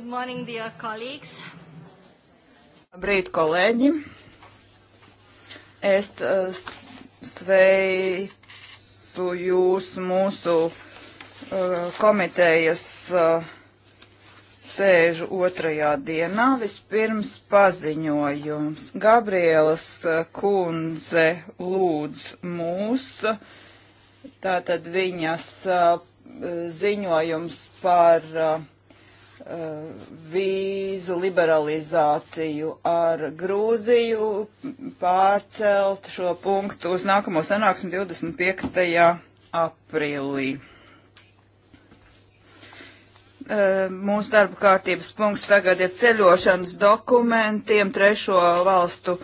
Good morning, dear colleagues. Labrīt, kolēģi. Es uh, sveicu jūs mūsu uh, komitejas uh, sēžu otrajā dienā vispirms paziņojums. Gabrielas uh, kundze lūdz mūs, tātad viņas uh, ziņojums par uh, vīzu liberalizāciju ar Grūziju, pārcelt šo punktu uz nākamo sanāksmi 25. aprīlī. E, mūsu darba kārtības punkts tagad ir ceļošanas dokumentiem trešo valstu e,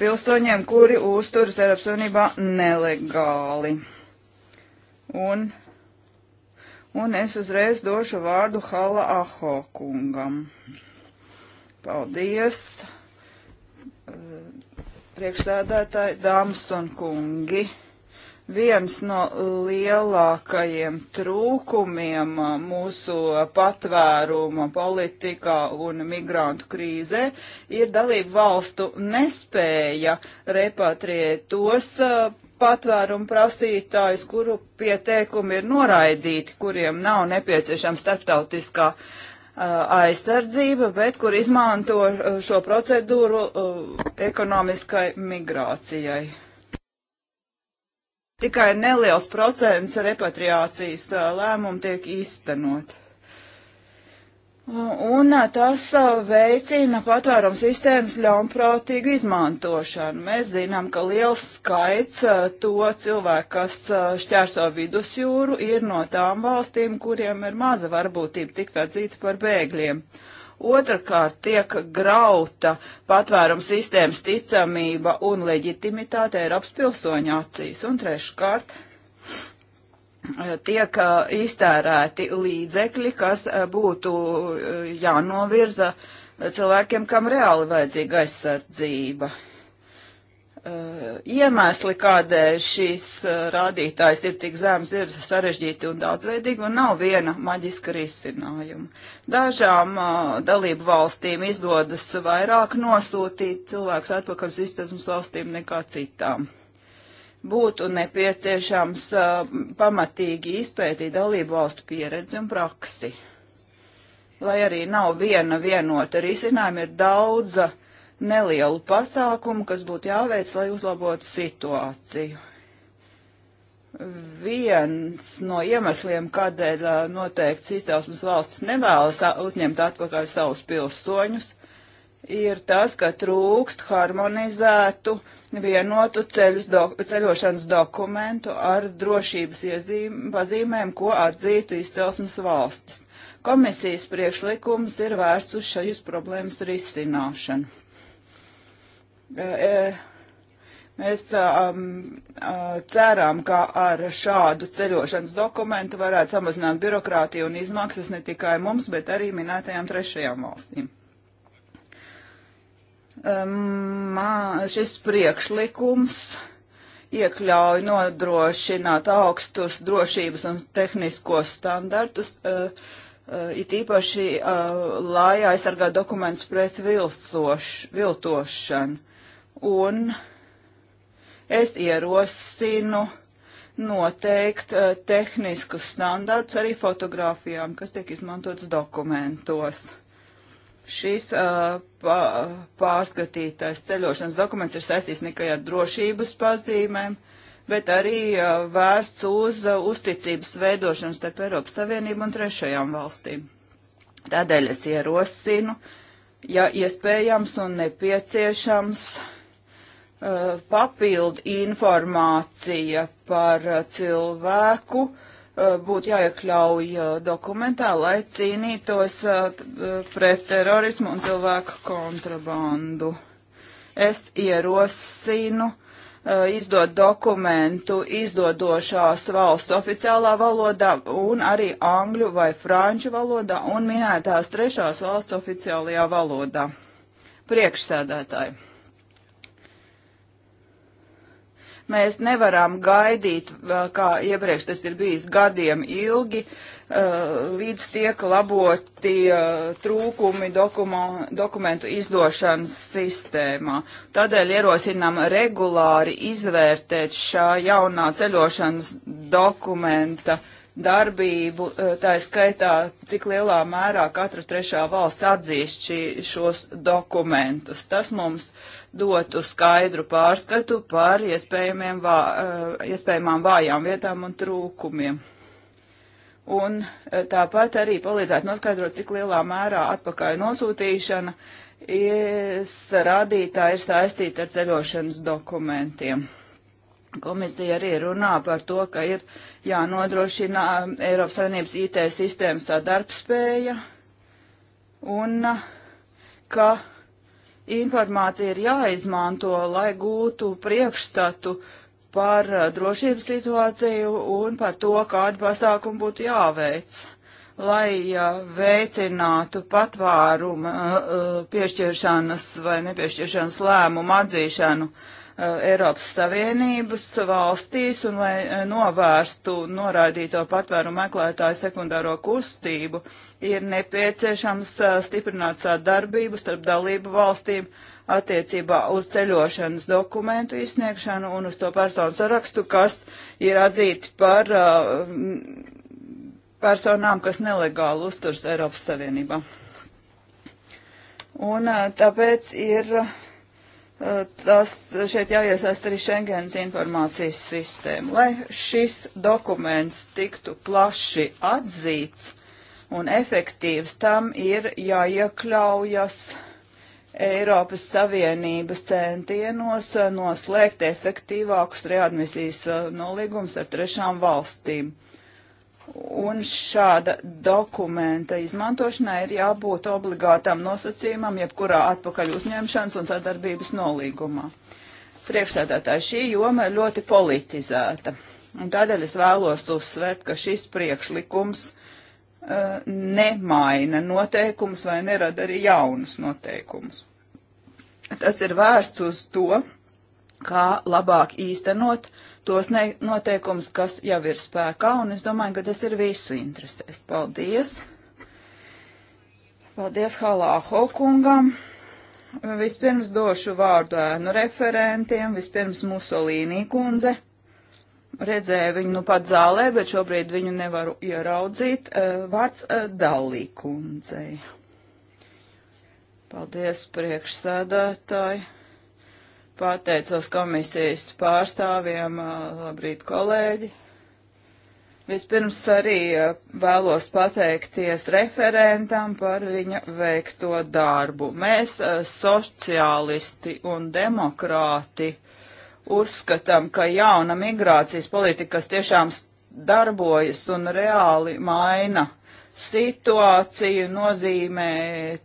pilsoņiem, kuri uzturas Eiropas Unībā nelegāli. Un Un es uzreiz došu vārdu Hala Aho kungam. Paldies, eh, priekšsēdētāji, dāmas un kungi. Viens no lielākajiem trūkumiem eh, mūsu patvēruma politikā un migrantu krīzē ir dalību valstu nespēja repatriēt tos eh, patvērumu prasītājus, kuru pieteikumi ir noraidīti, kuriem nav nepieciešama starptautiskā uh, aizsardzība, bet kur izmanto uh, šo procedūru uh, ekonomiskai migrācijai. Tikai neliels procents repatriācijas uh, lēmumu tiek īstenot. Un tas veicina patvērums sistēmas ļaunprātīgu izmantošanu. Mēs zinām, ka liels skaits to cilvēku, kas šķērso vidusjūru, ir no tām valstīm, kuriem ir maza varbūtība tikt atzīta par bēgļiem. Otrakārt tiek grauta patvērums sistēmas ticamība un leģitimitāte Eiropas pilsoņu acīs. Un treškārt tiek iztērēti līdzekļi, kas būtu jānovirza cilvēkiem, kam reāli vajadzīga aizsardzība. Iemesli, kādēļ šīs rādītājs ir tik zems, ir sarežģīti un daudzveidīgi, un nav viena maģiska risinājuma. Dažām dalību valstīm izdodas vairāk nosūtīt cilvēkus atpakaļ uz izcelsmes valstīm nekā citām būtu nepieciešams uh, pamatīgi izpētīt dalību valstu pieredzi un praksi. Lai arī nav viena vienota risinājuma, ir daudza nelielu pasākumu, kas būtu jāveic, lai uzlabotu situāciju. Viens no iemesliem, kādēļ noteikts izcelsmes valsts nevēlas uzņemt atpakaļ savus pilsoņus, ir ir tas, ka trūkst harmonizētu vienotu dok ceļošanas dokumentu ar drošības iezīm, pazīmēm, ko atzītu izcelsmes valstis. Komisijas priekšlikums ir vērsts uz šajus problēmas risināšanu. E, e, mēs um, ceram, ka ar šādu ceļošanas dokumentu varētu samazināt birokrātiju un izmaksas ne tikai mums, bet arī minētajām trešajām valstīm mā, šis priekšlikums iekļauj nodrošināt augstus drošības un tehniskos standartus, uh, uh, it īpaši, uh, lai aizsargātu dokumentus pret vilcoš, viltošanu. Un es ierosinu noteikt tehniskus standartus arī fotografijām, kas tiek izmantotas dokumentos. Šis uh, pārskatītais ceļošanas dokuments ir saistīts tikai ar drošības pazīmēm, bet arī uh, vērsts uz uh, uzticības veidošanu starp Eiropas Savienību un trešajām valstīm. Tādēļ es ierosinu, ja iespējams un nepieciešams, uh, papildu informācija par uh, cilvēku, uh, Uh, būtu jāiekļauj uh, dokumentā, lai cīnītos uh, pret terorismu un cilvēku kontrabandu. Es ierosinu izdot dokumentu izdodošās valsts oficiālā valodā un arī angļu vai franču valodā un minētās trešās valsts oficiālajā valodā. Priekšsēdētāji. Mēs nevaram gaidīt, kā iepriekš tas ir bijis gadiem ilgi, uh, līdz tiek laboti uh, trūkumi dokuma, dokumentu izdošanas sistēmā. Tādēļ ierosinām regulāri izvērtēt šā jaunā ceļošanas dokumenta darbību, uh, tā skaitā, cik lielā mērā katra trešā valsts atzīst šī, šos dokumentus. Tas mums dotu skaidru pārskatu par iespējamiem vā, eh, iespējamām vājām vietām un trūkumiem. Un eh, tāpat arī palīdzētu noskaidrot, cik lielā mērā atpakaļ nosūtīšana rādītāji ir saistīta ar ceļošanas dokumentiem. Komisija arī runā par to, ka ir jānodrošina eh, Eiropas Savienības IT sistēmas sadarbspēja un ka informācija ir jāizmanto, lai gūtu priekšstatu par eh, drošības situāciju un par to, kādu pasākumu būtu jāveic, lai veicinātu patvērumu eh, eh, piešķiršanas vai nepiešķiršanas lēmumu atzīšanu. Uh, Eh, Eiropas Savienības valstīs un lai eh, novērstu norādīto patvērumu meklētāju sekundāro kustību, ir nepieciešams eh, stiprināt sadarbību starp dalību valstīm attiecībā uz ceļošanas dokumentu izsniegšanu un uz to personu sarakstu, kas ir atzīti par uh, personām, kas nelegāli uzturs Eiropas Savienībā. Un uh, tāpēc ir uh, tas šeit jāiesaist arī Schengens informācijas sistēma. Lai šis dokuments tiktu plaši atzīts un efektīvs, tam ir jāiekļaujas Eiropas Savienības centienos noslēgt efektīvākus readmisijas nolīgumus ar trešām valstīm. Uh, Un šāda dokumenta izmantošanai ir jābūt obligātām nosacījumam jebkurā atpakaļ uzņemšanas un sadarbības nolīgumā. Priekšsēdētāji šī joma ir ļoti politizēta. Un tādēļ es vēlos uzsvērt, ka šis priekšlikums uh, nemaina noteikumus vai nerada arī jaunus noteikumus. Tas ir vērsts uz to, kā labāk īstenot uh, tos noteikumus, kas jau ir spēkā, un es domāju, ka tas ir visu interesēs. Paldies! Paldies Halāho kungam! Vispirms došu vārdu ēnu referentiem, vispirms Musolīnī kundze. Redzēju viņu nu pat zālē, bet šobrīd viņu nevaru ieraudzīt. Eh, vārds eh, Dalī kundzei. Paldies priekšsēdētāji. Pateicos komisijas pārstāvjiem, labrīt kolēģi. Vispirms arī vēlos pateikties referentam par viņa veikto darbu. Mēs, sociālisti un demokrāti, uzskatām, ka jauna migrācijas politikas tiešām darbojas un reāli maina situāciju, nozīmē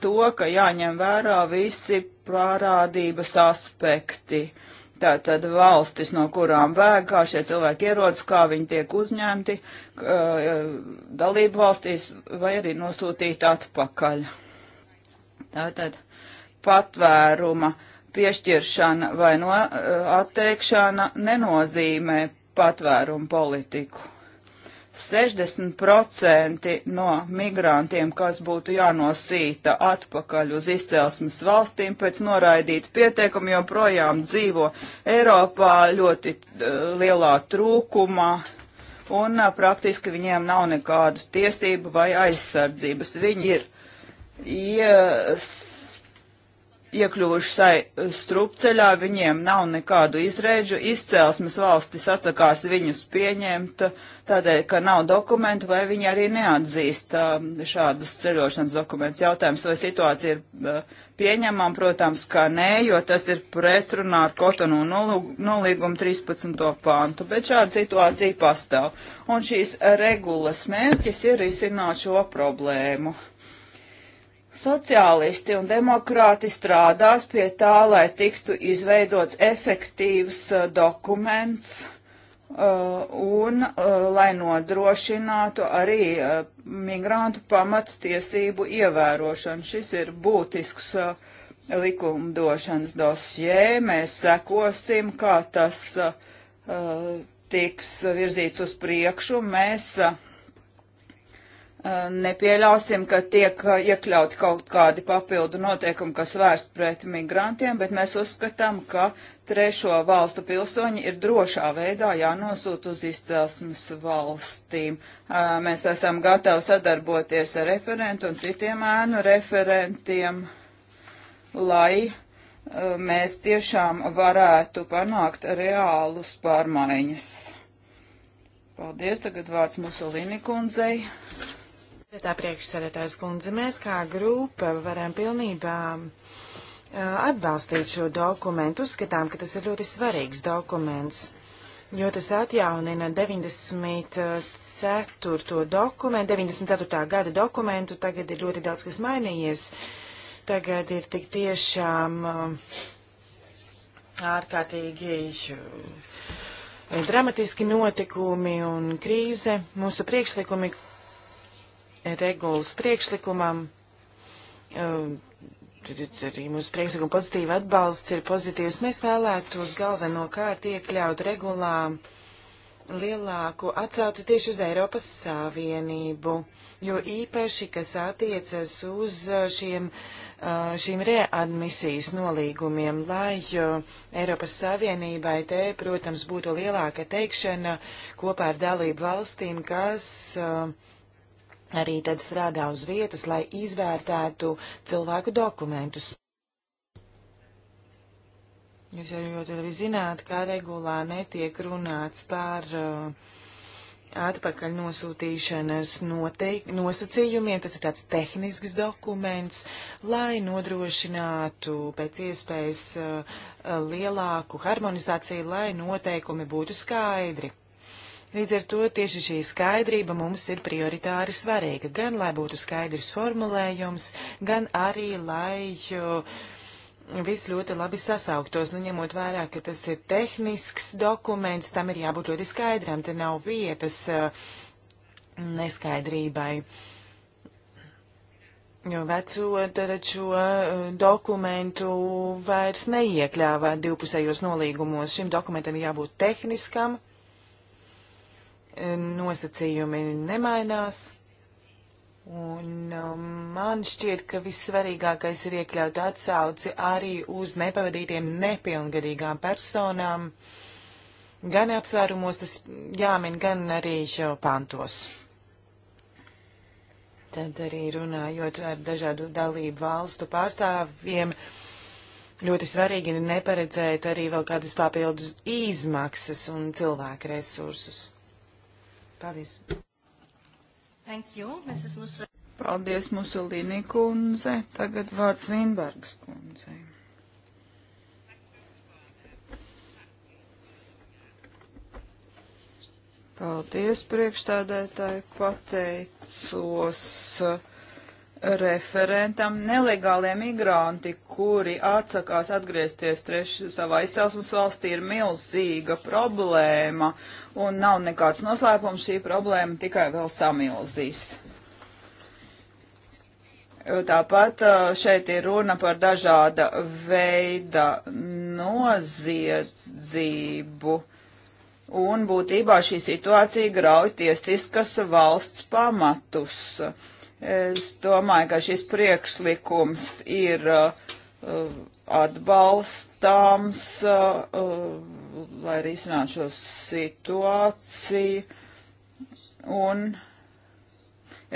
to, ka jāņem vērā visi parādības aspekti. Tātad valstis, no kurām bēg, kā šie cilvēki ierodas, kā viņi tiek uzņemti e, dalību valstīs vai arī nosūtīti atpakaļ. Tātad patvēruma piešķiršana vai no, e, atteikšana nenozīmē patvērumu politiku 60% no migrantiem, kas būtu jānosīta atpakaļ uz izcelsmes valstīm pēc noraidīta pieteikuma, joprojām dzīvo Eiropā ļoti eh, lielā trūkumā un eh, praktiski viņiem nav nekādu tiesību vai aizsardzības. Viņi ir ies iekļuvuši sai eh, strupceļā, viņiem nav nekādu izrēģu, izcelsmes valstis atsakās viņus pieņemt, eh, tādēļ, ka nav dokumentu, vai viņi arī neatzīst eh, šādus ceļošanas dokumentus. Jautājums, vai situācija ir pieņemama, protams, kā nē, jo tas ir pretrunā ar Kotonu nolīgumu 13. pantu, bet šāda situācija pastāv. Un šīs regulas mērķis ir izsināt šo problēmu. Sociālisti un demokrāti strādās pie tā, lai tiktu izveidots efektīvs uh, dokuments uh, un uh, lai nodrošinātu arī migrantu pamatstiesību ievērošanu. Šis ir būtisks likumdošanas dosjē. Mēs sekosim, kā tas tiks virzīts uz priekšu. Mēs uh, nepieļausim, ka tiek uh, iekļauti kaut kādi papildu noteikumi, kas vērst pret migrantiem, bet mēs uzskatām, ka trešo valstu pilsoņi ir drošā veidā jānosūt uz izcelsmes valstīm. Uh, mēs esam gatavi sadarboties ar referentu un citiem ēnu referentiem, lai uh, mēs tiešām varētu panākt reālus pārmaiņas. Paldies, tagad vārds Musolini kundzei. Tā priekšsēdētājs kundze, mēs kā grupa varam pilnībā atbalstīt šo dokumentu. Uzskatām, ka tas ir ļoti svarīgs dokuments, jo tas atjaunina 94. dokumentu, 94. gada dokumentu. Tagad ir ļoti daudz kas mainījies. Tagad ir tik tiešām ārkārtīgi dramatiski notikumi un krīze. Mūsu priekšlikumi, regulas priekšlikumam. Ehm, arī mūsu priekšlikuma pozitīva atbalsts ir pozitīvs. Mēs vēlētos galvenokārt iekļaut regulā lielāku atceltu tieši uz Eiropas Savienību, jo īpaši, kas attiecas uz šiem, eh, šīm readmisijas nolīgumiem, lai eh, Eiropas Savienībai te, protams, būtu lielāka teikšana kopā ar dalību valstīm, kas uh, arī tad strādā uz vietas, lai izvērtētu cilvēku dokumentus. Jūs jau ļoti labi zināt, kā regulā netiek runāts par uh, atpakaļ nosūtīšanas noteik, nosacījumiem. Tas ir tāds tehnisks dokuments, lai nodrošinātu pēc iespējas uh, lielāku harmonizāciju, lai noteikumi būtu skaidri. Līdz ar to tieši šī skaidrība mums ir prioritāri svarīga, gan lai būtu skaidrs formulējums, gan arī lai viss ļoti labi sasauktos, nu ņemot vērā, ka tas ir tehnisks dokuments, tam ir jābūt ļoti skaidram, te nav vietas uh, neskaidrībai. Jo veco tad šo uh, dokumentu vairs neiekļāvā divpusējos nolīgumos. Šim dokumentam jābūt tehniskam, nosacījumi nemainās. Un um, man šķiet, ka vissvarīgākais ir iekļaut atsauci arī uz nepavadītiem nepilngadīgām personām. Gan apsvērumos tas jāmin, gan arī jau pantos. Tad arī runājot ar dažādu dalību valstu pārstāvjiem, ļoti svarīgi ir neparedzēt arī vēl kādas papildus izmaksas un cilvēku resursus. Paldies. Thank you, Mrs. Musa. Paldies, Musulīni kundze. Tagad vārds Vinbergs kundzei. Paldies, priekšstādētāji, pateicos. Uh, referentam nelegālie migranti, kuri atsakās atgriezties treši savā izcelsmes valstī, ir milzīga problēma, un nav nekāds noslēpums, šī problēma tikai vēl samilzīs. Tāpat šeit ir runa par dažāda veida noziedzību. Un būtībā šī situācija grauj tiesiskas valsts pamatus. Uh, Es domāju, ka šis priekšlikums ir uh, atbalstāms, uh, uh lai arī izsinātu šo situāciju. Un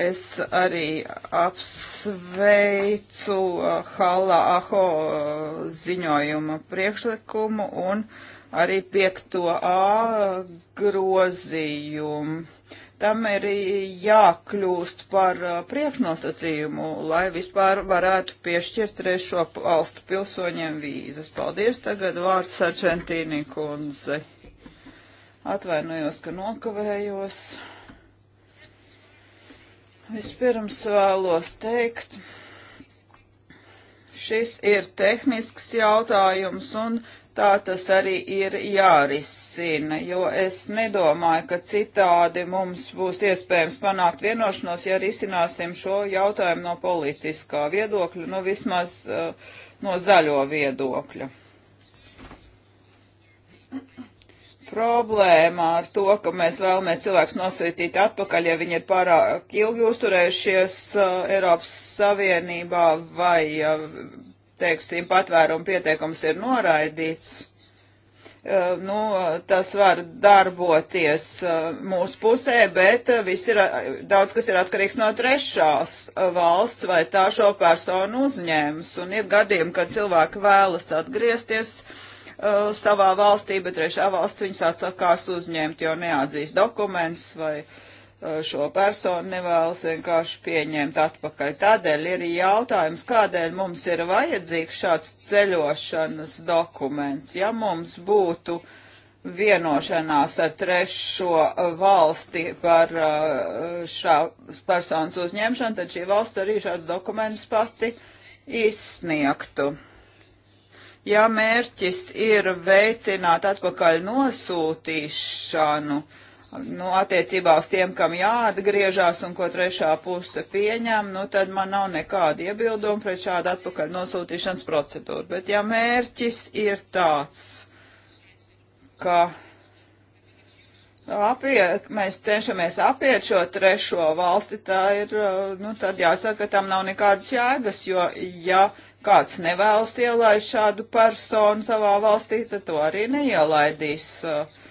es arī apsveicu uh, Halla Aho uh, ziņojuma priekšlikumu un arī 5a grozījumu Tam ir jākļūst par uh, priekšnosacījumu, lai vispār varētu piešķirt trešo valstu pilsoņiem vīzas. Paldies, tagad vārds Sarčentīnī kundze. Atvainojos, ka nokavējos. Vispirms vēlos teikt, šis ir tehnisks jautājums un tā tas arī ir jārisina, jo es nedomāju, ka citādi mums būs iespējams panākt vienošanos, ja risināsim šo jautājumu no politiskā viedokļa, nu vismaz uh, no zaļo viedokļa. Problēma ar to, ka mēs vēlamies cilvēks nosūtīt atpakaļ, ja viņi ir pārāk ilgi uzturējušies uh, Eiropas Savienībā vai uh, teiksim, patvērumu pieteikums ir noraidīts, eh, nu, tas var darboties eh, mūsu pusē, bet eh, viss ir, daudz kas ir atkarīgs no trešās valsts vai tā šo personu uzņēmas. Un ir gadījumi, kad cilvēki vēlas atgriezties savā valstī, bet trešā valsts viņus atsakās uzņemt, jo neatzīst dokumentus vai uh, Eh, šo personu nevēlas vienkārši pieņemt atpakaļ. Tādēļ ir jautājums, kādēļ mums ir vajadzīgs šāds ceļošanas dokuments. Ja mums būtu vienošanās ar trešo eh, valsti par eh, šās personas uzņemšanu, tad šī valsts arī šāds dokuments pati izsniegtu. Ja mērķis ir veicināt atpakaļ nosūtīšanu, uh, nu, attiecībā uz tiem, kam jāatgriežās un ko trešā puse pieņem, nu, tad man nav nekāda iebilduma pret šādu atpakaļ nosūtīšanas procedūru. Bet ja mērķis ir tāds, ka apiet, mēs cenšamies apiet šo trešo valsti, tā ir, nu, tad jāsaka, ka tam nav nekādas jēgas, jo, ja kāds nevēlas ielaist šādu personu savā valstī, tad to arī neielaidīs. Uh,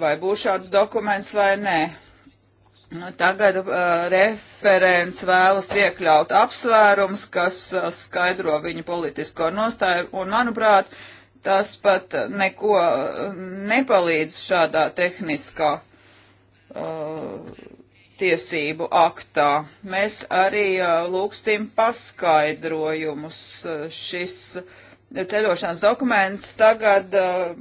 vai būs šāds dokuments vai nē. Nu, tagad uh, referents vēlas iekļaut apsvērums, kas uh, skaidro viņa politisko nostāju, un, manuprāt, tas pat neko uh, nepalīdz šādā tehniskā uh, tiesību aktā. Mēs arī uh, lūgsim paskaidrojumus. Uh, šis ceļošanas dokuments tagad uh,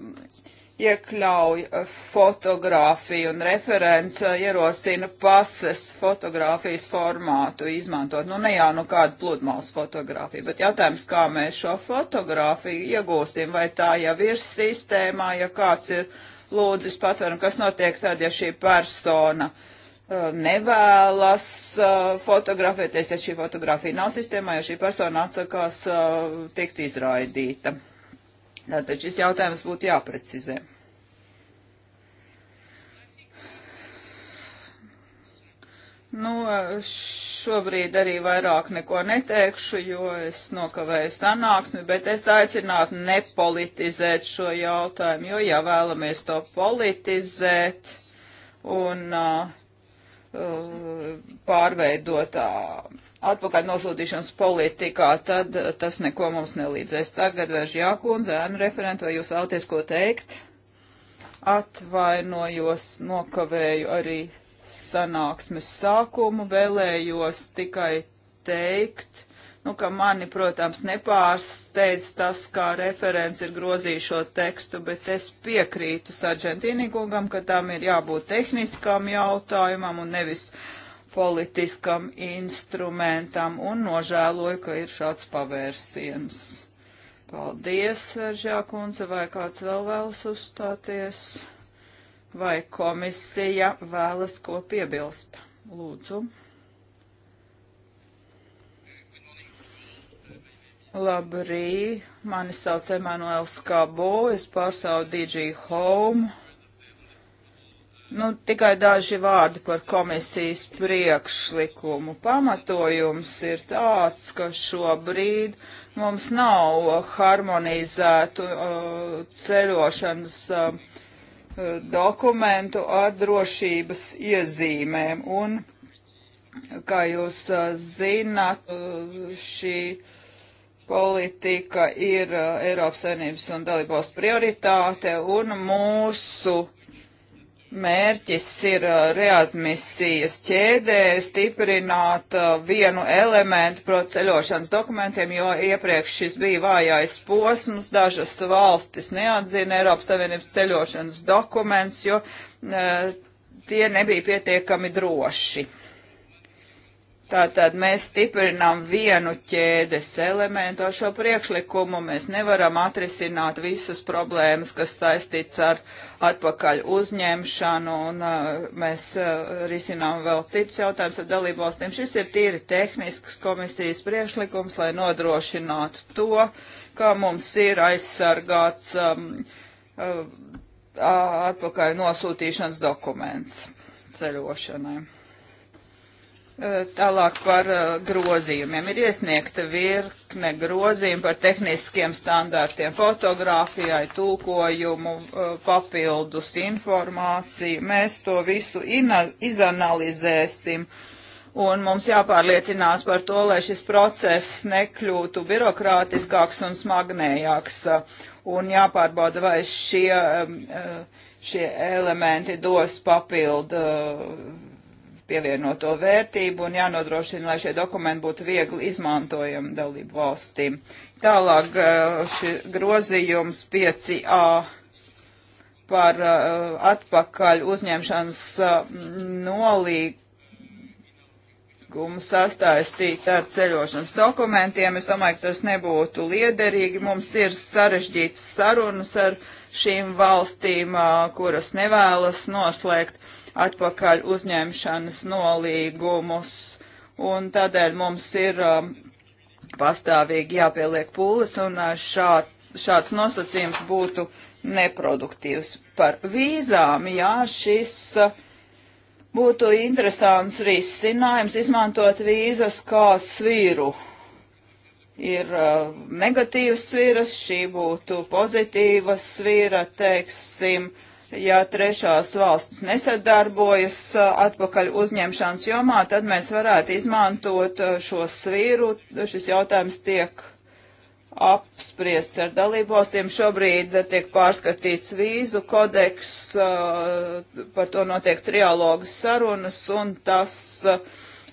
iekļauj eh, fotografiju un referents eh, ierosina pases fotografijas formātu izmantot. Nu, ne jau nu kādu pludmales fotografiju, bet jautājums, kā mēs šo fotografiju iegūstim, vai tā jau ir sistēmā, ja kāds ir lūdzis patvērumu, kas notiek tad, ja šī persona uh, nevēlas uh, fotografēties, ja šī fotografija nav sistēmā, ja šī persona atsakās uh, tikt izraidīta. Tātad šis jautājums būtu jāprecizē. Nu, šobrīd arī vairāk neko neteikšu, jo es nokavēju sanāksmi, bet es aicinātu nepolitizēt šo jautājumu, jo, ja vēlamies to politizēt un uh, Uh, pārveidotā uh, atpakaļ nosūtīšanas politikā, tad uh, tas neko mums nelīdzēs. Tagad vērš jākundze, ēnu referenti, vai jūs vēlties ko teikt? Atvainojos, nokavēju arī sanāksmes sākumu, vēlējos tikai teikt, Nu, ka mani, protams, nepārsteidz tas, kā referents ir grozījis šo tekstu, bet es piekrītu Sargentīni kungam, ka tam ir jābūt tehniskam jautājumam un nevis politiskam instrumentam, un nožēloju, ka ir šāds pavērsiens. Paldies, Veržā kundze, vai kāds vēl vēlas uzstāties, vai komisija vēlas ko piebilst? Lūdzu. Labrīt, mani sauc Emanuels Kabo, es pārstāvu DJ Home. Nu, tikai daži vārdi par komisijas priekšlikumu. Pamatojums ir tāds, ka šobrīd mums nav harmonizētu uh, ceļošanas uh, dokumentu ar drošības iezīmēm. Un, kā jūs uh, zināt, uh, šī politika ir uh, Eiropas Savienības un dalībvalstu prioritāte, un mūsu mērķis ir uh, readmisijas ķēdē stiprināt uh, vienu elementu proceļošanas dokumentiem, jo iepriekš šis bija vājais posms, dažas valstis neatzina Eiropas Savienības ceļošanas dokumentus, jo ne, tie nebija pietiekami droši. Uh, Tātad mēs stiprinām vienu ķēdes elementu ar šo priekšlikumu. Mēs nevaram atrisināt visas problēmas, kas saistīts ar atpakaļ uzņemšanu, un uh, mēs uh, risinām vēl citus jautājumus ar dalībvalstīm. Šis ir tīri tehnisks komisijas priekšlikums, lai nodrošinātu to, ka mums ir aizsargāts um, uh, atpakaļ nosūtīšanas dokuments ceļošanai. Tālāk par grozījumiem. Ir iesniegta virkne grozījumu par tehniskiem standārtiem fotografijai, tulkojumu, papildus informāciju. Mēs to visu izanalizēsim un mums jāpārliecinās par to, lai šis process nekļūtu birokrātiskāks un smagnējāks. Un jāpārbauda, vai šie, šie elementi dos papildu pievienoto vērtību un jānodrošina, lai šie dokumenti būtu viegli izmantojami dalību valstīm. Tālāk šis grozījums 5a par atpakaļ uzņemšanas nolīgumu sastāstīt ar ceļošanas dokumentiem. Es domāju, ka tas nebūtu liederīgi. Mums ir sarežģītas sarunas ar šīm valstīm, kuras nevēlas noslēgt atpakaļ uzņemšanas nolīgumus. Un tādēļ mums ir um, pastāvīgi jāpieliek pūles, un uh, šād, šāds nosacījums būtu neproduktīvs. Par vīzām, jā, šis uh, būtu interesants risinājums izmantot vīzas kā svīru. Ir uh, negatīvas svīras, šī būtu pozitīva svīra, teiksim, uh, ja trešās valstis nesadarbojas atpakaļ uzņemšanas jomā, tad mēs varētu izmantot šo svīru. Šis jautājums tiek apspriests ar dalībvalstīm. Šobrīd tiek pārskatīts vīzu kodeks, par to notiek trialogas sarunas, un tas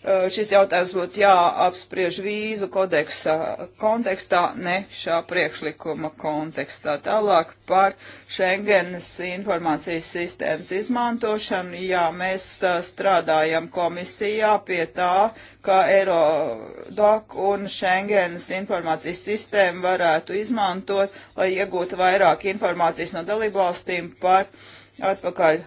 Eh, šis jautājums būtu jāapspriež vīzu kodeksa kontekstā, ne šā priekšlikuma kontekstā. Tālāk par Schengenas informācijas sistēmas izmantošanu. Jā, mēs eh, strādājam komisijā pie tā, kā Eirodoc un Schengenas informācijas sistēmu varētu izmantot, lai iegūtu vairāk informācijas no dalībvalstīm par atpakaļ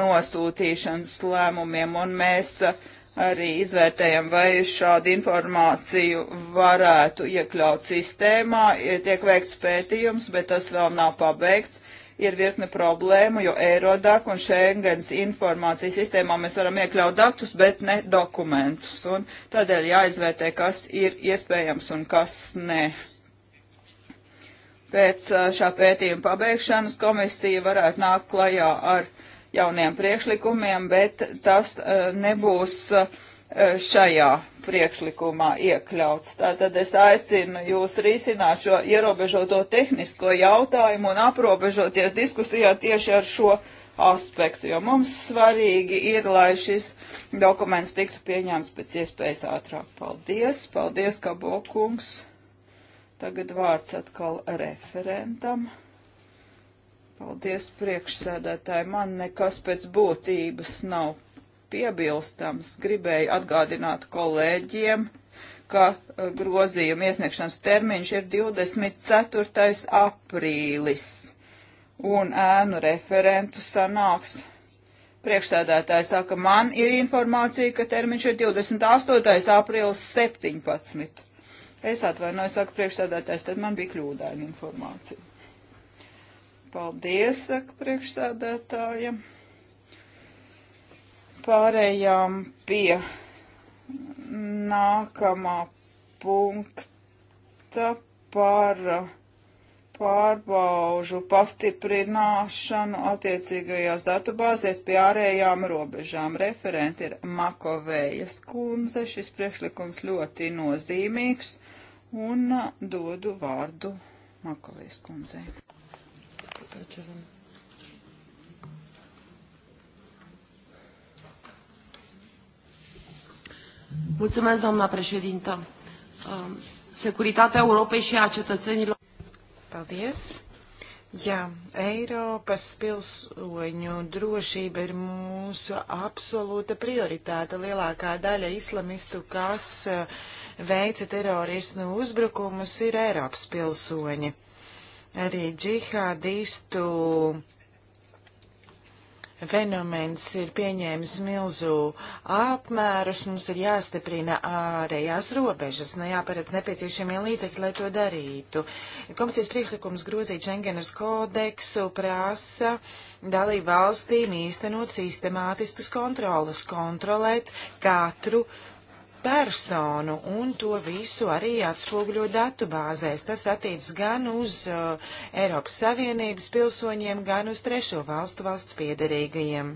nosūtīšanas lēmumiem. Un mēs uh, arī izvērtējam, vai šādu informāciju varētu iekļaut sistēmā. Tiek veikts pētījums, bet tas vēl nav pabeigts. Ir virkne problēmu, jo Eirodak un Schengens informācijas sistēmā mēs varam iekļaut datus, bet ne dokumentus. Un tādēļ jāizvērtē, kas ir iespējams un kas nē. Pēc šā pētījuma pabeigšanas komisija varētu nākt klajā ar jauniem priekšlikumiem, bet tas eh, nebūs eh, šajā priekšlikumā iekļauts. Tātad es aicinu jūs risināt šo ierobežoto tehnisko jautājumu un aprobežoties diskusijā tieši ar šo aspektu, jo mums svarīgi ir, lai šis dokuments tiktu pieņemts pēc iespējas ātrāk. Paldies, paldies, Kabokungs. Tagad vārds atkal referentam. Paldies priekšsēdētāji. Man nekas pēc būtības nav piebilstams. Gribēju atgādināt kolēģiem, ka eh, grozījuma iesniegšanas termiņš ir 24. aprīlis. Un ēnu referentu sanāks priekšsēdētāji saka, man ir informācija, ka termiņš ir 28. aprīlis 17. Es atvainojos, saka priekšsēdētājs, tad man bija kļūdaina informācija. Paldies, saka priekšsēdētāja. Pārējām pie nākamā punkta par pārbaužu pastiprināšanu attiecīgajās datubāzēs pie ārējām robežām. Referenti ir Makovējas kundze. Šis priekšlikums ļoti nozīmīgs un dodu vārdu Makovējas kundzei. Mulțumesc, doamna președintă. Um, securitatea Europei și a cetățenilor. Paldies. Jā, Eiropas pilsoņu drošība ir mūsu absolūta prioritāte. Lielākā daļa islamistu, kas uh, veica terorismu uzbrukumus, ir Eiropas pilsoņi. Arī džihādistu fenomens ir pieņēmis milzu apmērus, mums ir jāstiprina ārējās robežas, ne nu, jāparedz nepieciešamie līdzekļi, lai to darītu. Komisijas priekšlikums grozīt Schengenas kodeksu prasa dalību valstīm īstenot sistemātiskas kontrolas, kontrolēt katru uh, personu un to visu arī atspoguļo datubāzēs. Tas attiecas gan uz uh, Eiropas Savienības pilsoņiem, gan uz trešo valstu valsts piedarīgajiem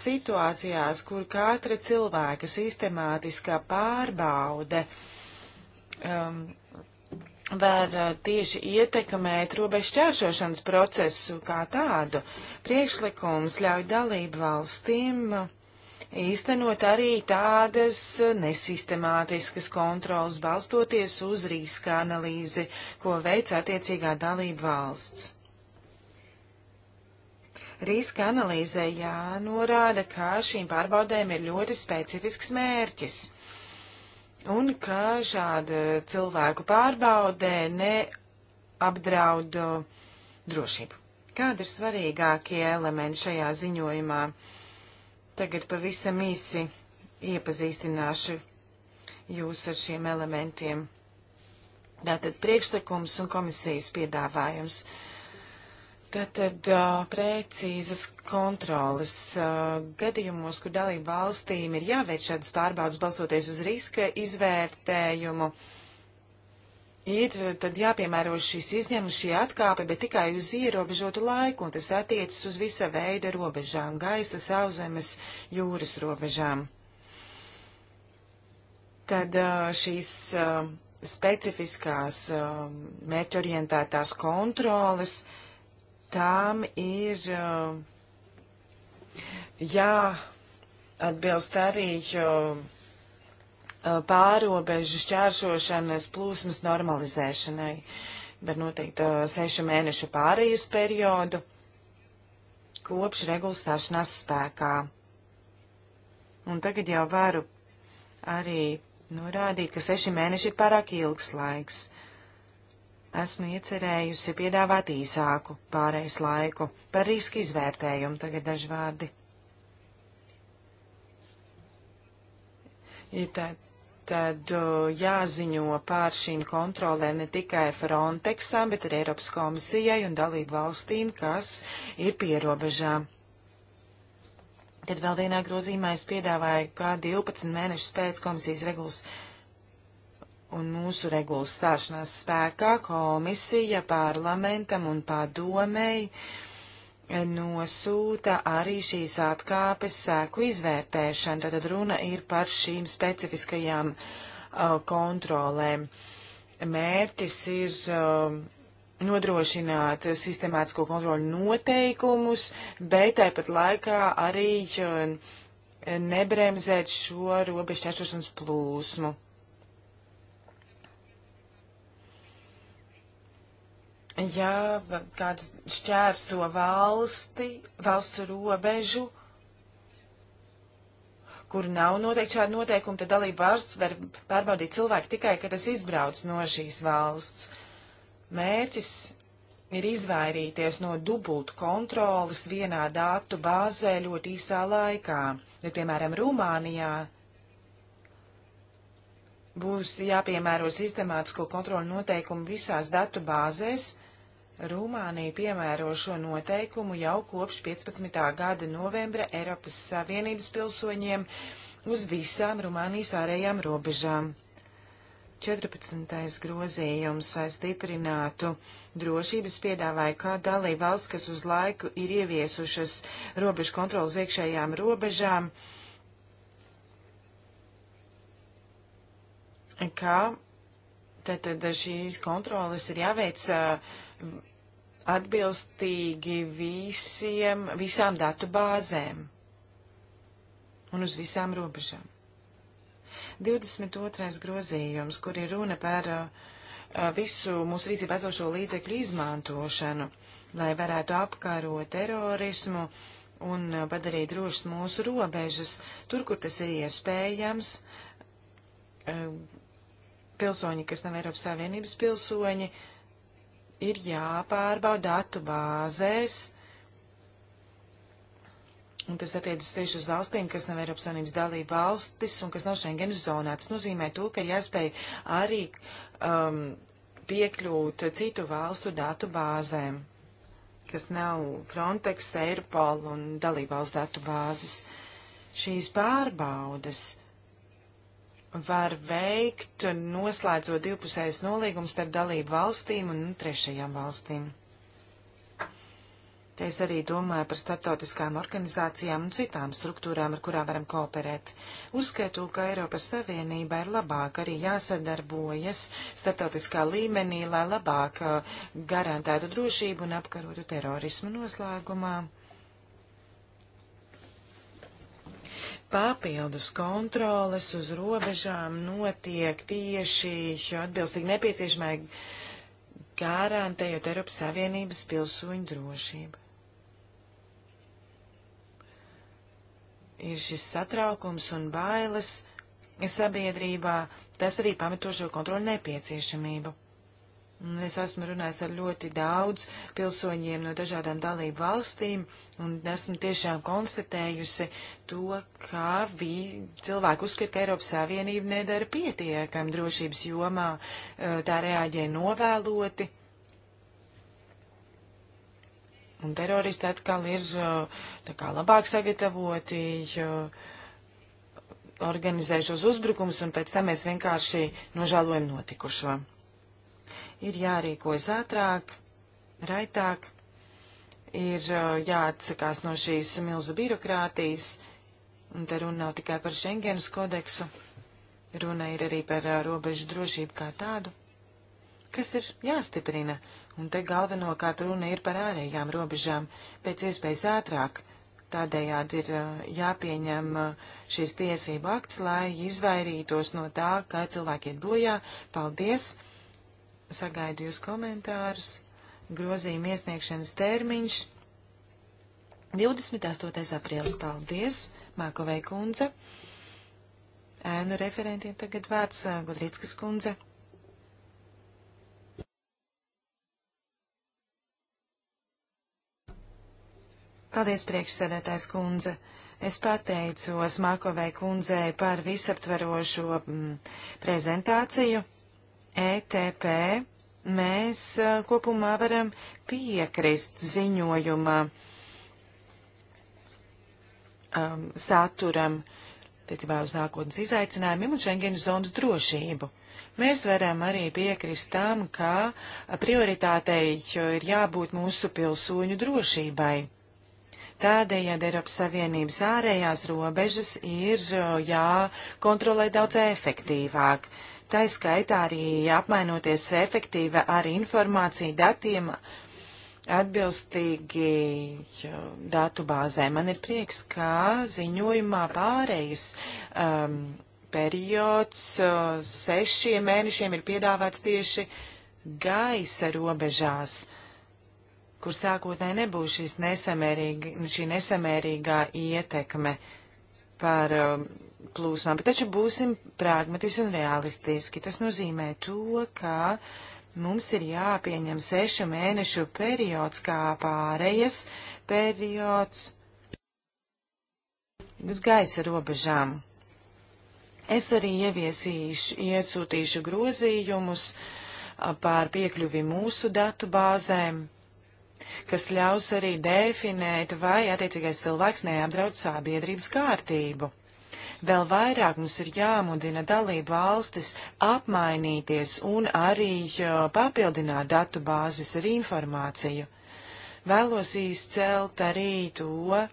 situācijās, kur katra cilvēka sistemātiskā pārbaude um, var uh, tieši ietekmēt robežu ķēršošanas procesu kā tādu. Priekšlikums ļauj dalību valstīm uh, īstenot arī tādas nesistemātiskas kontrolas balstoties uz riska analīzi, ko veic attiecīgā dalība valsts. Riska analīzē jānorāda, ka šīm pārbaudēm ir ļoti specifisks mērķis un ka šāda cilvēku pārbaudē neapdraud drošību. Kādi ir svarīgākie elementi šajā ziņojumā? Uh, Tagad pavisam īsi iepazīstināšu jūs ar šiem elementiem. Tātad priekšlikums un komisijas piedāvājums. Tātad uh, precīzas kontrolas uh, gadījumos, kur dalību valstīm ir jāveic šādas pārbaudas balstoties uz riska izvērtējumu. Uh, ir eh, tad jāpiemēro šis izņēmums, šī atkāpe, bet tikai uz ierobežotu laiku, un tas attiecas uz visa veida robežām - gaisa, sauszemes, jūras robežām. Tad eh, šīs eh, specifiskās mērķorientētās kontroles, tām ir jā atbilst arī Uh, pārobežu šķēršošanas plūsmas normalizēšanai. Bet noteikti uh, sešu mēnešu pārējas periodu kopš regulas stāšanās spēkā. Un tagad jau varu arī norādīt, ka seši mēneši ir pārāk ilgs laiks. Esmu iecerējusi piedāvāt īsāku pārējais laiku par riska izvērtējumu tagad daži vārdi. Ir tā, tad uh, jāziņo pār šīm kontrolēm ne tikai Frontexam, bet arī Eiropas komisijai un dalību valstīm, kas ir pierobežā. Tad vēl vienā grozīmā es piedāvāju, kā 12 mēnešus pēc komisijas regulas un mūsu regulas stāšanās spēkā komisija parlamentam un padomēji uh, nosūta arī šīs atkāpes sēku izvērtēšana. Tātad runa ir par šīm specifiskajām uh, kontrolēm. Mērķis ir uh, nodrošināt sistemātisko kontroļu noteikumus, bet tāpat laikā arī uh, nebremzēt šo robežu šķēršošanas plūsmu. ja kāds šķērso valsti, valsts robežu, kur nav noteikti šādi noteikumi, tad dalība valsts var pārbaudīt cilvēku tikai, kad tas izbrauc no šīs valsts. Mērķis ir izvairīties no dubultu kontrolas vienā datu bāzē ļoti īsā laikā. Ja, piemēram, Rumānijā būs jāpiemēro sistemātisko kontrolu noteikumu visās datu bāzēs, Rumānija piemēro šo noteikumu jau kopš 15. gada novembra Eiropas Savienības pilsoņiem uz visām Rumānijas ārējām robežām. 14. grozījums, lai stiprinātu drošības, piedāvāja, kā dalība valsts, kas uz laiku ir ieviesušas robežu kontrolas iekšējām robežām, kā tad, tad šīs kontrolas ir jāveic uh, atbilstīgi visiem, visām datu bāzēm un uz visām robežām. 22. grozījums, kur ir runa par uh, visu mūsu rīcībā esošo līdzekļu izmantošanu, lai varētu apkarot terorismu un uh, padarīt drošas mūsu robežas, tur, kur tas ir iespējams, uh, pilsoņi, kas nav Eiropas Savienības pilsoņi, uh, ir jāpārbauda datu bāzēs, un tas attiecas tieši uz valstīm, kas nav Eiropas Savienības dalība valstis un kas nav Schengen zonā. Tas nozīmē to, ka ir jāspēj arī um, piekļūt citu valstu datu bāzēm, kas nav Frontex, Eiropol un dalība valsts datu bāzes. Šīs pārbaudes var veikt, noslēdzot divpusējas nolīgums starp dalību valstīm un nu, trešajām valstīm. Te es arī domāju par starptautiskām organizācijām un citām struktūrām, ar kurām varam kooperēt. Uzskatu, ka Eiropas Savienība ir labāk arī jāsadarbojas starptautiskā līmenī, lai labāk uh, garantētu drošību un apkarotu terorismu noslēgumā. papildus kontroles uz robežām notiek tieši atbilstīgi nepieciešamai garantējot Eiropas Savienības pilsoņu drošību. Ir šis satraukums un bailes sabiedrībā, tas arī pametošo kontroli nepieciešamību. Es esmu runājis ar ļoti daudz pilsoņiem no dažādām dalību valstīm, un esmu tiešām konstatējusi to, ka vi, cilvēki uzskata, ka Eiropas Savienība nedara pietiekami drošības jomā, e, tā reaģē novēloti. Un teroristi atkal ir e, tā kā labāk sagatavoti, organizējušos uzbrukums, un pēc tam mēs vienkārši nožēlojam notikušo ir jārīkojas ātrāk, raitāk, ir uh, jāatsakās no šīs milzu birokrātijas, un te runa nav tikai par Schengenas kodeksu, runa ir arī par uh, robežu drošību kā tādu, kas ir jāstiprina, un te galvenokārt runa ir par ārējām robežām, pēc iespējas ātrāk. Tādējādi ir uh, jāpieņem šīs tiesību akts, lai izvairītos no tā, kā cilvēki iet bojā. Paldies! Sagaidu jūs komentārus. Grozījuma iesniegšanas termiņš 28. aprīlis. Paldies, Mākovei kundze. Ēnu referentiem tagad vārds Gudrītskas kundze. Paldies, priekšsēdētājs kundze. Es pateicos Makovei kundzei par visaptverošo m, mm, prezentāciju. ETP mēs uh, kopumā varam piekrist ziņojuma um, saturam, tiecībā uz nākotnes izaicinājumiem un Schengen zonas drošību. Mēs varam arī piekrist tam, ka prioritātei ir jābūt mūsu pilsoņu drošībai. Tādējādi Eiropas Savienības ārējās robežas ir uh, jākontrolē daudz efektīvāk. Uh, Tā skaitā arī apmainoties efektīva ar informāciju datiem atbilstīgi datu bāzē. Man ir prieks, ka ziņojumā pārējais um, periods uh, sešiem mēnešiem ir piedāvāts tieši gaisa robežās kur sākotnēji nebūs nesamērīga, šī nesamērīgā ietekme par um, plūsmām, bet taču būsim pragmatiski un realistiski. Tas nozīmē to, ka mums ir jāpieņem sešu mēnešu periods kā pārējas periods uz gaisa robežām. Es arī ieviesīšu, iesūtīšu grozījumus pār piekļuvi mūsu datu bāzēm, kas ļaus arī definēt, vai attiecīgais cilvēks neapdraud sabiedrības kārtību. Vēl vairāk mums ir jāmudina dalību valstis apmainīties un arī papildināt datu bāzes ar informāciju. Vēlos izcelt arī to,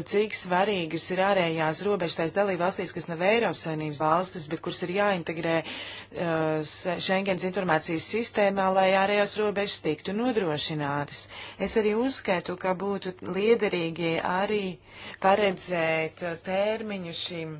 cik svarīgas ir ārējās robežas tās dalībvalstīs, kas nav Eiropas saimnības valstis, bet kuras ir jāintegrē uh, Schengens informācijas sistēmā, lai ārējās robežas tiktu nodrošinātas. Es arī uzskaitu, ka būtu liederīgi arī paredzēt uh, termiņu šim.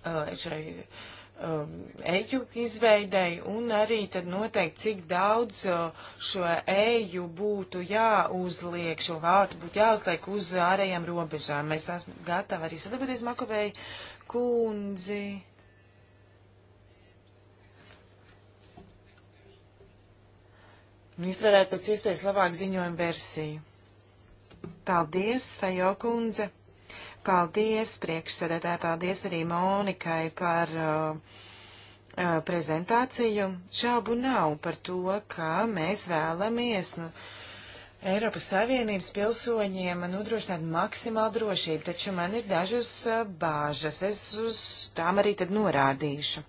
Uh, šai, uh, um, eju izveidei un arī tad noteikti, cik daudz uh, šo eju būtu jāuzliek, šo vārtu būtu jāuzliek uz ārējām robežām. Mēs esam gatavi arī sadarboties Makovēju kundzi. un nu, izstrādāt pēc iespējas labāku ziņojumu versiju. Paldies, Fejo kundze! Paldies priekšsēdētāji, paldies arī Monikai par uh, uh, prezentāciju. Šaubu nav par to, ka mēs vēlamies nu, Eiropas Savienības pilsoņiem nodrošināt maksimālu drošību, taču man ir dažas uh, bāžas. Es uz tām arī tad norādīšu.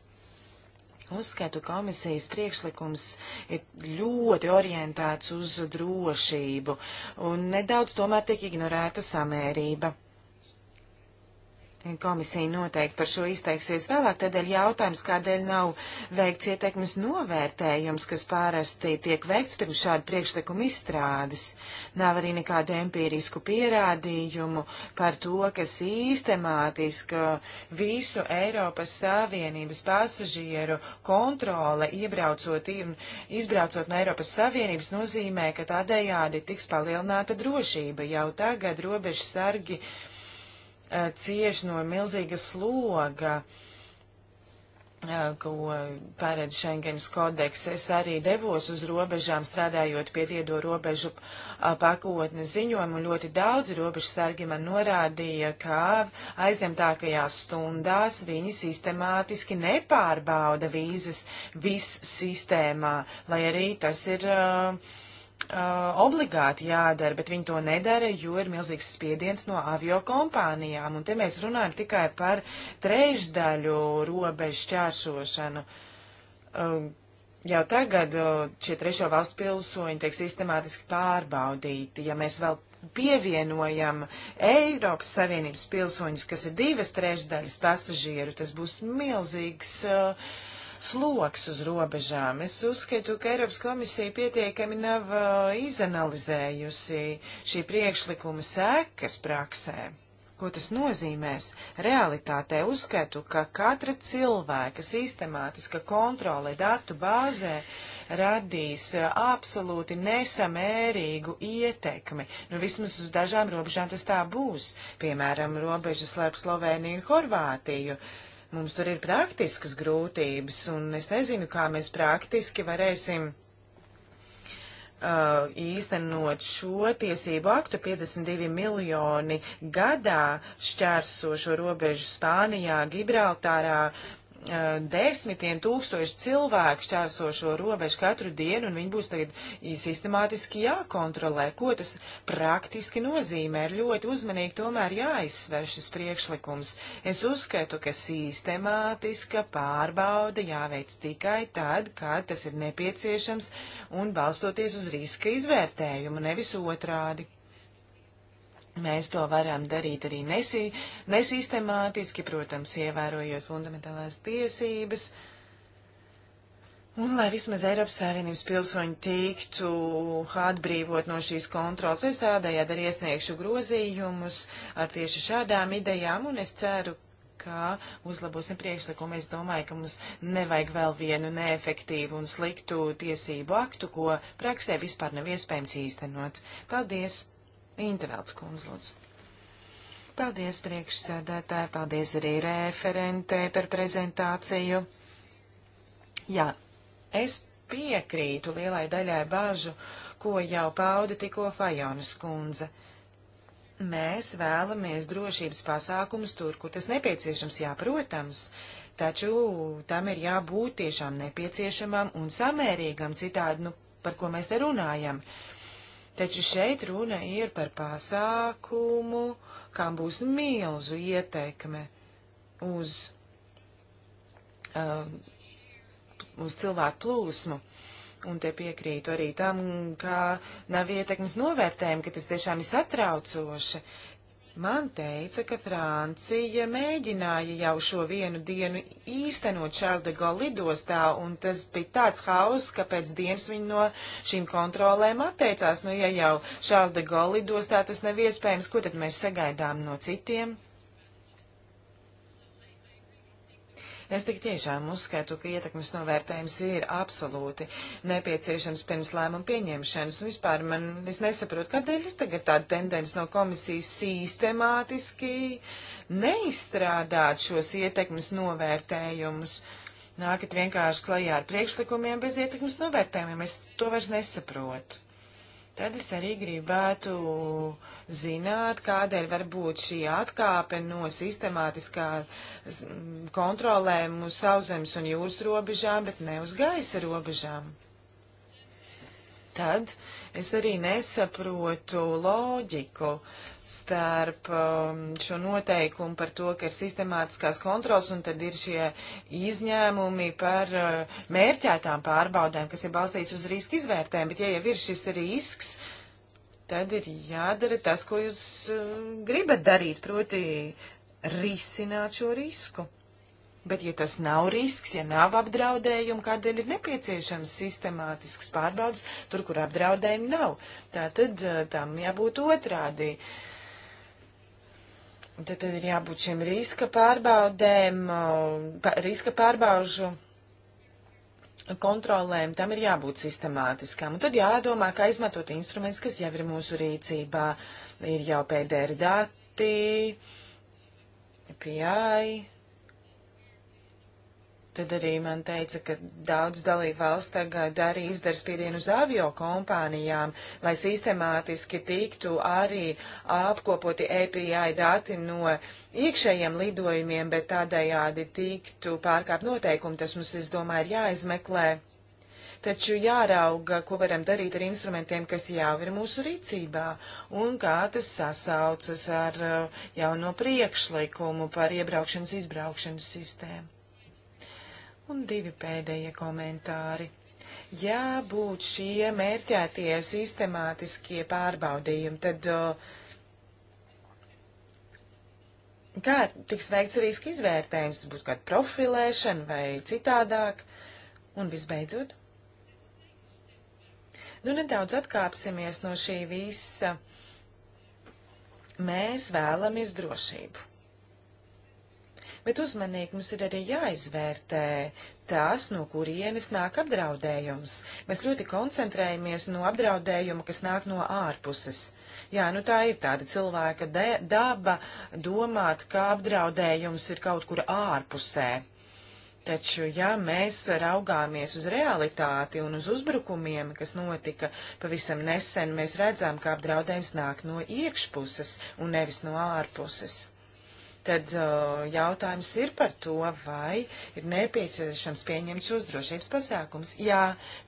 Uzskatu komisijas priekšlikums ir ļoti orientēts uz drošību un nedaudz tomēr tiek ignorēta samērība. Komisija noteikti par šo izteiksies vēlāk, tādēļ jautājums, kādēļ nav veikts ieteikums novērtējums, kas pārasti tiek veikts pirms šāda priekšlikuma izstrādes. Nav arī nekādu empīrisku pierādījumu par to, kas īstemātiski visu Eiropas Savienības pasažieru kontrole iebraucot, izbraucot no Eiropas Savienības nozīmē, ka tādējādi tiks palielināta drošība. Jau tagad robežas sargi. Uh, Eh, cieš no milzīga sloga, eh, ko paredz Schengens kodeks. Es arī devos uz robežām, strādājot pie viedo robežu eh, pakotnes ziņojumu, un ļoti daudz robežsargi man norādīja, ka aizņemtākajās stundās viņi sistemātiski nepārbauda vīzas viss sistēmā, lai arī tas ir uh, uh, obligāti jādara, bet viņi to nedara, jo ir milzīgs spiediens no avio kompānijām. Un te mēs runājam tikai par trešdaļu robežu šķēršošanu. Uh, jau tagad uh, šie trešo valstu pilsoņi tiek sistemātiski pārbaudīti. Ja mēs vēl pievienojam Eiropas Savienības pilsoņus, kas ir divas trešdaļas pasažieru, tas būs milzīgs. Uh, sloks uz robežām. Es uzskatu, ka Eiropas komisija pietiekami nav uh, izanalizējusi šī priekšlikuma sekas praksē. Ko tas nozīmēs? Realitātē uzskatu, ka katra cilvēka sistemātiska kontrole datu bāzē radīs uh, absolūti nesamērīgu ietekmi. Nu, vismaz uz dažām robežām tas tā būs. Piemēram, robežas starp Sloveniju un Horvātiju. Uh, Mums tur ir praktiskas grūtības, un es nezinu, kā mēs praktiski varēsim Uh, īstenot šo tiesību aktu 52 miljoni gadā šķērso šo robežu Spānijā, Gibraltārā, desmitiem tūkstoši cilvēku šķērso šo robežu katru dienu, un viņi būs tagad sistemātiski jākontrolē. Ko tas praktiski nozīmē? Ir ļoti uzmanīgi tomēr jāizsver šis priekšlikums. Es uzskatu, ka sistemātiska pārbauda jāveic tikai tad, kad tas ir nepieciešams un balstoties uz riska izvērtējumu, nevis otrādi. Mēs to varam darīt arī nesī, nesistemātiski, protams, ievērojot fundamentālās tiesības. Un lai vismaz Eiropas Savienības pilsoņi tiktu atbrīvot no šīs kontrolas, es tādējādi arī iesniegšu grozījumus ar tieši šādām idejām, un es ceru, ka uzlabosim priekšlikumu. Es domāju, ka mums nevajag vēl vienu neefektīvu un sliktu tiesību aktu, ko praksē vispār nav iespējams īstenot. Paldies! Intervēlts kundz, lūdzu. Paldies priekšsēdētāji, paldies arī referentē par prezentāciju. Jā, es piekrītu lielai daļai bāžu, ko jau pauda tikko Fajonas kundze. Mēs vēlamies drošības pasākums tur, kur tas nepieciešams, jā, protams, taču tam ir jābūt tiešām nepieciešamam un samērīgam citādi, nu, par ko mēs te runājam. Uh, Taču šeit runa ir par pasākumu, kam būs milzu ietekme uz, um, uz cilvēku plūsmu. Un te piekrītu arī tam, ka nav ietekmes novērtējumi, ka tas tiešām ir satraucoši. Uh, Man teica, ka Francija mēģināja jau šo vienu dienu īstenot Charles de Gaulle lidostā, un tas bija tāds hauss, ka pēc dienas viņi no šīm kontrolēm atteicās. Nu, ja jau Charles de Gaulle lidostā tas nav iespējams, ko tad mēs sagaidām no citiem? Es tik tiešām uzskatu, ka ietekmes novērtējums ir absolūti nepieciešams pirms lēmuma pieņemšanas. Un vispār man, es nesaprotu, kādēļ ir tagad tāda tendence no komisijas sistemātiski neizstrādāt šos ietekmes novērtējumus. Nākat vienkārši klajā ar priekšlikumiem bez ietekmes novērtējumiem. Es to vairs nesaprotu. Tad es arī gribētu uh, zināt, kādēļ var būt šī atkāpe no sistemātiskā kontrolēm uz sauszemes un jūras robežām, bet ne uz gaisa robežām. Tad es arī nesaprotu loģiku starp um, šo noteikumu par to, ka ir sistemātiskās kontrols un tad ir šie izņēmumi par uh, mērķētām pārbaudēm, kas ir balstīts uz riska izvērtēm, bet ja jau ir šis risks, uh, tad ir jādara tas, ko jūs eh, gribat darīt, proti risināt šo risku. Bet, ja tas nav risks, ja nav apdraudējumu, kādēļ ir nepieciešams sistemātisks pārbaudas tur, kur apdraudējumi nav, tā tad eh, tam jābūt otrādi. Tad, tad ir jābūt šiem riska pārbaudēm, eh, pa, riska pārbaužu kontrolēm tam ir jābūt sistemātiskām. Un tad jādomā, kā izmantot instruments, kas jau ir mūsu rīcībā. Ir jau PDR dati, PI, Tad arī man teica, ka daudz dalību valsts tagad arī izdara spiedienu uz avio kompānijām, lai sistemātiski tiktu arī apkopoti API dati no iekšējiem lidojumiem, bet tādējādi tiktu pārkāpt noteikumi. Tas mums, es domāju, ir jāizmeklē. Taču jārauga, ko varam darīt ar instrumentiem, kas jau ir mūsu rīcībā, un kā tas sasaucas ar uh, jauno priekšlikumu par iebraukšanas izbraukšanas sistēmu. Un divi pēdējie komentāri. Ja būtu šie mērķētie sistemātiskie pārbaudījumi, tad uh, kā tiks veikts riska izvērtējums, būs kāda profilēšana vai citādāk. Un visbeidzot, nu nedaudz atkāpsimies no šī visa. Mēs vēlamies drošību bet uzmanīgi mums ir arī jāizvērtē tas, no kurienes nāk apdraudējums. Mēs ļoti koncentrējamies no apdraudējuma, kas nāk no ārpuses. Jā, nu tā ir tāda cilvēka daba domāt, ka apdraudējums ir kaut kur ārpusē. Taču, ja mēs raugāmies uz realitāti un uz uzbrukumiem, kas notika pavisam nesen, mēs redzam, ka apdraudējums nāk no iekšpuses un nevis no ārpuses tad uh, jautājums ir par to, vai ir nepieciešams pieņemt šos drošības pasākums. Jā,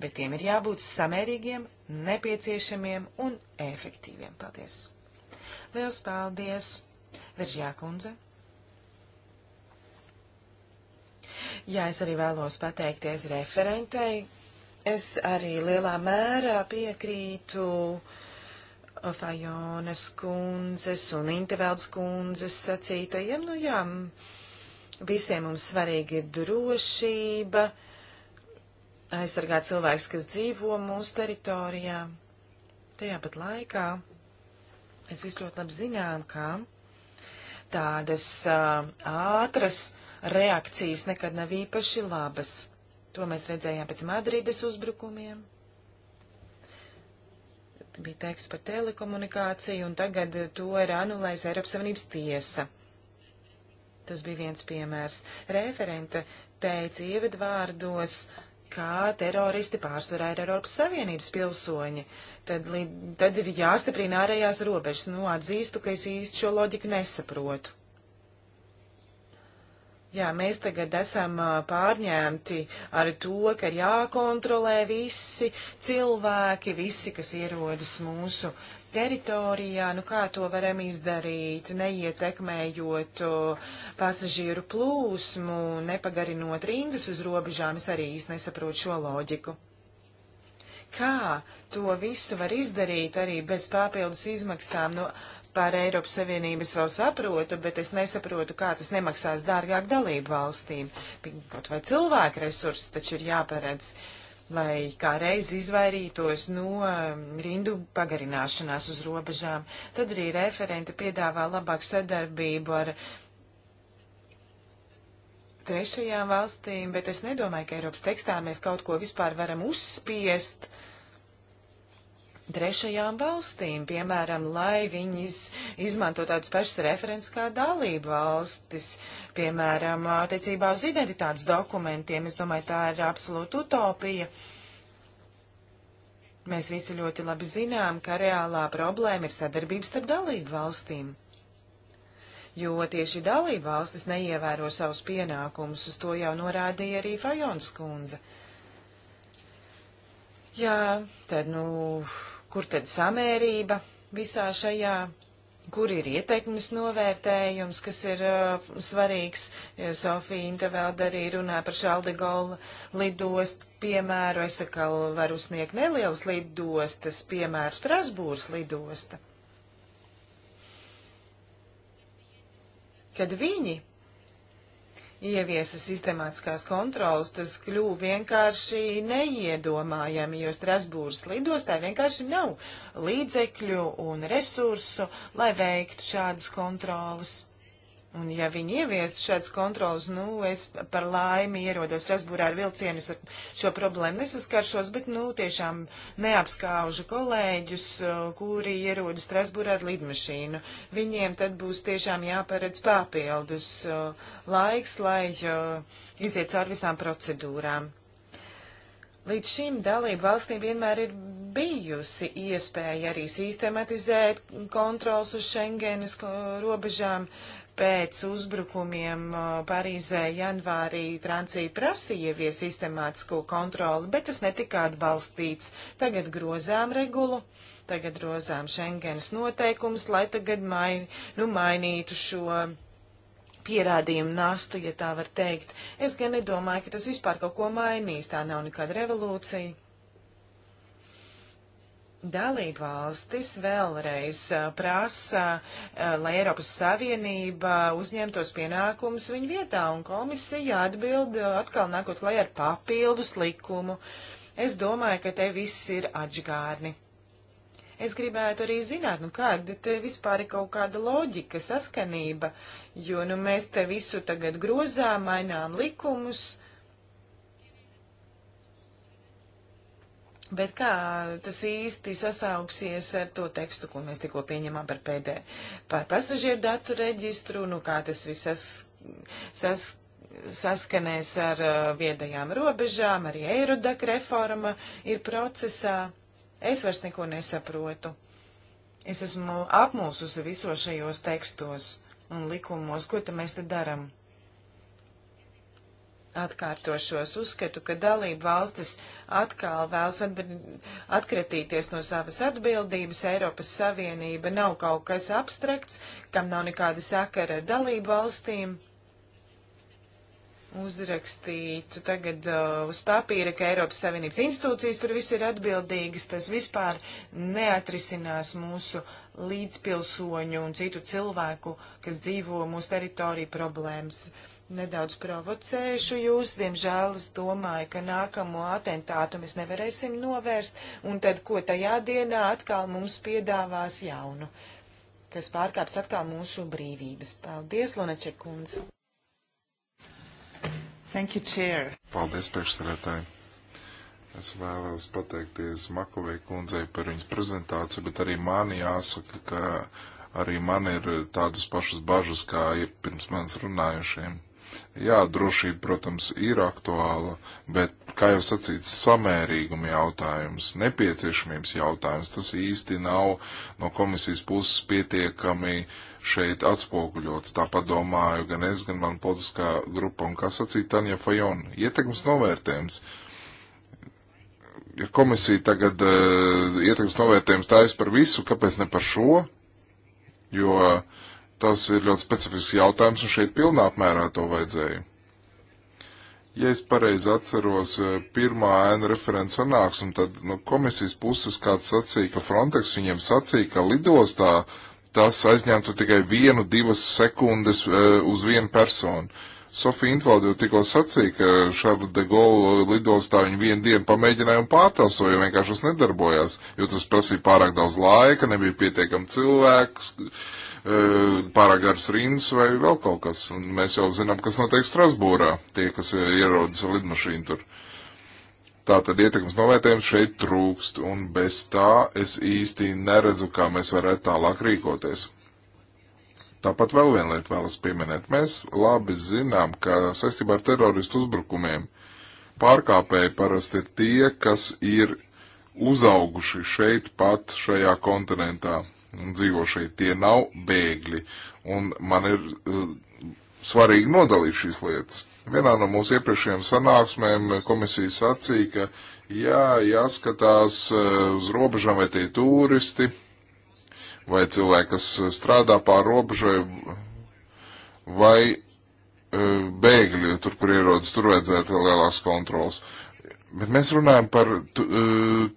bet tiem ir jābūt samērīgiem, nepieciešamiem un efektīviem. Paldies! Liels paldies, Viržjā kundze! Jā, es arī vēlos pateikties referentei. Es arī lielā mērā piekrītu uh, Fajonas kundzes un Intevelds kundzes sacītajiem. Nu jā, visiem mums svarīgi ir drošība, aizsargāt cilvēks, kas dzīvo mūsu teritorijā. Tajā pat laikā mēs visu ļoti labi zinām, ka tādas uh, ātras reakcijas nekad nav īpaši labas. To mēs redzējām pēc Madrides uzbrukumiem bija teksts par telekomunikāciju, un tagad eh, to ir anulējis Eiropas Savienības tiesa. Tas bija viens piemērs. Referente teica ievadvārdos, kā teroristi pārsvarā ir Eiropas Savienības pilsoņi. Tad, tad ir jāstiprina ārējās robežas. Nu, atzīstu, ka es īsti šo loģiku nesaprotu. Jā, mēs tagad esam pārņemti ar to, ka ir jākontrolē visi cilvēki, visi, kas ierodas mūsu teritorijā, nu kā to varam izdarīt, neietekmējot pasažieru plūsmu, nepagarinot rindas uz robežām, es arī īsti nesaprotu šo loģiku. Kā to visu var izdarīt arī bez papildus izmaksām? Nu, no par Eiropas Savienības vēl saprotu, bet es nesaprotu, kā tas nemaksās dārgāk dalību valstīm. Kaut vai cilvēku resursi taču ir jāparedz, lai kā reiz izvairītos no um, rindu pagarināšanās uz robežām. Tad arī referenti piedāvā labāku sadarbību ar trešajām valstīm, bet es nedomāju, ka Eiropas tekstā mēs kaut ko vispār varam uzspiest. Uh, trešajām valstīm, piemēram, lai viņas izmanto tādas pašas referents kā dalību valstis, piemēram, attiecībā uz identitātes dokumentiem. Es domāju, tā ir absolūta utopija. Mēs visi ļoti labi zinām, ka reālā problēma ir sadarbības starp dalību valstīm. Jo tieši dalību valstis neievēro savus pienākumus, uz to jau norādīja arī Fajons kundze. Jā, tad, nu, kur tad samērība visā šajā, kur ir ieteikums novērtējums, kas ir uh, svarīgs. Ja Sofija Intevelda arī runāja par Šaldigola lidostu piemēru. Es atkal varu sniegt nelielas lidostas piemēru Strasbūras lidosta. Kad viņi ieviesa sistemātiskās kontrolas, tas kļuva vienkārši neiedomājami, jo Strasbūras lidostā vienkārši nav līdzekļu un resursu, lai veiktu šādas kontrolas. Un ja viņi ieviestu šādas kontrolas, nu, es par laimi ierodos Strasbūrā ar vilcienu, es ar šo problēmu nesaskaršos, bet, nu, tiešām neapskaužu kolēģus, uh, kuri ierodas Strasbūrā ar lidmašīnu. Viņiem tad būs tiešām jāparedz papildus uh, laiks, lai uh, iziet cauri visām procedūrām. Līdz šim dalību valstīm vienmēr ir bijusi iespēja arī sistematizēt kontrols uz Schengenes robežām. Uh, pēc uzbrukumiem Parīzē janvārī Francija prasīja ievies sistemātisko kontroli, bet tas netika atbalstīts. Tagad grozām regulu, tagad grozām Schengenas noteikumus, lai tagad main, nu, mainītu šo pierādījumu nastu, ja tā var teikt. Es gan nedomāju, ka tas vispār kaut ko mainīs, tā nav nekāda revolūcija. Dalībvalstis vēlreiz prasa, lai Eiropas Savienība uzņemtos pienākumus viņu vietā, un komisija atbild atkal nākot klajā ar papildus likumu. Es domāju, ka te viss ir atžgārni. Es gribētu arī zināt, nu kāda te vispār ir kaut kāda loģika, saskanība, jo nu mēs te visu tagad grozām, mainām likumus Bet kā tas īsti sasauksies ar to tekstu, ko mēs tikko pieņemām par PD, par pasažieru datu reģistru, nu kā tas viss sas, sas, saskanēs ar uh, viedajām robežām, arī Eirodak reforma ir procesā. Es vairs neko nesaprotu. Es esmu apmūsusi visos šajos tekstos un likumos, ko tad mēs te darām atkārtošos. Uzskatu, ka dalība valstis atkal vēlas atkritīties no savas atbildības. Eiropas Savienība nav kaut kas abstrakts, kam nav nekāda sakara ar dalību valstīm. Uzrakstītu tagad uh, uz papīra, ka Eiropas Savienības institūcijas par visu ir atbildīgas, tas vispār neatrisinās mūsu līdzpilsoņu un citu cilvēku, kas dzīvo mūsu teritoriju problēmas. Uh, nedaudz provocēšu jūs. Diemžēl es domāju, ka nākamo atentātu mēs nevarēsim novērst, un tad, ko tajā dienā atkal mums piedāvās jaunu, kas pārkāps atkal mūsu brīvības. Paldies, Lunaček kundze! Thank you, Chair. Paldies, priekšsēdētāji. Es vēlos pateikties Makovei kundzei par viņas prezentāciju, bet arī man jāsaka, ka arī man ir tādas pašas bažas kā pirms manis runājušiem. Jā, drošība, protams, ir aktuāla, bet, kā jau sacīts, samērīguma jautājums, nepieciešamības jautājums, tas īsti nav no komisijas puses pietiekami šeit atspoguļots. Tāpat domāju gan es, gan man politiskā grupa, un kā sacīja Tanja Fajon, ietekmes novērtējums. Ja komisija tagad uh, ietekmes novērtējums taisa par visu, kāpēc ne par šo? Jo uh, tas ir ļoti specifisks jautājums, un šeit pilnā apmērā to vajadzēja. Ja es pareizi atceros eh, pirmā ēna referents sanāksmu, tad no nu, komisijas puses kāds sacīja, ka Frontex viņiem sacīja, ka lidostā tas aizņemtu tikai vienu, divas sekundes eh, uz vienu personu. Sofija Intvalda jau tikko sacīja, ka Šarla de Gaulle lidostā viņa vienu dienu pamēģināja un pārtausoja, jo vienkārši tas nedarbojās, jo tas prasīja pārāk daudz laika, nebija pietiekami cilvēks, pārāk garas rindas vai vēl kaut kas. Un mēs jau zinām, kas notiek Strasbūrā, tie, kas ierodas ar lidmašīnu tur. Tā tad ietekmes novērtējums šeit trūkst, un bez tā es īsti neredzu, kā mēs varētu tālāk rīkoties. Tāpat vēl viena lieta vēlas pieminēt. Mēs labi zinām, ka saistībā ar teroristu uzbrukumiem pārkāpēji parasti ir tie, kas ir uzauguši šeit pat šajā kontinentā dzīvo šeit, tie nav bēgļi. Un man ir uh, svarīgi nodalīt šīs lietas. Vienā no mūsu iepriekšējiem sanāksmēm komisija sacīja, ka jā, jāskatās uh, uz robežām, vai tie ir turisti, vai cilvēki, kas strādā pār robežai, vai uh, bēgļi, tur, kur ierodas, tur vajadzētu lielāks kontrols. Uh, Bet mēs runājam par e,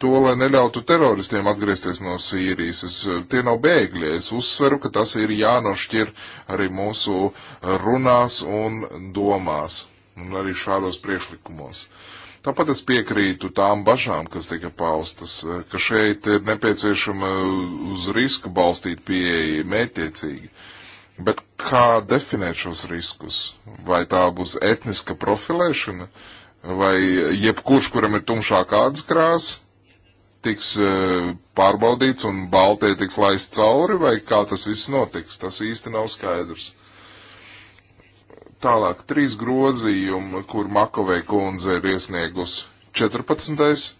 to, lai neļautu teroristiem atgriezties no Sīrijas. Es, e, tie nav bēgļi. Es uzsveru, ka tas ir jānošķir arī mūsu runās un domās, un arī šādos priekšlikumos. Tāpat es piekrītu tām bažām, kas tika paustas, e, ka šeit ir nepieciešama uz risku balstīt pieeja mētiecīgi. Bet kā definēt šos riskus? Vai tā būs etniska profilēšana? Uh, vai jebkurš, kuram ir tumšāka atskrāsa, tiks e, pārbaudīts un baltē tiks laist cauri, vai kā tas viss notiks, tas īsti nav skaidrs. Tālāk, trīs grozījumi, kur Makovei kundze ir iesniegus 14.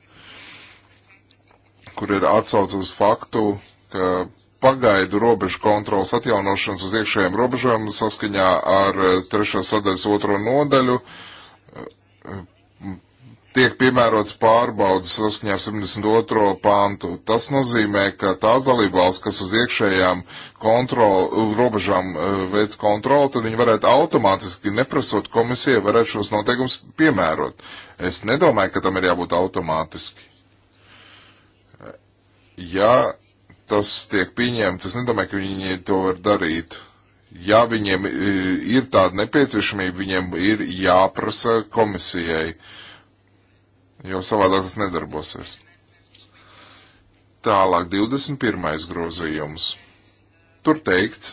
kur ir atsauce uz faktu, ka pagaidu robežu kontrolas atjaunošanas uz iekšējām robežām saskaņā ar e, trešā sadaļas otro nodaļu uh, tiek piemērots pārbaudas saskaņā ar 72. pāntu. Tas nozīmē, ka tās dalībvalsts, kas uz iekšējām kontrol, robežām eh, veic kontroli, tad viņi varētu automātiski, neprasot komisijai, varētu šos noteikumus piemērot. Es nedomāju, ka tam ir jābūt automātiski. Ja tas tiek pieņemts, es nedomāju, ka viņi to var darīt ja viņiem eh, ir tāda nepieciešamība, viņiem ir jāprasa komisijai jo savādāk tas nedarbosies. Tālāk 21. grozījums. Tur teikts,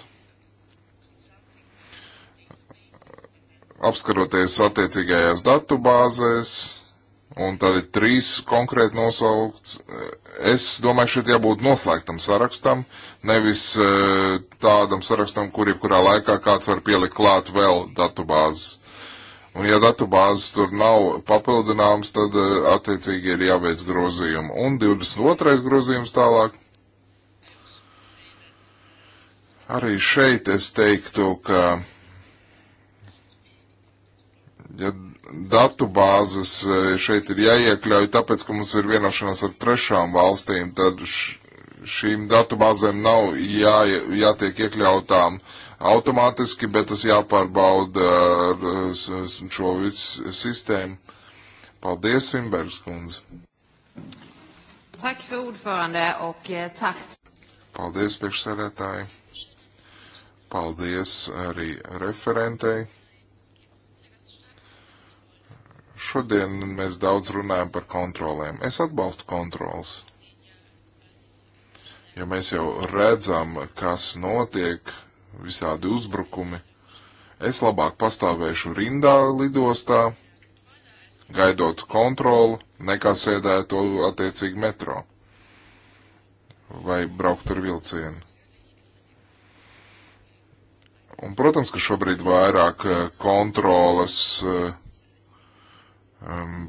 apskaroties attiecīgajās datu bāzēs, un tad ir trīs konkrēti nosaukts. Es domāju, šeit jābūt noslēgtam sarakstam, nevis eh, tādam sarakstam, kur jebkurā laikā kāds var pielikt klāt vēl datu bāzes. Un ja datu bāzes tur nav papildināmas, tad eh, attiecīgi ir jāveic grozījumi. Un 22. grozījums tālāk. Arī šeit es teiktu, ka ja datu bāzes eh, šeit ir jāiekļauj, tāpēc, ka mums ir vienošanās ar trešām valstīm, tad š šīm datubāzēm nav jā, jātiek iekļautām automātiski, bet tas jāpārbauda ar šo visu sistēmu. Paldies, Vimbergs kundze. Eh, Paldies, priekšsēdētāji. Paldies arī referentei. Šodien mēs daudz runājam par kontrolēm. Es atbalstu kontrols ja mēs jau redzam, kas notiek, visādi uzbrukumi, es labāk pastāvēšu rindā lidostā, gaidot kontroli, nekā sēdētu attiecīgi metro vai braukt ar vilcienu. Un, protams, ka šobrīd vairāk eh, kontrolas eh, um,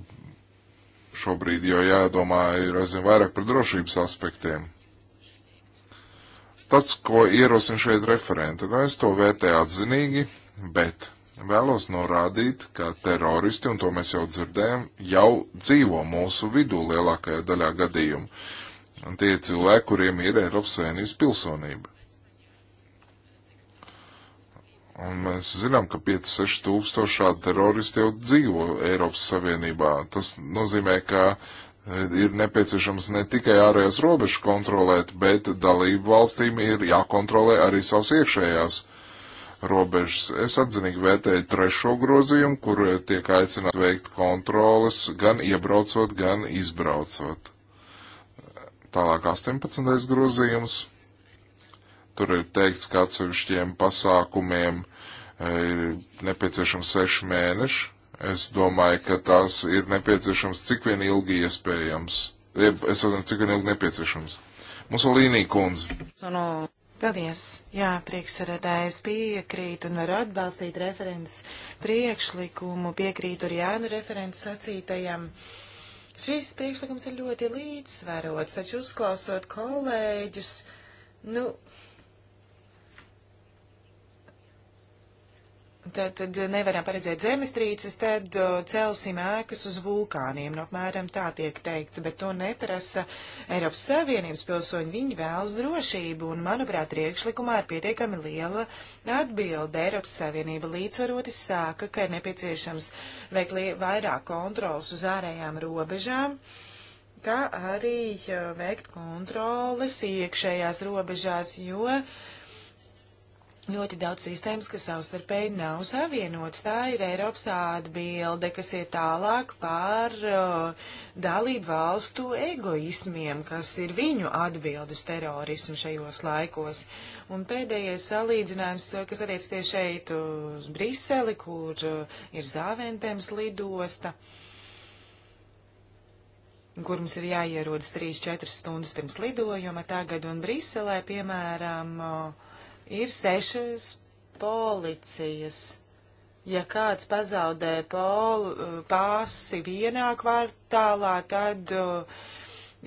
šobrīd jau jādomā ir aizvien vairāk par drošības aspektiem tas, ko ierosina šeit referenta, un es to vērtēju atzinīgi, bet vēlos norādīt, ka teroristi, un to mēs jau dzirdējam, jau dzīvo mūsu vidū lielākajā daļā gadījumu. Un tie cilvēki, kuriem ir Eiropas Savienības pilsonība. Un mēs zinām, ka 5-6 tūkstoši šādi teroristi jau dzīvo Eiropas Savienībā. Tas nozīmē, ka uh, ir nepieciešams ne tikai ārējās robežas kontrolēt, bet dalību valstīm ir jākontrolē arī savas iekšējās robežas. Es atzinīgi vērtēju trešo grozījumu, kur tiek aicināts veikt kontroles gan iebraucot, gan izbraucot. Tālāk 18. grozījums. Tur ir teikts, ka atsevišķiem pasākumiem eh, ir nepieciešams seši mēneši, Es domāju, ka tās ir nepieciešams cik vien ilgi iespējams. Es domāju, cik vien ilgi nepieciešams. Musolīnī kundze. Sono. Paldies! Jā, priekšsarādājs piekrīt un varu atbalstīt referents priekšlikumu, piekrīt arī Jānu referents sacītajam. Šis priekšlikums ir ļoti līdzsvarots, taču uzklausot kolēģus, nu, tad, tad nevaram paredzēt zemestrīces, tad celsim ēkas uz vulkāniem. No nu, apmēram tā tiek teikts, bet to neprasa Eiropas Savienības pilsoņi. Viņi vēlas drošību, un, manuprāt, priekšlikumā ir pietiekami liela atbilde. Eiropas Savienība līdzsvaroti sāka, ka ir nepieciešams veikt vairāk kontrols uz ārējām robežām kā arī veikt kontroles iekšējās robežās, jo uh, ļoti daudz sistēmas, kas savstarpēji nav savienotas. Tā ir Eiropas atbilde, kas ir tālāk par uh, dalību valstu egoismiem, kas ir viņu atbildes terorismu šajos laikos. Un pēdējais salīdzinājums, kas attiec tieši šeit uz Briseli, kur uh, ir Zāventēms lidosta kur mums ir jāierodas 3-4 stundas pirms lidojuma tagad, un Briselē, piemēram, uh, Ir sešas policijas. Ja kāds pazaudē pol, eh, pāsi vienā kvartālā, tad uh,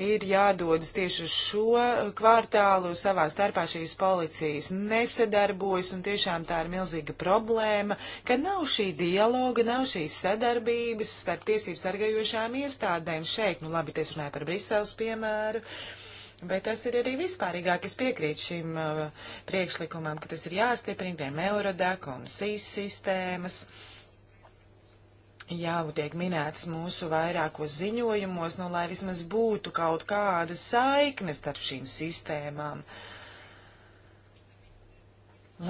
ir jādodas tieši uz šo eh, kvartālu. Savā starpā šīs policijas nesadarbojas, un tiešām tā ir milzīga problēma, ka nav šī dialoga, nav šīs sadarbības starp tiesību sargājošām iestādēm šeit. Nu, labi, es runāju par Briseles piemēru. Uh, Bet tas ir arī vispārīgāk. Es piekrītu šim uh, priekšlikumam, ka tas ir jāstiprina, piemēram, Eurodac un SIS sistēmas. Jau tiek minēts mūsu vairākos ziņojumos, nu, lai vismaz būtu kaut kāda saikne starp šīm sistēmām,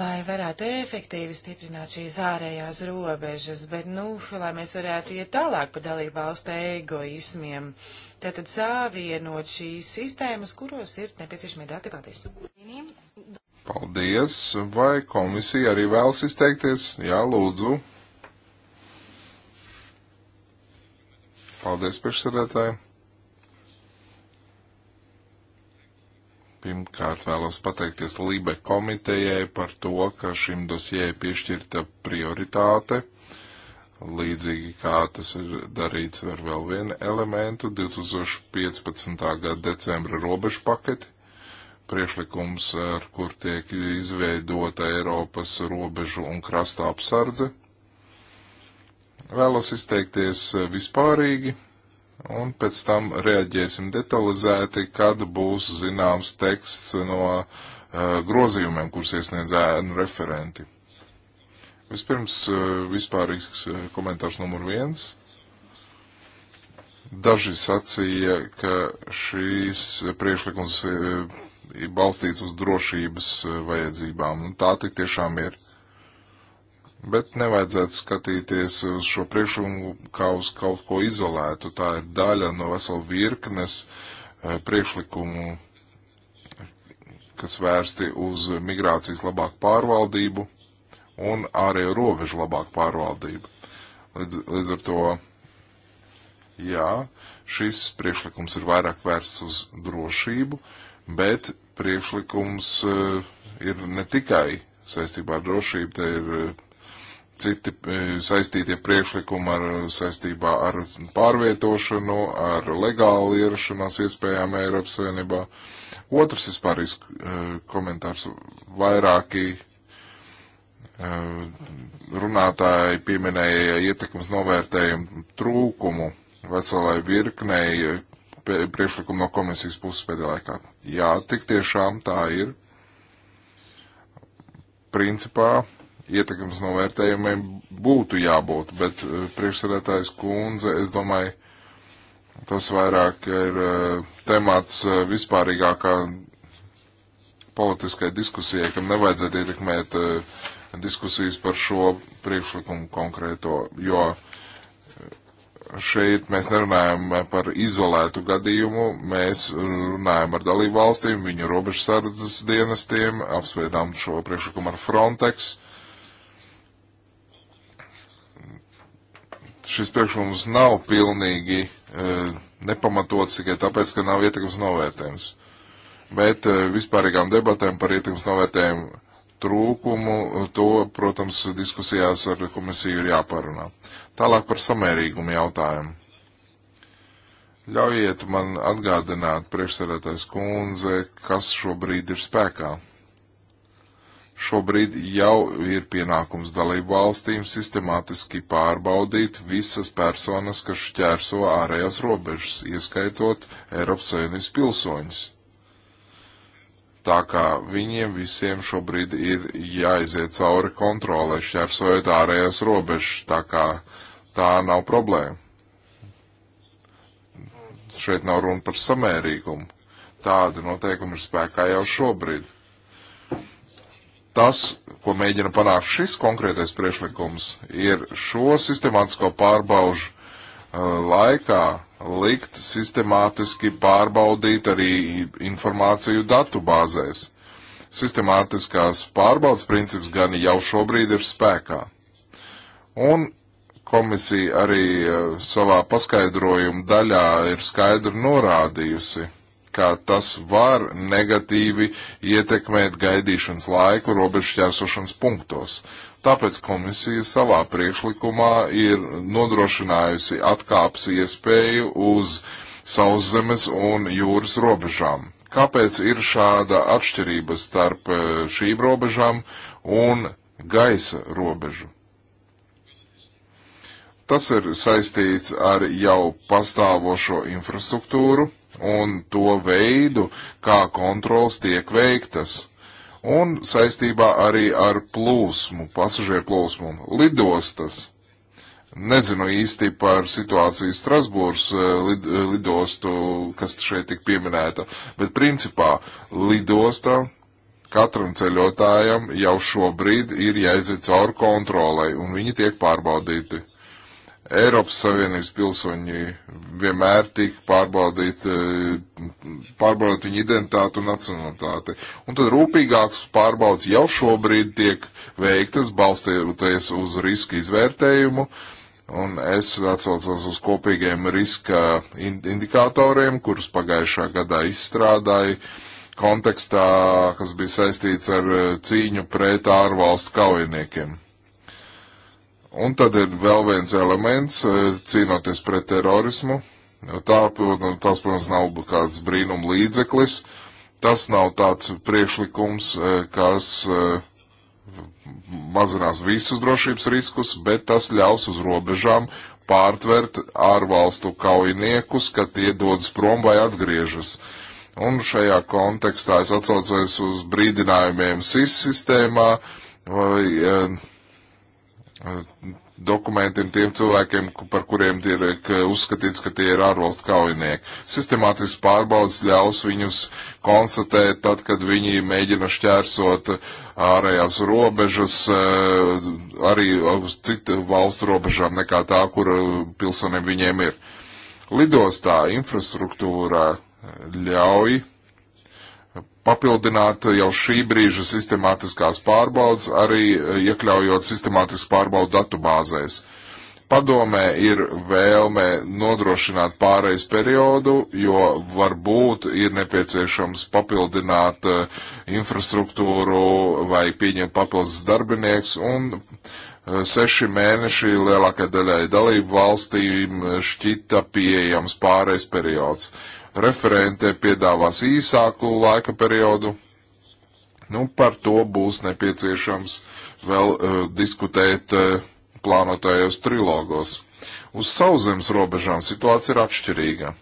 lai varētu efektīvi stiprināt šīs ārējās robežas, bet, nu, lai mēs varētu iet tālāk par dalību valstu egoismiem. Uh, tātad savienot šīs sistēmas, kuros ir nepieciešami dati patīs. Paldies, vai komisija arī vēlas izteikties? Jā, lūdzu. Paldies, priekšsēdētāji. Pirmkārt vēlos pateikties Libe komitejai par to, ka šim dosijai piešķirta prioritāte līdzīgi kā tas ir darīts ar vēl vienu elementu 2015. gada decembra robežu paketi, priešlikums, ar kur tiek izveidota Eiropas robežu un krasta apsardze. Vēlos izteikties vispārīgi un pēc tam reaģēsim detalizēti, kad būs zināms teksts no uh, grozījumiem, kurus iesniedz ēnu referenti. Vispirms eh, vispārīgs eh, komentārs numur viens. Daži sacīja, ka šīs priekšlikums eh, ir balstīts uz drošības vajadzībām, un tā tik tiešām ir. Bet nevajadzētu skatīties uz šo priekšlikumu kā uz kaut ko izolētu. Tā ir daļa no vesela virknes priekšlikumu, kas vērsti uz migrācijas labāku pārvaldību un ārējo robežu labāku pārvaldību. Līdz, līdz ar to, jā, šis priekšlikums ir vairāk vērsts uz drošību, bet priekšlikums uh, ir ne tikai saistībā ar drošību, te ir uh, citi uh, saistītie priekšlikumi ar, saistībā ar pārvietošanu, ar legālu ierašanās iespējām Eiropas Savienībā. Otrs vispār komentārs vairāki Ehm, runātāji pieminēja ietekmes novērtējumu trūkumu veselai virknei eh, priekšlikumu no komisijas puses pēdējā laikā. Jā, tik tiešām tā ir. Principā ietekmes novērtējumiem būtu jābūt, bet eh, priekšsēdētājs kundze, es domāju, tas vairāk ir eh, temats vispārīgākā politiskai diskusijai, kam nevajadzētu ietekmēt uh, diskusijas par šo priekšlikumu konkrēto, jo šeit mēs nerunājam par izolētu gadījumu, mēs runājam ar dalību valstīm, viņu robežsardzes dienestiem, apspriedām šo priekšlikumu ar Frontex. Šis priekšlikums nav pilnīgi e, nepamatots tikai tāpēc, ka nav ietekmes novērtējums. Bet e, vispārīgām debatēm par ietekmes novērtējumu trūkumu, to, protams, diskusijās ar komisiju ir jāparunā. Tālāk par samērīgumu jautājumu. Ļaujiet man atgādināt priekšsēdētājs kundze, kas šobrīd ir spēkā. Šobrīd jau ir pienākums dalību valstīm sistemātiski pārbaudīt visas personas, kas šķērso ārējās robežas, ieskaitot Eiropas Savienības pilsoņus. Tā kā viņiem visiem šobrīd ir jāiziet cauri kontrolē, šķērsojot ārējās robežas, tā kā tā nav problēma. Šeit nav runa par samērīgumu. Tāda noteikuma ir spēkā jau šobrīd. Tas, ko mēģina panākt šis konkrētais priešlikums, ir šo sistemātisko pārbaužu uh, laikā likt sistemātiski pārbaudīt arī informāciju datu bāzēs. Sistemātiskās pārbaudas princips gan jau šobrīd ir spēkā. Un komisija arī e, savā paskaidrojuma daļā ir skaidri norādījusi, ka tas var negatīvi ietekmēt gaidīšanas laiku robežu ķērsošanas punktos. Uh, Tāpēc komisija savā priekšlikumā ir nodrošinājusi atkāps iespēju uz sauszemes un jūras robežām. Kāpēc ir šāda atšķirība starp eh, šīm robežām un gaisa robežu? Tas ir saistīts ar jau pastāvošo infrastruktūru un to veidu, kā kontrols tiek veiktas un saistībā arī ar plūsmu, pasažieru plūsmu, lidostas. Nezinu īsti par situāciju Strasbūras eh, lid, lidostu, kas šeit tik pieminēta, bet principā lidostā katram ceļotājam jau šobrīd ir jāiziet cauri kontrolai, un viņi tiek pārbaudīti. Eiropas Savienības pilsoņi vienmēr tika pārbaudīti, eh, pārbaudīt viņu identitātu un nacionalitāti. Un tad rūpīgāks pārbaudas jau šobrīd tiek veiktas, balstoties uz riska izvērtējumu, un es atsaucos uz kopīgiem riska indikatoriem, kurus pagājušā gadā izstrādāja kontekstā, kas bija saistīts ar eh, cīņu pret ārvalstu kaujiniekiem. Un tad ir vēl viens elements, e, cīnoties pret terorismu. Tā, nu, tas, protams, nav kāds brīnum līdzeklis. Tas nav tāds priekšlikums, e, kas e, mazinās visus drošības riskus, bet tas ļaus uz robežām pārtvert ārvalstu kaujiniekus, kad tie dodas prom vai atgriežas. Un šajā kontekstā es atsaucos uz brīdinājumiem SIS sistēmā vai dokumentiem tiem cilvēkiem, par kuriem tiek eh, uzskatīts, ka tie ir ārvalstu kaujinieki. Sistemātisks pārbaudas ļaus viņus konstatēt tad, kad viņi mēģina šķērsot eh, ārējās robežas, eh, arī uz citu valstu robežām nekā tā, kur pilsoniem viņiem ir. Lidostā infrastruktūrā ļauj papildināt jau šī brīža sistemātiskās pārbaudas, arī e, iekļaujot sistemātisku pārbaudu datubāzēs. Padomē ir vēlme nodrošināt pārejas periodu, jo varbūt ir nepieciešams papildināt e, infrastruktūru vai pieņemt papildus darbinieks, un e, seši mēneši lielākai daļai dalību valstīm šķita pieejams pārejas periods. Uh, referente piedāvās īsāku laika periodu. Nu, par to būs nepieciešams vēl uh, diskutēt uh, plānotajos trilogos. Uz sauszemes robežām situācija ir atšķirīga.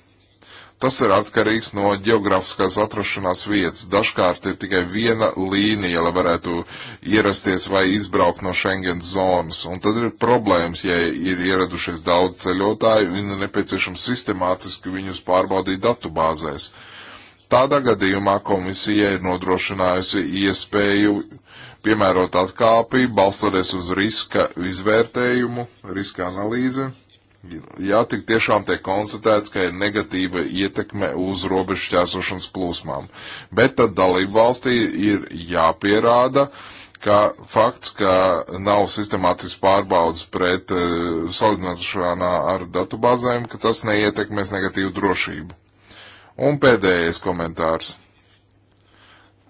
Tas ir atkarīgs no geogrāfiskās atrašanās vietas. Dažkārt ir tikai viena līnija, lai varētu ierasties vai izbraukt no Schengen zonas. Un tad ir problēmas, ja ir ieradušies daudz ceļotāju un ir nepieciešams sistemātiski viņus pārbaudīt datubāzēs. Tādā gadījumā komisija ir nodrošinājusi iespēju piemērot atkāpi, balstoties uz riska izvērtējumu, riska analīzi ja tik tiešām tiek konstatēts, ka ir negatīva ietekme uz robežu šķērsošanas plūsmām. Bet tad dalību valstī ir jāpierāda, ka fakts, ka nav sistemātisks pārbaudas pret uh, eh, salīdzināšanā ar datubāzēm, ka tas neietekmēs negatīvu drošību. Un pēdējais komentārs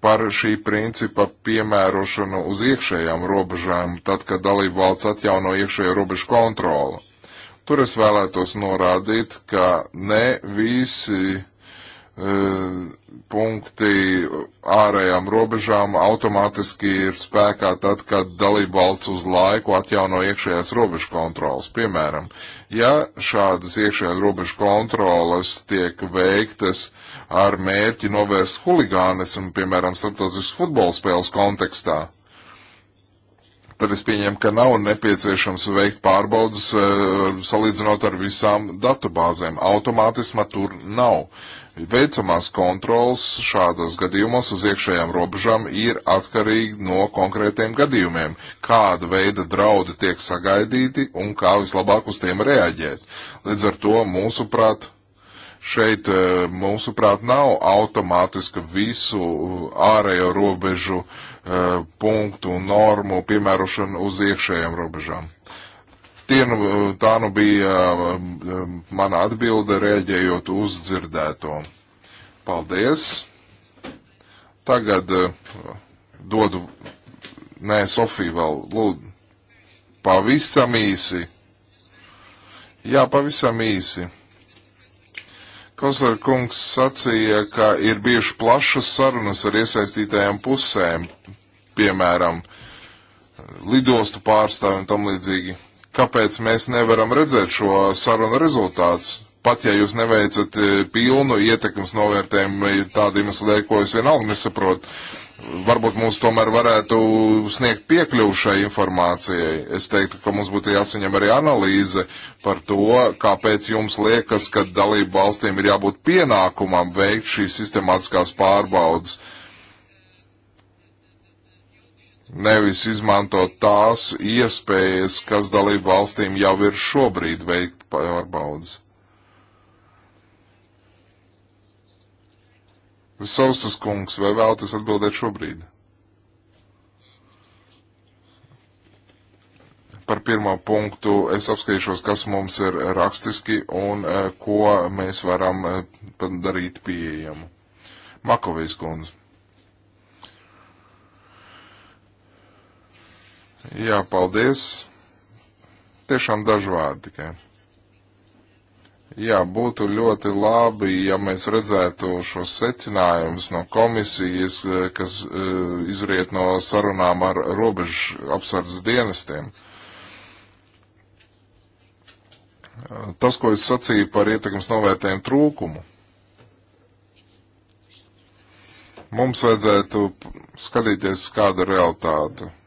par šī principa piemērošanu uz iekšējām robežām, tad, kad dalību valsts atjauno iekšējo robežu kontroli Tur es vēlētos norādīt, ka ne visi e, punkti ārējām robežām automātiski ir spēkā tad, kad dalība valsts uz laiku atjauno iekšējās robežu kontrolas. Piemēram, ja šādas iekšējās robežu kontrolas tiek veiktas ar mērķi novērst huligānismu, piemēram, starptautiskas futbola spēles kontekstā, tad es pieņemu, ka nav nepieciešams veikt pārbaudas eh, salīdzinot ar visām datubāzēm. Automātisma tur nav. Veicamās kontrols šādos gadījumos uz iekšējām robežām ir atkarīgi no konkrētiem gadījumiem, kāda veida draudi tiek sagaidīti un kā vislabāk uz tiem reaģēt. Līdz ar to, mūsuprāt, šeit, eh, mūsuprāt, nav automātiska visu ārējo robežu uh, Eh, punktu un normu piemērošanu uz iekšējām robežām. Tie, nu, tā nu bija eh, mana atbilde, rēģējot uz dzirdēto. Paldies! Tagad eh, dodu, nē, Sofija vēl, lūdzu, pavisam īsi. Jā, pavisam īsi. Kozar kungs sacīja, ka ir bijuši plašas sarunas ar iesaistītajām pusēm piemēram, lidostu pārstāvi un tam līdzīgi. Kāpēc mēs nevaram redzēt šo sarunu rezultātus? Pat ja jūs neveicat e, pilnu ietekmes novērtējumu tādiem iemesliem, ko es vienalga nesaprotu, varbūt mums tomēr varētu sniegt piekļuvu šai informācijai. Es teiktu, ka mums būtu jāsaņem arī analīze par to, kāpēc jums liekas, ka dalību valstīm ir jābūt pienākumam veikt šīs sistemātiskās pārbaudas. Uh, nevis izmantot tās iespējas, kas dalību valstīm jau ir šobrīd veikt pārbaudas. Sausas kungs, vai vēlaties atbildēt šobrīd? Par pirmo punktu es apskatīšos, kas mums ir rakstiski un eh, ko mēs varam eh, darīt pieejamu. Makovīs kundze. Jā, paldies. Tiešām daži vārdi tikai. Jā, būtu ļoti labi, ja mēs redzētu šos secinājumus no komisijas, kas uh, izriet no sarunām ar robežu apsardzes dienestiem. Tas, ko es sacīju par ietekmes novērtējumu trūkumu, mums vajadzētu skatīties, kāda ir realitāte. Mm.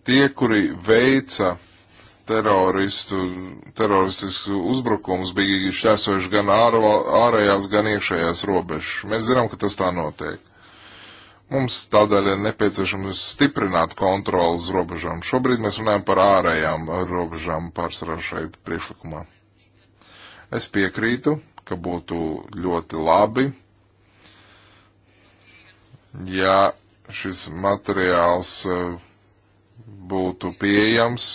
Tie, kuri veica teroristu, teroristisku uzbrukumus, bija šķērsojuši gan ārvā, ārējās, gan iekšējās robežas. Mēs zinām, ka tas tā notiek. Mums tādēļ ir nepieciešams stiprināt kontroli uz robežām. Šobrīd mēs runājam par ārējām robežām pārsvarā šeit priekšlikumā. Es piekrītu, ka būtu ļoti labi, ja šis materiāls uh, būtu pieejams.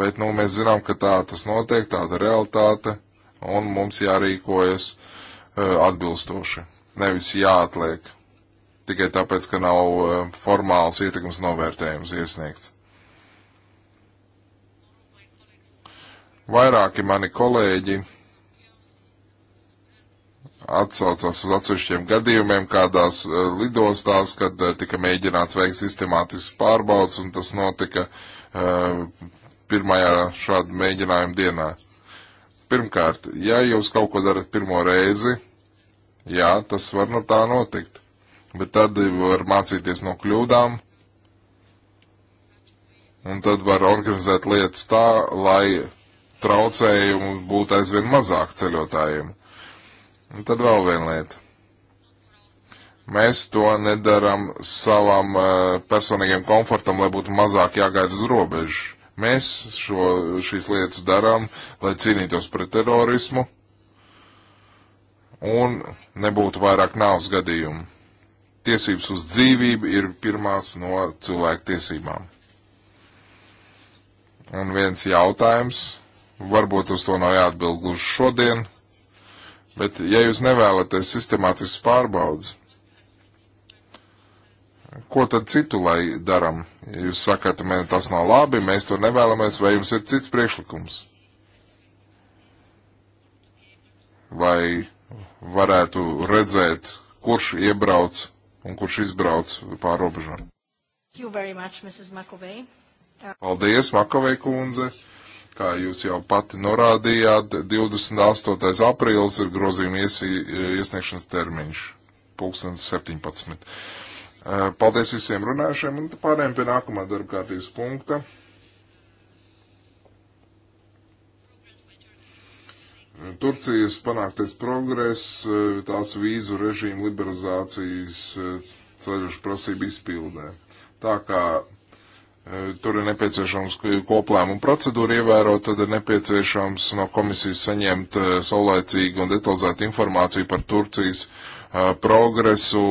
Bet nu, mēs zinām, ka tā tas notiek, tāda realitāte, un mums jārīkojas uh, atbilstoši. Nevis jāatliek tikai tāpēc, ka nav uh, formāls ietekmes novērtējums iesniegts. Vairāki mani kolēģi atsaucās uz atsevišķiem gadījumiem kādās eh, lidostās, kad eh, tika mēģināts veikt sistemātisks pārbauds, un tas notika eh, pirmajā šāda mēģinājuma dienā. Pirmkārt, ja jūs kaut ko darat pirmo reizi, jā, tas var no tā notikt, bet tad var mācīties no kļūdām, un tad var organizēt lietas tā, lai traucējumu būtu aizvien mazāk ceļotājiem. Un tad vēl viena lieta. Mēs to nedaram savam uh, personīgiem komfortam, lai būtu mazāk jāgaida uz robežu. Mēs šo, šīs lietas darām, lai cīnītos pret terorismu un nebūtu vairāk nāvs gadījumu. Tiesības uz dzīvību ir pirmās no cilvēku tiesībām. Un viens jautājums, varbūt uz to nav jāatbild gluži šodien, Bet, ja jūs nevēlaties sistemātisks pārbaudas, ko tad citu lai daram? Ja jūs sakat, man tas nav labi, mēs to nevēlamies, vai jums ir cits priekšlikums? Lai varētu redzēt, kurš iebrauc un kurš izbrauc pāri robežām. Uh, Paldies, Makovei kundze. Kā jūs jau pati norādījāt, 28. aprīlis ir grozījuma iesi, iesniegšanas termiņš, 2017. Paldies visiem runājušiem un pārējiem pie nākamā darba kārtības punkta. Turcijas panāktais progress, tās vīzu režīmu liberalizācijas ceļušu prasību izpildē. Tā kā Eh, tur ir nepieciešams koplēmuma procedūra ievērot, tad ir nepieciešams no komisijas saņemt eh, saulēcīgu un detalizētu informāciju par Turcijas uh, progresu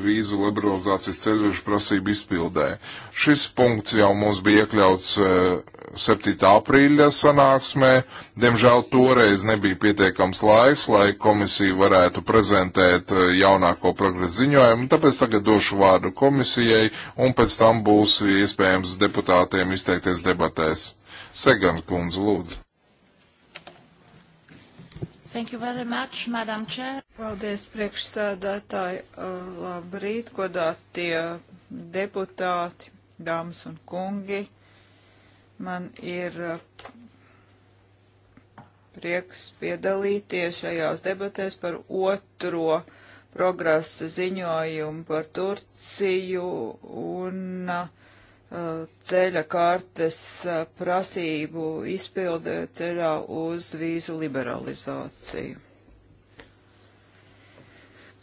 vīzu liberalizācijas ceļvežu prasību izpildē. Šis punkts jau mums bija iekļauts 7. aprīļa sanāksmē. Diemžēl toreiz nebija pietiekams laiks, lai komisija varētu prezentēt jaunāko progresu ziņojumu, tāpēc tagad došu vārdu komisijai un pēc tam būs iespējams deputātiem izteikties debatēs. Segans kundze, lūdzu. Thank you very much, Madam Chair. Paldies, priekšsēdētāji. Uh, labrīt, godātie deputāti, dāmas un kungi. Man ir uh, prieks piedalīties šajās debatēs par otro progresa ziņojumu par Turciju un uh, Uh, ceļa kartes uh, prasību izpilde ceļā uz vīzu liberalizāciju.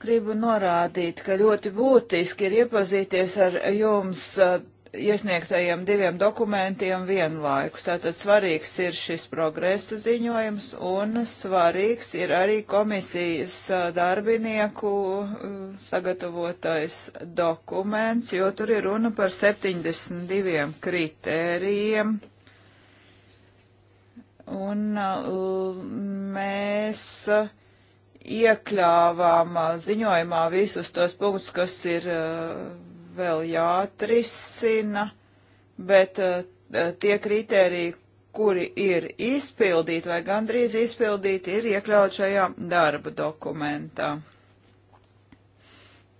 Gribu norādīt, ka ļoti būtiski ir iepazīties ar jums uh, iesniegtajiem diviem dokumentiem vienlaikus. Tātad svarīgs ir šis progresa ziņojums un svarīgs ir arī komisijas darbinieku sagatavotais dokuments, jo tur ir runa par 72 kritērijiem. Un mēs iekļāvām ziņojumā visus tos punktus, kas ir uh, vēl jāatrisina, bet uh, uh, tie kriteriji, kuri ir izpildīti vai gandrīz izpildīti, ir iekļaut šajā darba dokumentā.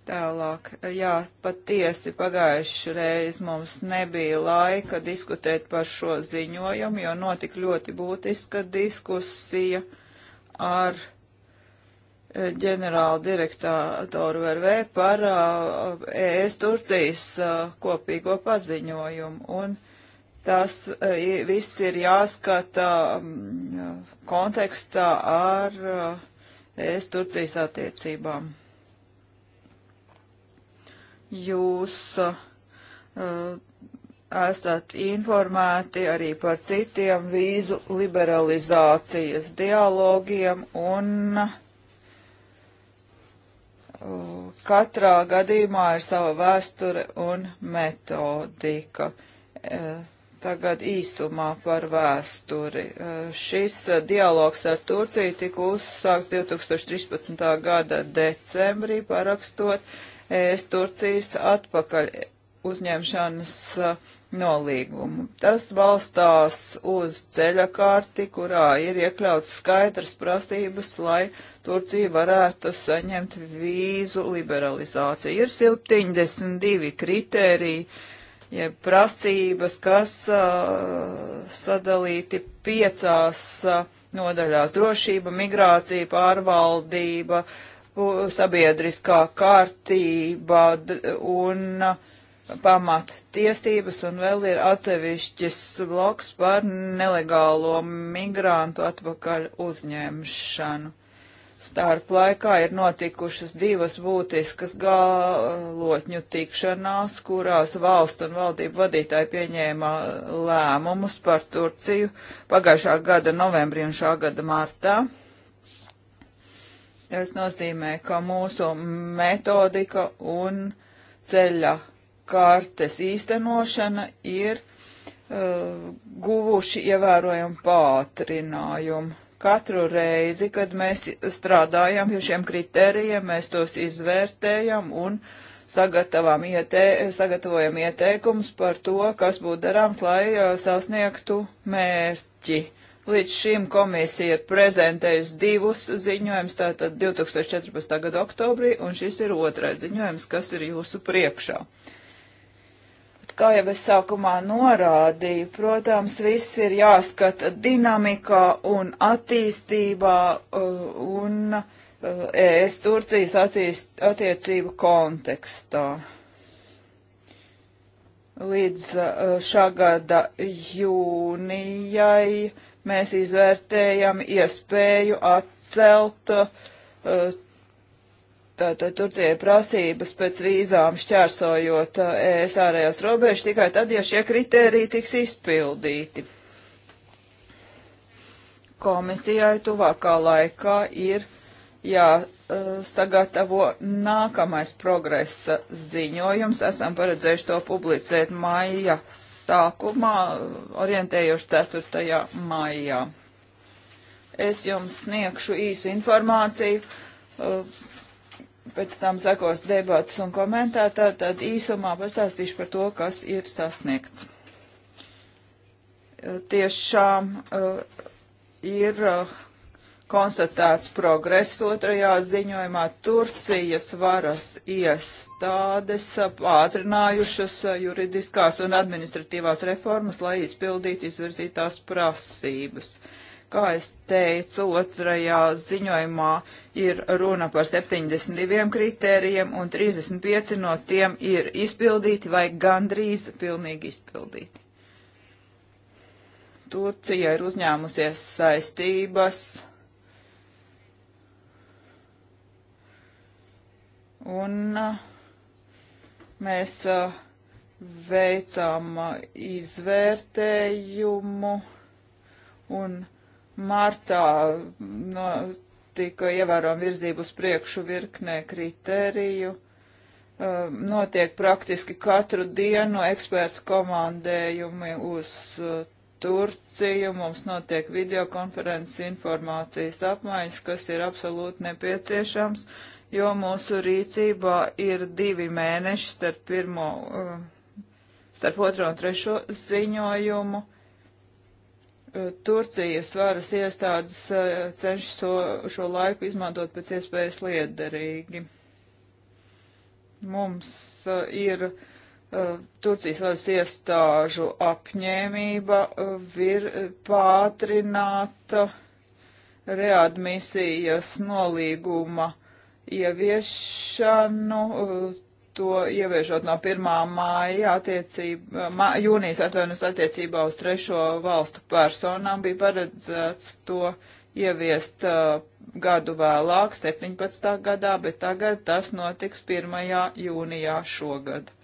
Tālāk, jā, patiesi pagājuši reiz mums nebija laika diskutēt par šo ziņojumu, jo notika ļoti būtiska diskusija ar ģenerāla direktātoru VRV par uh, ES Turcijas uh, kopīgo paziņojumu. Un tas uh, viss ir jāskata um, kontekstā ar uh, ES Turcijas attiecībām. Jūs uh, esat informēti arī par citiem vīzu liberalizācijas dialogiem un uh, Katrā gadījumā ir sava vēsture un metodika. E, tagad īsumā par vēsturi. E, šis dialogs ar Turciju tika uzsāks 2013. gada decembrī, parakstot ES Turcijas atpakaļ uzņemšanas e, nolīgumu. Tas balstās uz ceļakārti, kurā ir iekļauts skaidrs prasības, lai Turcija varētu saņemt vīzu liberalizāciju. Ir 72 kritēriji, jeb prasības, kas uh, sadalīti piecās uh, nodaļās - drošība, migrācija, pārvaldība, sabiedriskā kārtība un pamat tiesības, un vēl ir atsevišķis bloks par nelegālo migrantu atpakaļ uzņemšanu starp laikā ir notikušas divas būtiskas galotņu tikšanās, kurās valstu un valdību vadītāji pieņēma lēmumus par Turciju pagājušā gada novembrī un šā gada martā. Tas nozīmē, ka mūsu metodika un ceļa kartes īstenošana ir uh, guvuši ievērojumu pātrinājumu Katru reizi, kad mēs strādājam pie šiem kritērijiem, mēs tos izvērtējam un iete, sagatavojam ieteikumus par to, kas būtu darāms, lai sasniegtu mērķi. Līdz šim komisija ir prezentējusi divus ziņojumus, tātad 2014. gada oktobrī, un šis ir otrais ziņojums, kas ir jūsu priekšā. Uh, kā jau es sākumā norādīju, protams, viss ir jāskata dinamikā un attīstībā uh, un uh, ES Turcijas attīst, attiecību kontekstā. Līdz uh, šā gada jūnijai mēs izvērtējam iespēju atcelt uh, Tātad Turcijai prasības pēc vīzām šķērsojot uh, ES ārējās robežas tikai tad, ja šie kriteriji tiks izpildīti. Komisijai tuvākā laikā ir jāsagatavo nākamais progresa ziņojums. Esam paredzējuši to publicēt maija sākumā, orientējuši 4. maijā. Es jums sniegšu īsu informāciju uh, pēc tam sekos debats un komentētā, tad, tad īsumā pastāstīšu par to, kas ir sasniegts. Eh, tiešām uh, ir uh, konstatēts progress otrajā ziņojumā. Turcijas varas iestādes pātrinājušas juridiskās un administratīvās reformas, lai izpildītu izvirzītās prasības. Uh, Kā es teicu, otrajā ziņojumā ir runa par 72 kritērijiem, un 35 no tiem ir izpildīti vai gandrīz pilnīgi izpildīti. Turcija ir uzņēmusies saistības. Un uh, mēs uh, veicām uh, izvērtējumu un Martā no, tika ievērojama virzība uz priekšu virknē kritēriju. Um, notiek praktiski katru dienu ekspertu komandējumi uz uh, Turciju. Mums notiek videokonferences informācijas apmaiņas, kas ir absolūti nepieciešams, jo mūsu rīcībā ir divi mēneši starp pirmo, uh, starp otro un trešo ziņojumu Turcijas varas iestādes eh, cenšas šo, šo laiku izmantot pēc iespējas liederīgi. Mums eh, ir eh, Turcijas varas iestāžu apņēmība vir pātrināta readmisijas nolīguma ieviešanu to ieviešot no 1. māja attiecībā, mā, jūnijas atvainojas attiecībā uz trešo valstu personām, bija paredzēts to ieviest uh, gadu vēlāk, 17. gadā, bet tagad tas notiks 1. jūnijā šogad.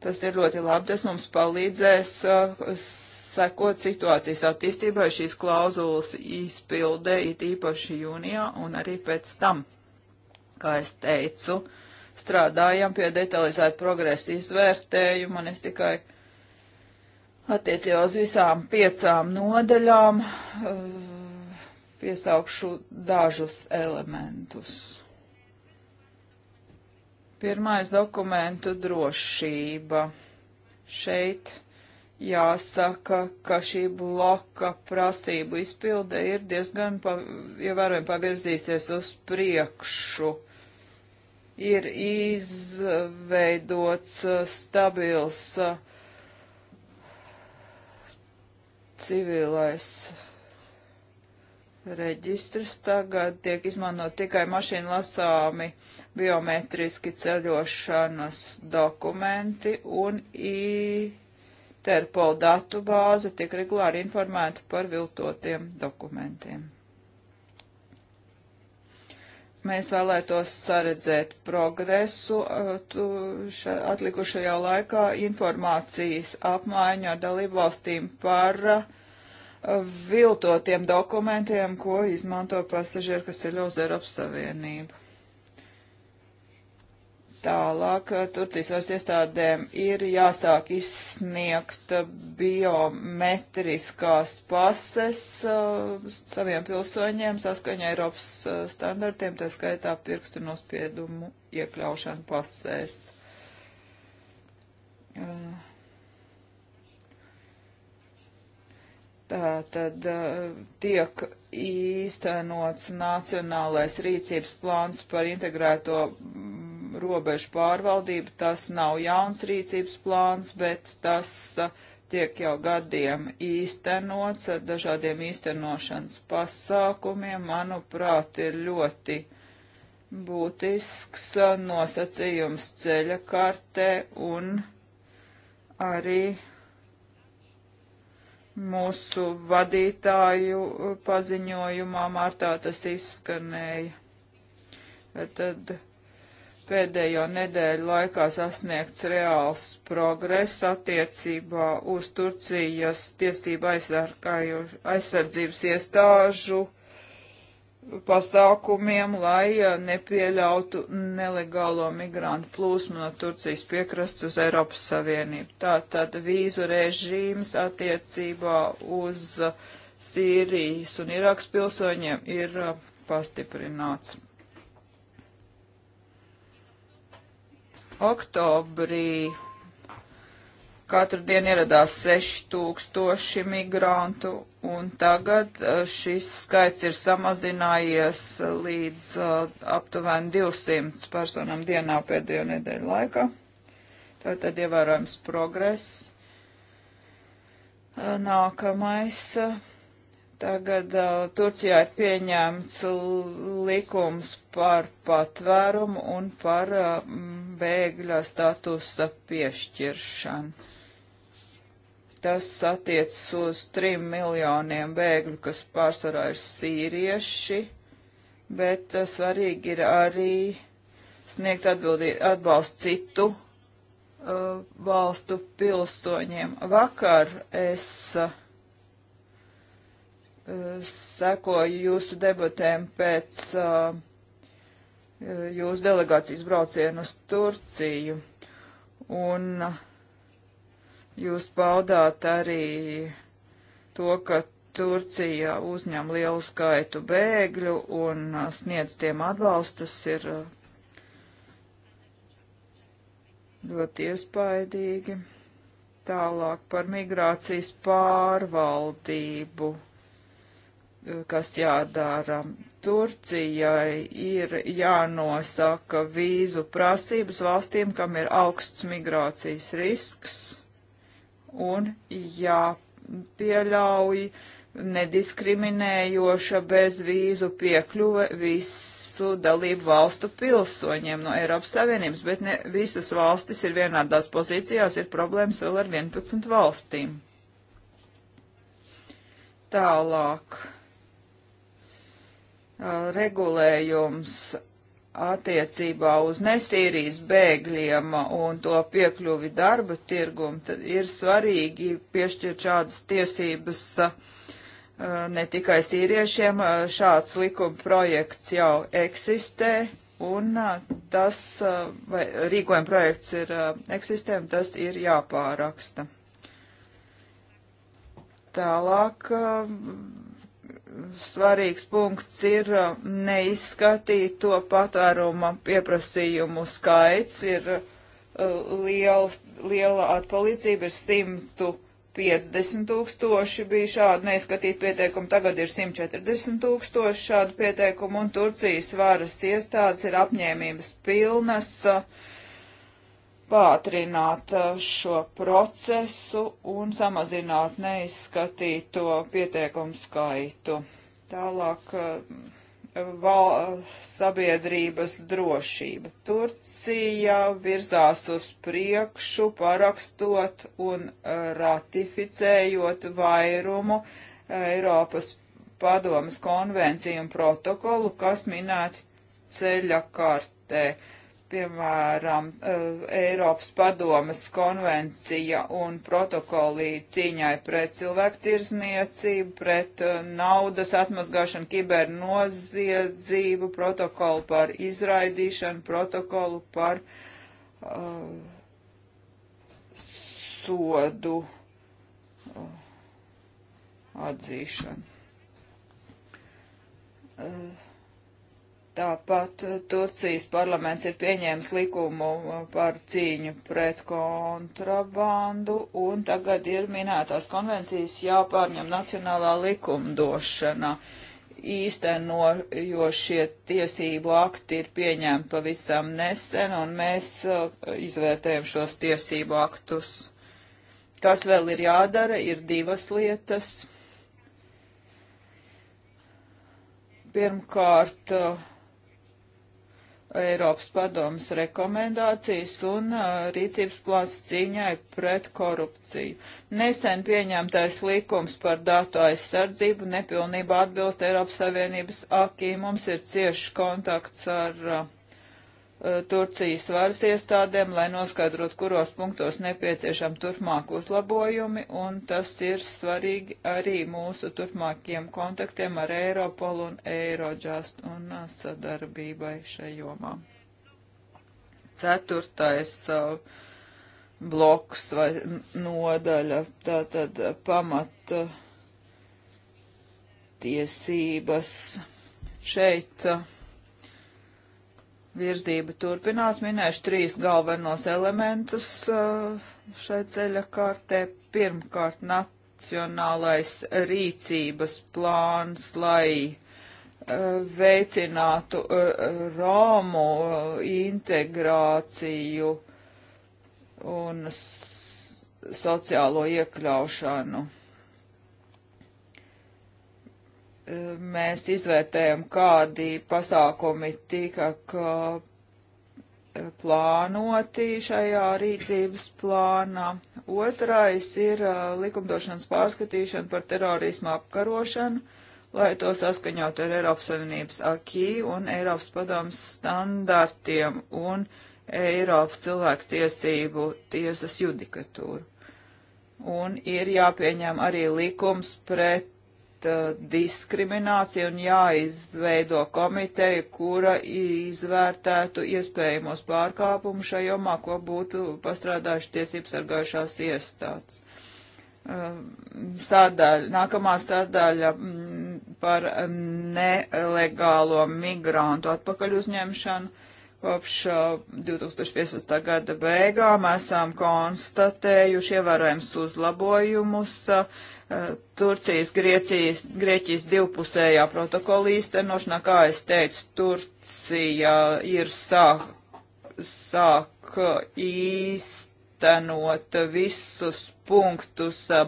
Tas ir ļoti labi, tas mums palīdzēs uh, sekot situācijas attīstībai šīs klauzulas izpildē, it īpaši jūnijā un arī pēc tam, kā es teicu, uh, strādājam pie detalizēta progresa izvērtējuma, un es tikai attiecībā uz visām piecām nodaļām eh, piesaukšu dažus elementus. Pirmais dokumentu drošība. Šeit jāsaka, ka šī bloka prasību izpilde ir diezgan pa, ievērojami pavirzīsies uz priekšu ir izveidots uh, stabils uh, civilais reģistrs. Tagad tiek izmantot tikai mašīnu lasāmi biometriski ceļošanas dokumenti un Interpol datu bāze tiek regulāri informēta par viltotiem dokumentiem. Mēs vēlētos saredzēt progresu uh, atlikušajā laikā informācijas apmaiņu ar dalību valstīm par uh, viltotiem dokumentiem, ko izmanto pasažieri, kas ceļo uz Eiropas Savienību. Tālāk eh, Turcijas varas iestādēm ir jāsāk izsniegt biometriskās pases uh, saviem pilsoņiem saskaņā Eiropas uh, standartiem, tā skaitā pirkstu nospiedumu iekļaušanu pasēs. Uh, tā tad tiek īstenots nacionālais rīcības plāns par integrēto robežu pārvaldību. Tas nav jauns rīcības plāns, bet tas tiek jau gadiem īstenots ar dažādiem īstenošanas pasākumiem. Manuprāt, ir ļoti būtisks nosacījums ceļa kartē un arī mūsu vadītāju paziņojumā martā tas izskanēja. Bet tad pēdējo nedēļu laikā sasniegts reāls progress attiecībā uz Turcijas tiesību aizsardzības iestāžu pasākumiem, lai eh, nepieļautu nelegālo migrantu plūsmu no Turcijas piekrastes uz Eiropas Savienību. Tātad vīzu režīms attiecībā uz Sīrijas un Irākas pilsoņiem ir eh, pastiprināts. Oktobrī katru dienu ieradās 6000 migrantu, un tagad uh, šis skaits ir samazinājies līdz uh, aptuveni 200 personām dienā pēdējo nedēļu laikā. Tātad ievērojams progress. Uh, nākamais. Tagad uh, Turcijā ir pieņemts likums par patvērumu un par uh, bēgļa statusa piešķiršanu. Tas attiecas uz trim miljoniem bēgļu, kas pārsvarā ir sīrieši, bet svarīgi ir arī sniegt atbildi, atbalstu citu uh, valstu pilsoņiem. Vakar es uh, sekoju jūsu debatēm pēc uh, E, jūsu delegācijas braucienu uz Turciju. Un jūs paudāt arī to, ka Turcija uzņem lielu skaitu bēgļu un e, sniedz tiem atbalstus ir e, ļoti iespaidīgi. Tālāk par migrācijas pārvaldību kas jādara. Turcijai ir jānosaka vīzu prasības valstīm, kam ir augsts migrācijas risks un jāpieļauj nediskriminējoša bezvīzu piekļuve visu dalību valstu pilsoņiem no Eiropas Savienības, bet ne visas valstis ir vienādās pozīcijās, ir problēmas vēl ar 11 valstīm. Tālāk regulējums attiecībā uz nesīrijas bēgļiem un to piekļuvi darba tirgumu, tad ir svarīgi piešķirt šādas tiesības ne tikai sīriešiem. Šāds likuma projekts jau eksistē un tas, vai rīkojuma projekts ir eksistē, un tas ir jāpāraksta. Tālāk svarīgs punkts ir uh, neizskatīt to patvēruma pieprasījumu skaits. Ir uh, liela, liela atpalīdzība, ir 150 tūkstoši bija šādi neizskatīt pieteikumi, tagad ir 140 tūkstoši šādu pieteikumu, un Turcijas varas iestādes ir apņēmības pilnas. Uh, pātrināt uh, šo procesu un samazināt neizskatīto pieteikumu skaitu. Tālāk uh, val, sabiedrības drošība. Turcija virzās uz priekšu, parakstot un ratificējot vairumu uh, Eiropas padomas konvenciju un protokolu, kas minēti ceļa kartē. Uh, piemēram, eh, Eiropas padomas konvencija un protokolī cīņai pret cilvēktirzniecību, pret eh, naudas atmazgāšanu, kibernoziedzību, protokolu par izraidīšanu, protokolu par uh, sodu uh, atzīšanu. Uh, Tāpat eh, Turcijas parlaments ir pieņēmis likumu eh, par cīņu pret kontrabandu, un tagad ir minētās konvencijas jāpārņem nacionālā likumdošana. Īstenojošie tiesību akti ir pieņemti pavisam nesen, un mēs eh, izvērtējam šos tiesību aktus. Kas vēl ir jādara, ir divas lietas. Pirmkārt, uh, Eiropas padomas rekomendācijas un uh, rīcības plāns cīņai pret korupciju. Nesen pieņemtais likums par datu aizsardzību nepilnībā atbilst Eiropas Savienības akī. Mums ir ciešs kontakts ar uh, Uh, Turcijas varas iestādēm, lai noskaidrot, kuros punktos nepieciešam turpmāk uzlabojumi, un tas ir svarīgi arī mūsu turpmākiem kontaktiem ar Eiropolu un Eirodžast un uh, sadarbībai šajomā. Ceturtais uh, bloks vai nodaļa, tātad pamata tiesības šeit. Uh, virzība turpinās. Minēšu trīs galvenos elementus uh, šai ceļa kārtē. Pirmkārt, nacionālais rīcības plāns, lai uh, veicinātu uh, Romu integrāciju un sociālo iekļaušanu mēs izvērtējam, kādi pasākumi tika e, plānoti šajā rīcības plānā. Otrais ir e, likumdošanas pārskatīšana par terorismu apkarošanu, lai to saskaņot ar Eiropas Savienības akī un Eiropas padomas standartiem un Eiropas cilvēktiesību tiesas judikatūru. Un ir jāpieņem arī likums pret Uh, diskrimināciju un jāizveido komiteja, kura izvērtētu iespējamos pārkāpumus šajā jomā, ko būtu pastrādājuši tiesības sargājušās iestādes. Um, sadaļa, nākamā sadaļa mm, par nelegālo migrantu atpakaļ uzņemšanu. Kopš 2015. Uh, gada beigām esam konstatējuši ievērojams uzlabojumus uh, Turcijas, Griecijas, Grieķijas divpusējā protokola īstenošanā, kā es teicu, Turcija ir sāk, sāk īstenot visus punktus eh,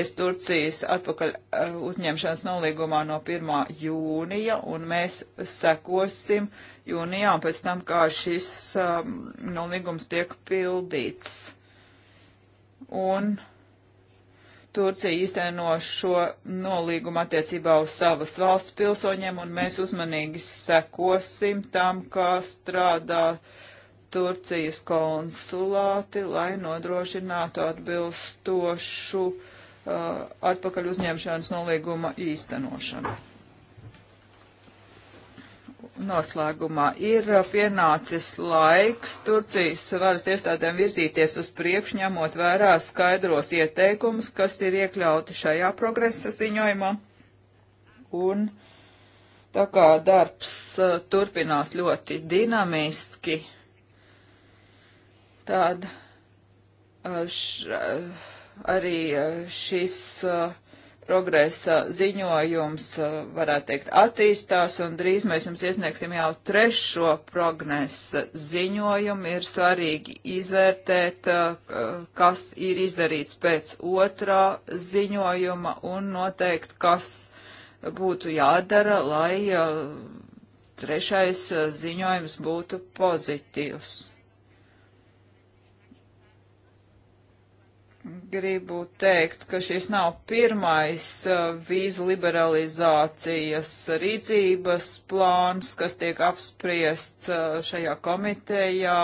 es Turcijas atpakaļ eh, uzņemšanas nolīgumā no 1. jūnija, un mēs sekosim jūnijā, un pēc tam, kā šis um, nolīgums tiek pildīts. Un Turcija īsteno šo nolīgumu attiecībā uz savas valsts pilsoņiem, un mēs uzmanīgi sekosim tam, kā strādā Turcijas konsulāti, lai nodrošinātu atbilstošu uh, atpakaļ uzņemšanas nolīguma īstenošanu noslēgumā ir uh, pienācis laiks Turcijas varas iestādēm virzīties uz priekšu, ņemot vērā skaidros ieteikumus, kas ir iekļauti šajā progresa ziņojumā. Un tā kā darbs uh, turpinās ļoti dinamiski, tad uh, š, arī šis uh, progresa ziņojums, uh, varētu teikt, attīstās, un drīz mēs jums iesniegsim jau trešo progresa ziņojumu. Ir svarīgi izvērtēt, uh, kas ir izdarīts pēc otrā ziņojuma, un noteikt, kas būtu jādara, lai uh, trešais ziņojums būtu pozitīvs. gribu teikt, ka šis nav pirmais uh, vīzu liberalizācijas rīcības plāns, kas tiek apspriests uh, šajā komitejā.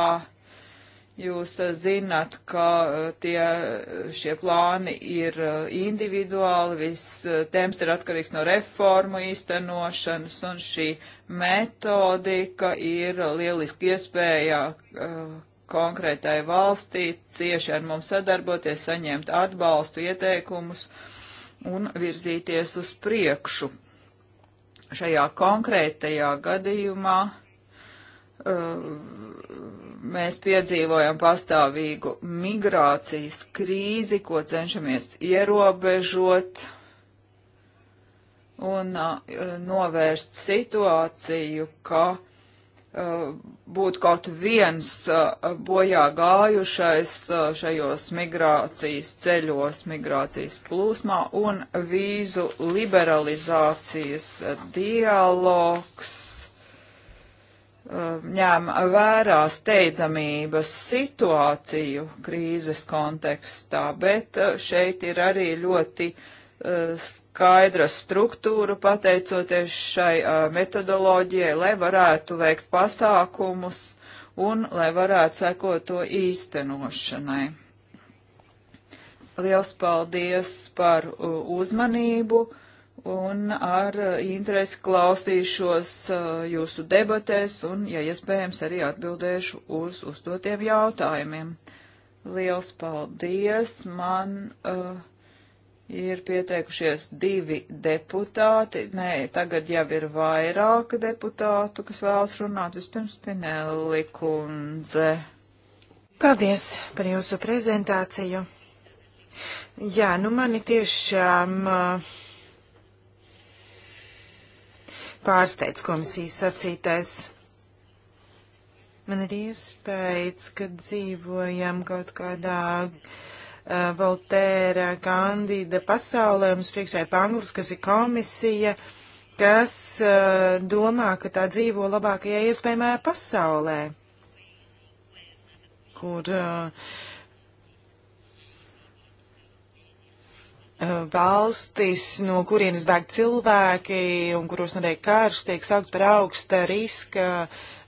Jūs uh, zināt, ka tie, šie plāni ir individuāli, viss temps ir atkarīgs no reformu īstenošanas, un šī metodika ir lieliski iespēja konkrētai valstī, cieši ar mums sadarboties, saņemt atbalstu, ieteikumus un virzīties uz priekšu. Šajā konkrētajā gadījumā uh, mēs piedzīvojam pastāvīgu migrācijas krīzi, ko cenšamies ierobežot un uh, novērst situāciju, ka uh, Eh, būt kaut viens eh, bojā gājušais eh, šajos migrācijas ceļos, migrācijas plūsmā un vīzu liberalizācijas dialogs ņem vērā steidzamības situāciju krīzes kontekstā, bet šeit ir arī ļoti uh, Eh, skaidra struktūra pateicoties šai eh, metodoloģijai, lai varētu veikt pasākumus un lai varētu sekot to īstenošanai. Liels paldies par eh, uzmanību un ar interesi klausīšos jūsu debatēs un, ja iespējams, arī atbildēšu uz uzdotiem jautājumiem. Liels paldies! Man uh, ir pieteikušies divi deputāti. Nē, tagad jau ir vairāk deputātu, kas vēlas runāt. Vispirms Pinelli kundze. Paldies par jūsu prezentāciju. Jā, nu mani tiešām uh, pārsteidz komisijas sacītais. Man ir iespējas, ka dzīvojam kaut kādā uh, uh, eh, Voltēra Kandīda pasaulē, mums priekšā ir Panglis, kas ir komisija, kas uh, domā, ka tā dzīvo labākajā iespējamajā pasaulē, kur uh, valstis, no kurienes bēg cilvēki un kuros notiek karš, tiek saukt par augsta riska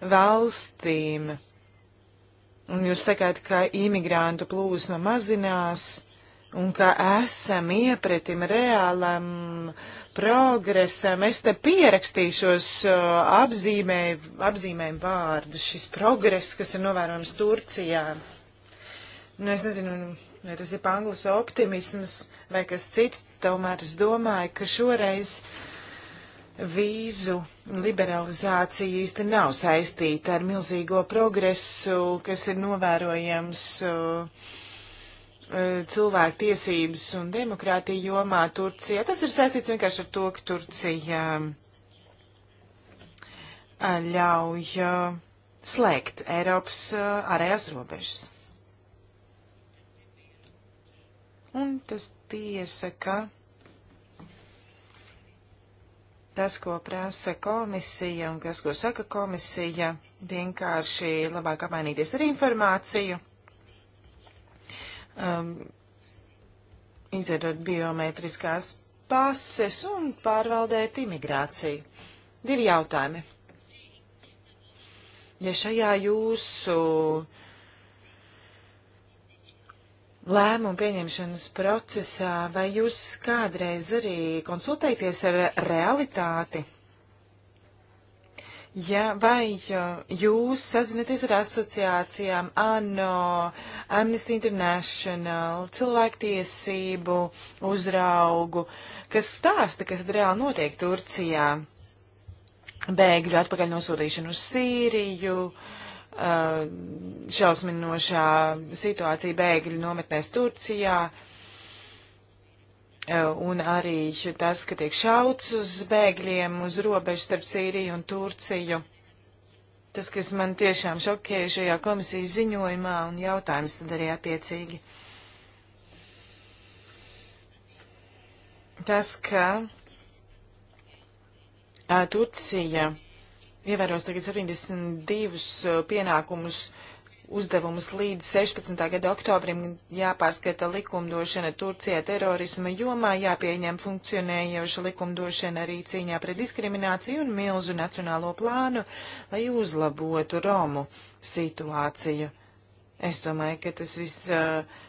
valstīm. Un jūs sakāt, ka imigrantu plūsma mazinās un ka esam iepretim reālam progresam. Es te pierakstīšos apzīmēju, uh, apzīmēju vārdus, šis progress, kas ir novērojams Turcijā. Nu, es nezinu, vai tas ir panglis optimisms vai kas cits, tomēr es domāju, ka šoreiz vīzu liberalizācija īsti nav saistīta ar milzīgo progresu, kas ir novērojams uh, uh cilvēku tiesības un demokrātija jomā Turcijā. Tas ir saistīts vienkārši ar to, ka Turcija uh, ļauj uh, slēgt Eiropas ārējās robežas. Un tas tiesa, ka Tas, ko prasa komisija un kas, ko saka komisija, vienkārši labāk apmainīties ar informāciju. Um, izvedot biometriskās pases un pārvaldēt imigrāciju. Divi jautājumi. Ja šajā jūsu uh, lēmumu pieņemšanas procesā, vai jūs kādreiz arī konsultēties ar realitāti? Ja, vai jūs sazināties ar asociācijām ANO, Amnesty International, cilvēktiesību uzraugu, kas stāsta, kas tad reāli notiek Turcijā? Bēgļu atpakaļ nosūtīšanu uz Sīriju, uh, Uh, šausminošā situācija bēgļu nometnēs Turcijā. Uh, un arī tas, ka tiek šauts uz bēgļiem uz robežu starp Sīriju un Turciju. Tas, kas man tiešām šokēja šajā komisijas ziņojumā un jautājums tad arī attiecīgi. Tas, ka uh, Turcija ievēros tagad 72 uh, pienākumus uzdevumus līdz 16. gada oktobrim jāpārskata likumdošana Turcijā terorisma jomā, jāpieņem funkcionējoša likumdošana arī cīņā pret diskrimināciju un milzu nacionālo plānu, lai uzlabotu Romu situāciju. Es domāju, ka tas viss uh,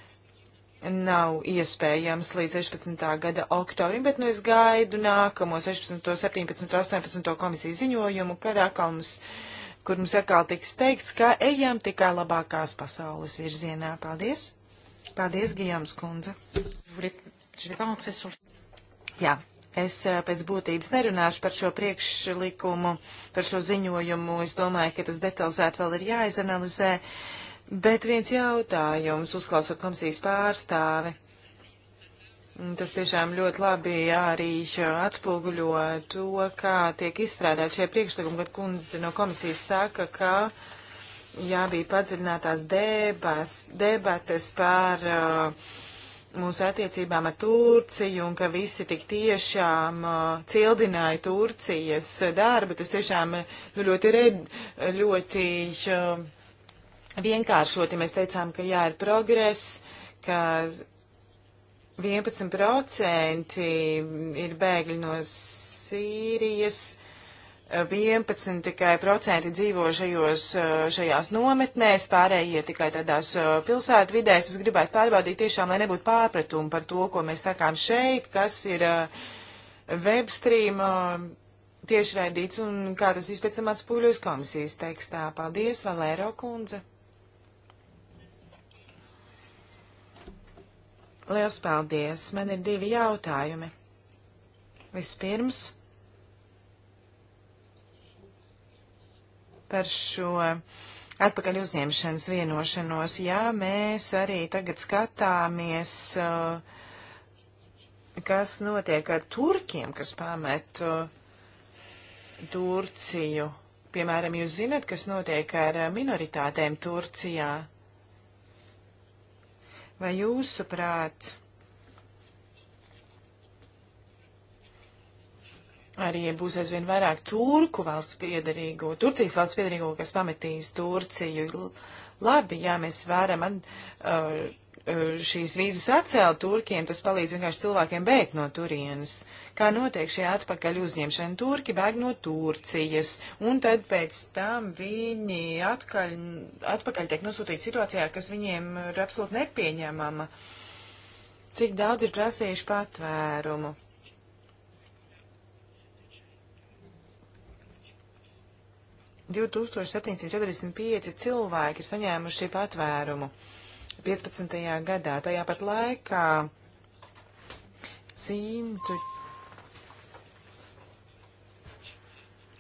nav iespējams līdz 16. gada oktobrim, bet nu es gaidu nākamo 16., 17., 18. komisiju ziņojumu, kad atkal mums, kur mums atkal tiks teikts, ka ejam tikai labākās pasaules virzienā. Paldies! Paldies, Gijams kundze! Jā, es eh, pēc būtības nerunāšu par šo priekšlikumu, par šo ziņojumu. Es domāju, ka tas detalizēti vēl ir jāizanalizē. Uh, Bet viens jautājums, uzklausot komisijas pārstāvi. Tas tiešām ļoti labi arī atspoguļo to, kā tiek izstrādāt šie priekšlikumi, kad kundze no komisijas saka, ka jā, bija padziļinātās debas, debates par uh, mūsu attiecībām ar Turciju un ka visi tik tiešām uh, cildināja Turcijas darbu. Tas tiešām ļoti, red, ļoti uh, vienkāršot, ja mēs teicām, ka jā, ir progress, ka 11% ir bēgļi no Sīrijas, 11 tikai procenti dzīvo šajos, šajās nometnēs, pārējie tikai tādās uh, pilsētu vidēs. Es gribētu pārbaudīt tiešām, lai nebūtu pārpratumu par to, ko mēs sakām šeit, kas ir uh, webstream uh, tiešraidīts un kā tas vispēc tam atspūļos komisijas tekstā. Paldies, Valēro kundze! Liels paldies! Man ir divi jautājumi. Vispirms par šo atpakaļ uzņemšanas vienošanos. Jā, mēs arī tagad skatāmies. Uh, kas notiek ar turkiem, kas pamet uh, Turciju. Piemēram, jūs zinat, kas notiek ar uh, minoritātēm Turcijā. Vai jūsuprāt, arī būs aizvien vairāk turku valsts piedarīgo, Turcijas valsts piedarīgo, kas pametīs Turciju? Labi, jā, mēs varam. Uh, Eh, šīs vīzas atcēla Turkiem, tas palīdz vienkārši cilvēkiem bēgt no turienes. Kā notiek šī atpakaļ uzņemšana? Turki bēg no Turcijas, un tad pēc tam viņi atkaļ, atpakaļ tiek nosūtīti situācijā, kas viņiem ir absolūti nepieņemama. Cik daudz ir prasījuši patvērumu? Divtūkstoši septiņsimt četrdesmit pieci cilvēki ir saņēmuši patvērumu. 15. gadā. Tajā pat laikā 100.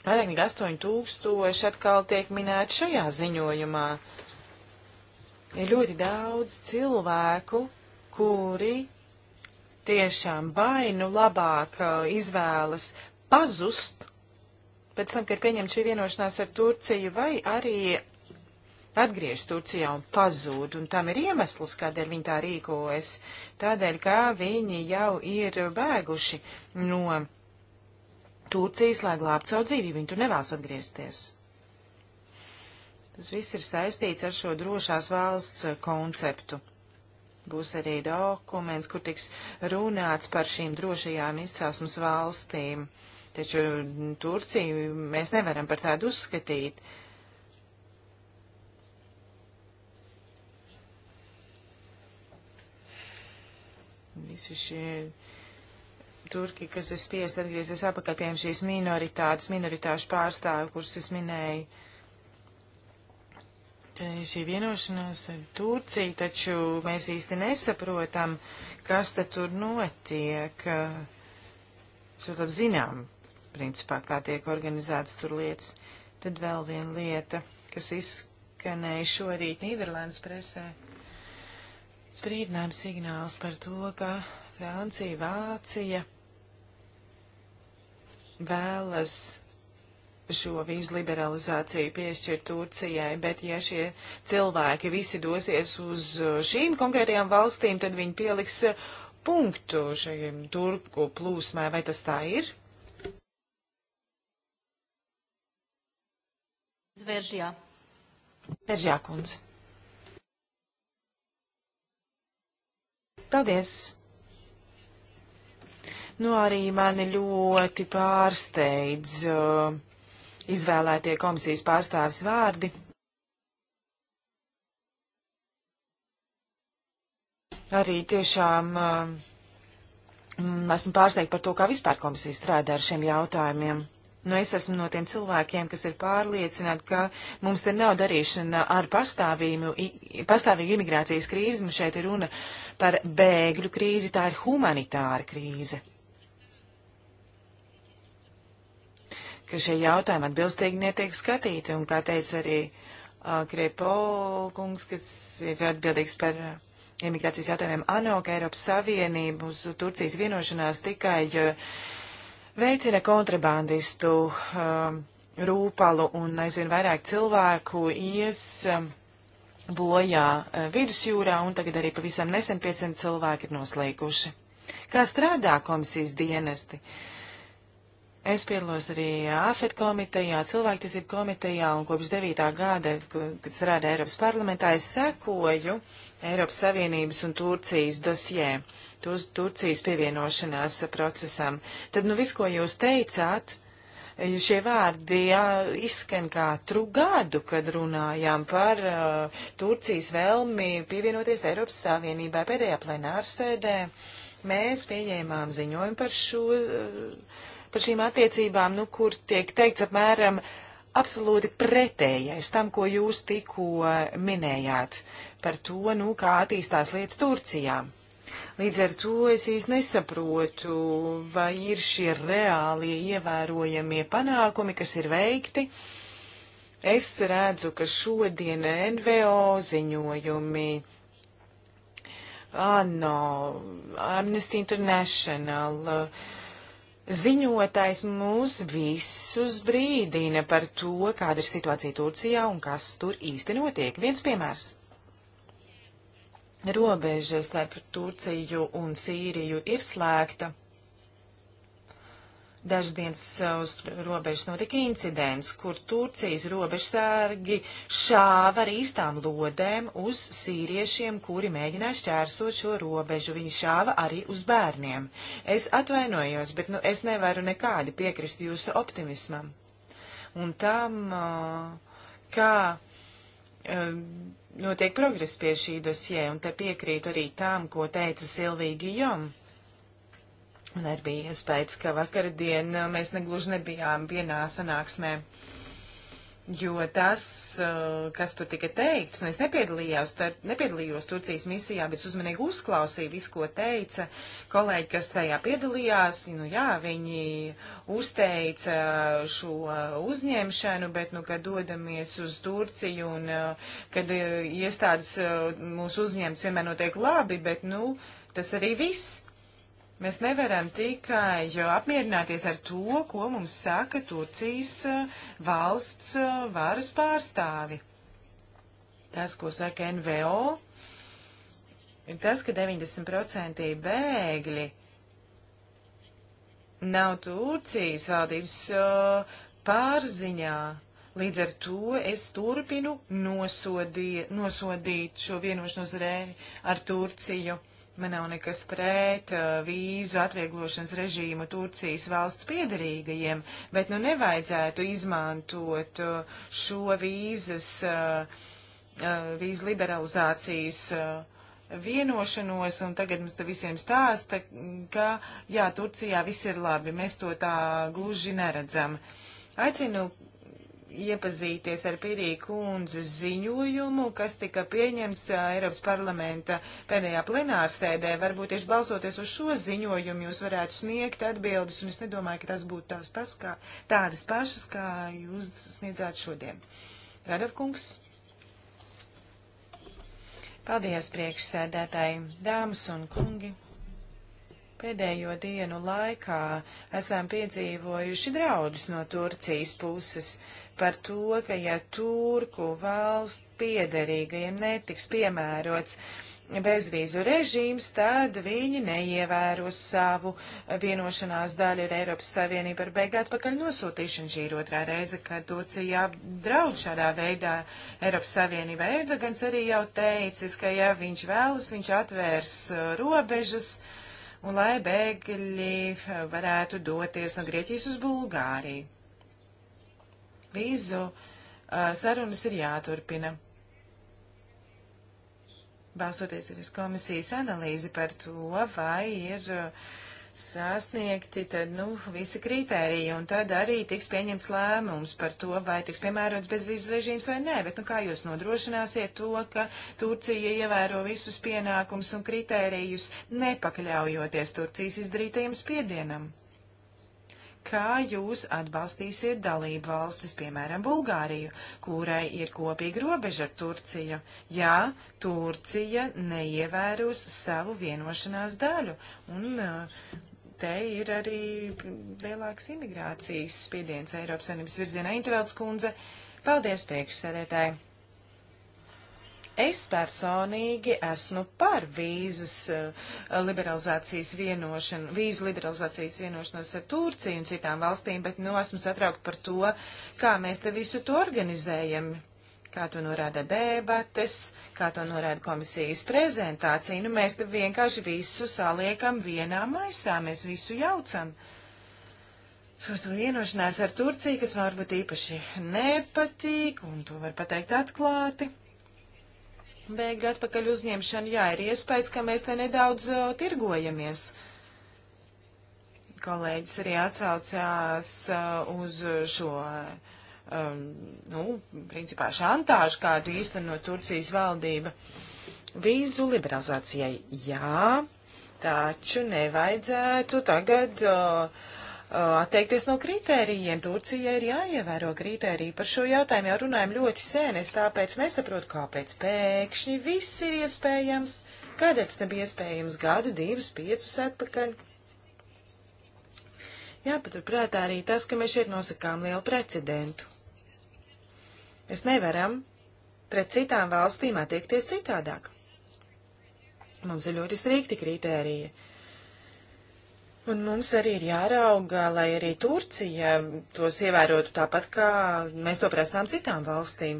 Vairāk nekā 8000 atkal tiek minēti šajā ziņojumā. Ir ļoti daudz cilvēku, kuri tiešām vai nu labāk izvēlas pazust pēc tam, kad ir pieņemta šī vienošanās ar Turciju, vai arī atgriežas Turcijā un pazūd, un tam ir iemesls, kādēļ viņi tā rīkojas. Tādēļ, kā viņi jau ir bēguši no Turcijas, lai glābtu savu dzīvību, viņi tur nevēlas atgriezties. Tas viss ir saistīts ar šo drošās valsts konceptu. Būs arī dokuments, kur tiks runāts par šīm drošajām izcelsmes valstīm. Taču Turciju mēs nevaram par tādu uzskatīt. Uh, visi šie turki, kas ir spiest atgriezties apakaļ, piemēram, šīs minoritātes, minoritāšu pārstāvi, kurus es minēju. Tā šī vienošanās ar Turciju, taču mēs īsti nesaprotam, kas tad tur notiek. Mēs jau labi zinām, principā, kā tiek organizētas tur lietas. Tad vēl viena lieta, kas izskanēja šorīt Nīderlandes presē tāds brīdinājums signāls par to, ka Francija, Vācija vēlas šo vīzu liberalizāciju piešķirt Turcijai, bet ja šie cilvēki visi dosies uz šīm konkrētajām valstīm, tad viņi pieliks punktu šajiem turku plūsmai. Vai tas tā ir? Zvēržjā. Peržjā kundze. Paldies! Nu, arī mani ļoti pārsteidz uh, izvēlētie komisijas pārstāvis vārdi. Arī tiešām uh, mm, esmu pārsteigta par to, kā vispār komisija strādā ar šiem jautājumiem. Nu, es esmu no tiem cilvēkiem, kas ir pārliecināti, ka mums te nav darīšana ar pastāvīgu, pastāvīgu imigrācijas krīzi. Mums šeit ir runa par bēgļu krīzi, tā ir humanitāra krīze. Ka šie jautājumi atbilstīgi netiek skatīti, un kā teica arī uh, Krepo kungs, kas ir atbildīgs par uh, imigrācijas jautājumiem ANO, ka Eiropas Savienību uz Turcijas vienošanās tikai uh, veicina kontrabandistu um, rūpalu un aizvien vairāk cilvēku ies um, bojā uh, vidusjūrā un tagad arī pavisam nesen 500 cilvēki ir noslīkuši. Kā strādā komisijas dienesti? Uh, Es piedalos arī AFET komitejā, cilvēktiesību komitejā un kopš 9. gada, kad strādāju Eiropas parlamentā, es sekoju Eiropas Savienības un Turcijas dosjē, Tuz, Turcijas pievienošanās procesam. Tad, nu, viss, ko jūs teicāt, eh, šie vārdi jā, izskan katru gadu, kad runājām par uh, Turcijas vēlmi pievienoties Eiropas Savienībai pēdējā plenārsēdē. Mēs pieņēmām ziņojumu par šo. Uh, par šīm attiecībām, nu, kur tiek teikts apmēram absolūti pretējais tam, ko jūs tikko minējāt par to, nu, kā attīstās lietas Turcijā. Līdz ar to es īsti nesaprotu, vai ir šie reālie ievērojamie panākumi, kas ir veikti. Es redzu, ka šodien NVO ziņojumi ANO, Amnesty International, Ziņotājs mūs visus brīdina par to, kāda ir situācija Turcijā un kas tur īsti notiek. Viens piemērs. Robeža starp Turciju un Sīriju ir slēgta. Dažas dienas uz robežas notika incidents, kur Turcijas robežsārgi šāva ar īstām lodēm uz sīriešiem, kuri mēģināja šķērsot šo robežu. Viņi šāva arī uz bērniem. Es atvainojos, bet nu, es nevaru nekādi piekrist jūsu optimismam. Un tam, kā notiek progress pie šī dosie, un te piekrītu arī tām, ko teica Silvija Gijoma Man arī bija iespējas, ka vakardien uh, mēs negluži nebijām vienā sanāksmē. Jo tas, uh, kas tur tika teikts, nu es nepiedalījos, tar, nepiedalījos Turcijas misijā, bet uzmanīgi uzklausīju visu, ko teica kolēģi, kas tajā piedalījās. Nu jā, viņi uzteica šo uzņemšanu, bet, nu, kad dodamies uz Turciju un uh, kad iestādes mūs uzņemts, vienmēr notiek labi, bet, nu, tas arī viss. Mēs nevaram tikai apmierināties ar to, ko mums saka Turcijas eh, valsts eh, varas pārstāvi. Tas, ko saka NVO, ir tas, ka 90% bēgļi nav Turcijas valdības eh, pārziņā. Līdz ar to es turpinu nosodī, nosodīt šo vienošanos ar Turciju Man nav nekas pret uh, vīzu atvieglošanas režīmu Turcijas valsts piedarīgajiem, bet nu nevajadzētu izmantot uh, šo vīzas, uh, vīzu liberalizācijas vienošanos, un tagad mums te visiem stāsta, ka jā, Turcijā viss ir labi, mēs to tā gluži neredzam. Aicinu iepazīties ar Pirīku kundzes ziņojumu, kas tika pieņems Eiropas parlamenta pēdējā plenārsēdē. Varbūt tieši balsoties uz šo ziņojumu jūs varētu sniegt atbildes, un es nedomāju, ka tas būtu tās tas, kā, tādas pašas, kā jūs sniedzāt šodien. Radovkungs. Paldies priekšsēdētāji, dāmas un kungi. Pēdējo dienu laikā esam piedzīvojuši draudus no Turcijas puses par to, ka ja Turku valsts piederīgajiem netiks piemērots bezvīzu režīms, tad viņi neievēros savu vienošanās daļu ar Eiropas Savienību ar beigu atpakaļ nosūtīšanu. Šī ir otrā reize, kad Turcija draud šādā veidā Eiropas Savienībā. Erdogans arī jau teicis, ka ja viņš vēlas, viņš atvērs robežas un lai bēgļi varētu doties no Grieķijas uz Bulgāriju vīzu uh, sarunas ir jāturpina. Balsoties arī uz komisijas analīzi par to, vai ir uh, sasniegti tad, nu, visi kritēriji, un tad arī tiks pieņemts lēmums par to, vai tiks piemērots bezvīzu režīms vai nē. Bet, nu, kā jūs nodrošināsiet to, ka Turcija ievēro visus pienākums un kritērijus, nepakļaujoties Turcijas izdarītajam spiedienam? kā jūs atbalstīsiet dalību valstis, piemēram, Bulgāriju, kurai ir kopīga robeža ar Turciju, ja Turcija neievēros savu vienošanās daļu. Un uh, te ir arī lielāks imigrācijas spiediens Eiropas Savienības virzienā. Intervēls kundze, paldies priekšsēdētāji! Es personīgi esmu par vīzas eh, liberalizācijas vienošanu, vīzu liberalizācijas vienošanos ar Turciju un citām valstīm, bet nu esmu satraukta par to, kā mēs te visu to organizējam. Kā to norāda debates, kā to norāda komisijas prezentācija, nu mēs te vienkārši visu saliekam vienā maisā, mēs visu jaucam. Par to vienošanās ar Turciju, kas man varbūt īpaši nepatīk, un to var pateikt atklāti bēgļu atpakaļ uzņemšanu, jā, ir iespējas, ka mēs te nedaudz uh, tirgojamies. Kolēģis arī atsaucās uh, uz šo, um, nu, principā šantāžu, kādu īsteno Turcijas valdība. Vīzu liberalizācijai, jā, taču nevajadzētu tagad uh, Uh, atteikties no kritērijiem. Turcija ir jāievēro kritēriju par šo jautājumu. Jau runājam ļoti sēni, es tāpēc nesaprotu, kāpēc pēkšņi viss ir iespējams. Kādēļ tas nebija iespējams gadu, divus, piecus atpakaļ? Jāpaturprāt arī tas, ka mēs šeit nosakām lielu precedentu. Mēs nevaram pret citām valstīm attiekties citādāk. Mums ir ļoti strikti kritērija Un mums arī ir jārauga, lai arī Turcija tos ievērotu tāpat, kā mēs to prasām citām valstīm.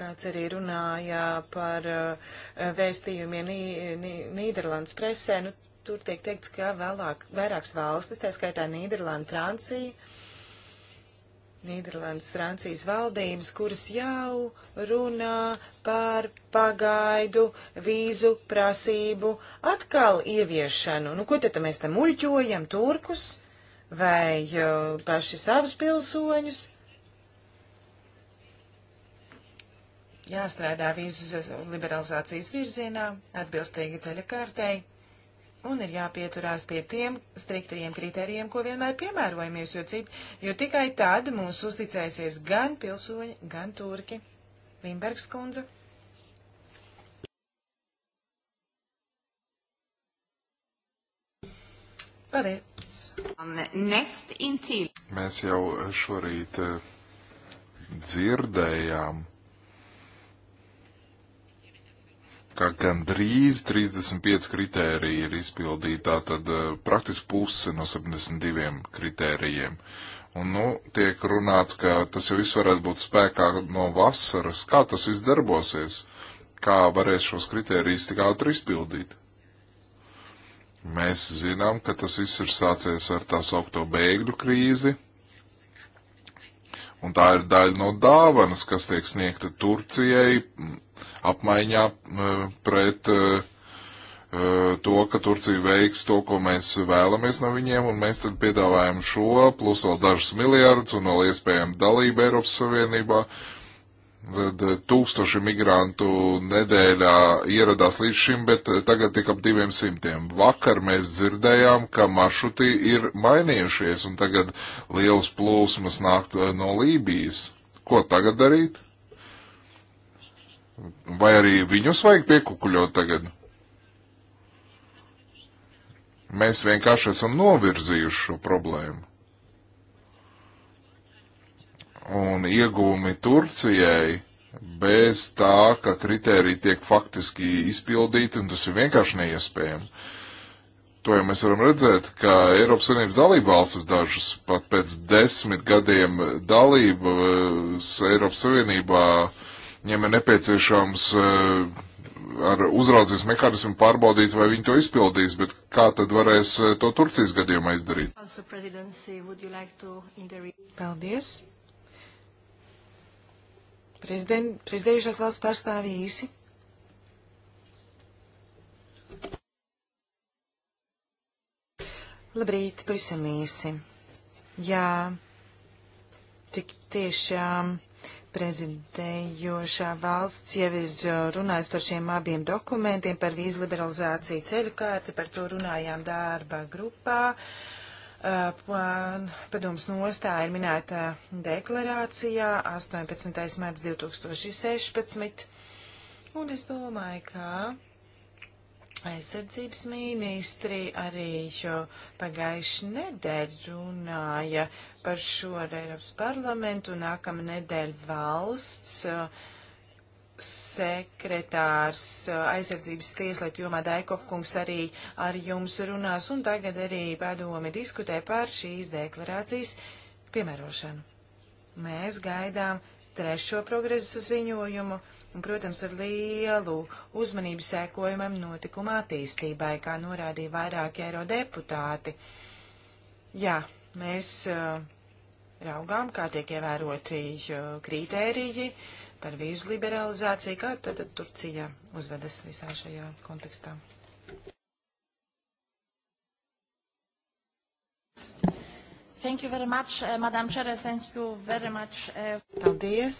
Kāds arī runāja par eh, vēstījumiem Nī, Nī, Nīderlandes presē. Nu, tur tiek teikts, ka vēlāk, vairākas valstis, tā skaitā Nīderlanda, Francija, uh, Nīderlandes, Francijas valdības, kuras jau runā par pagaidu vīzu prasību atkal ieviešanu. Nu, ko tad mēs tam muļķojam, turkus vai uh, paši savus pilsoņus? Jāstrādā vīzu liberalizācijas virzienā, atbilstīgi ceļa kārtei un ir jāpieturās pie tiem striktajiem kritērijiem, ko vienmēr piemērojamies, jo, cit, jo tikai tad mūs uzticēsies gan pilsoņi, gan turki. Limbergs kundze. Paldies. Mēs jau šorīt eh, dzirdējām ka gandrīz 35 kritēriji ir izpildītā, tad eh, praktiski puse no 72 kritērijiem. Un, nu, tiek runāts, ka tas jau viss varētu būt spēkā no vasaras. Kā tas viss darbosies? Kā varēs šos kritērijus tik ātri izpildīt? Mēs zinām, ka tas viss ir sācies ar tā saukto bēgļu krīzi, Un tā ir daļa no dāvanas, kas tiek sniegta Turcijai apmaiņā pret e, e, to, ka Turcija veiks to, ko mēs vēlamies no viņiem, un mēs tad piedāvājam šo, plus vēl dažus miljardus un vēl iespējami dalību Eiropas Savienībā, uh, Tad eh, tūkstoši migrantu nedēļā ieradās līdz šim, bet eh, tagad tik ap diviem simtiem. Vakar mēs dzirdējām, ka maršruti ir mainījušies un tagad liels plūsmas nāk eh, no Lībijas. Ko tagad darīt? Vai arī viņus vajag piekukuļot tagad? Mēs vienkārši esam novirzījuši šo problēmu un iegūmi Turcijai bez tā, ka kritēriji tiek faktiski izpildīti, un tas ir vienkārši neiespējams. To jau mēs varam redzēt, ka Eiropas Savienības dalībvalstis dažas pat pēc desmit gadiem dalības eh, Eiropas Savienībā ņem nepieciešams eh, ar uzraudzības mehānismu pārbaudīt, vai viņi to izpildīs, bet kā tad varēs eh, to Turcijas gadījumā izdarīt? Paldies! Prezidējušās valsts pārstāvī īsi. Labrīt, pavisam īsi. Jā, tik tiešām prezidējošā valsts jau ir uh, runājusi par šiem abiem dokumentiem, par vīzu liberalizāciju ceļu kārti, par to runājām darba grupā. Uh, padoms nostāja ir minēta deklarācijā 18. mārts 2016. Un es domāju, ka aizsardzības ministri arī pagājuši nedēļ runāja par šo ar Eiropas parlamentu. Nākamā nedēļa valsts uh, sekretārs uh, aizsardzības tieslietu jomā Daikovkungs arī ar jums runās, un tagad arī padome diskutē par šīs deklarācijas piemērošanu. Mēs gaidām trešo progresa ziņojumu un, protams, ar lielu uzmanību sēkojumam notikuma attīstībai, kā norādīja vairāki eiro deputāti. Jā, mēs uh, raugām, kā tiek ievēroti uh, kritēriji, uh, par vīzu liberalizāciju, kā tad, tad Turcija uzvedas visā šajā kontekstā. Thank you very much, uh, Madam Chair. Thank you very much. Uh... Paldies.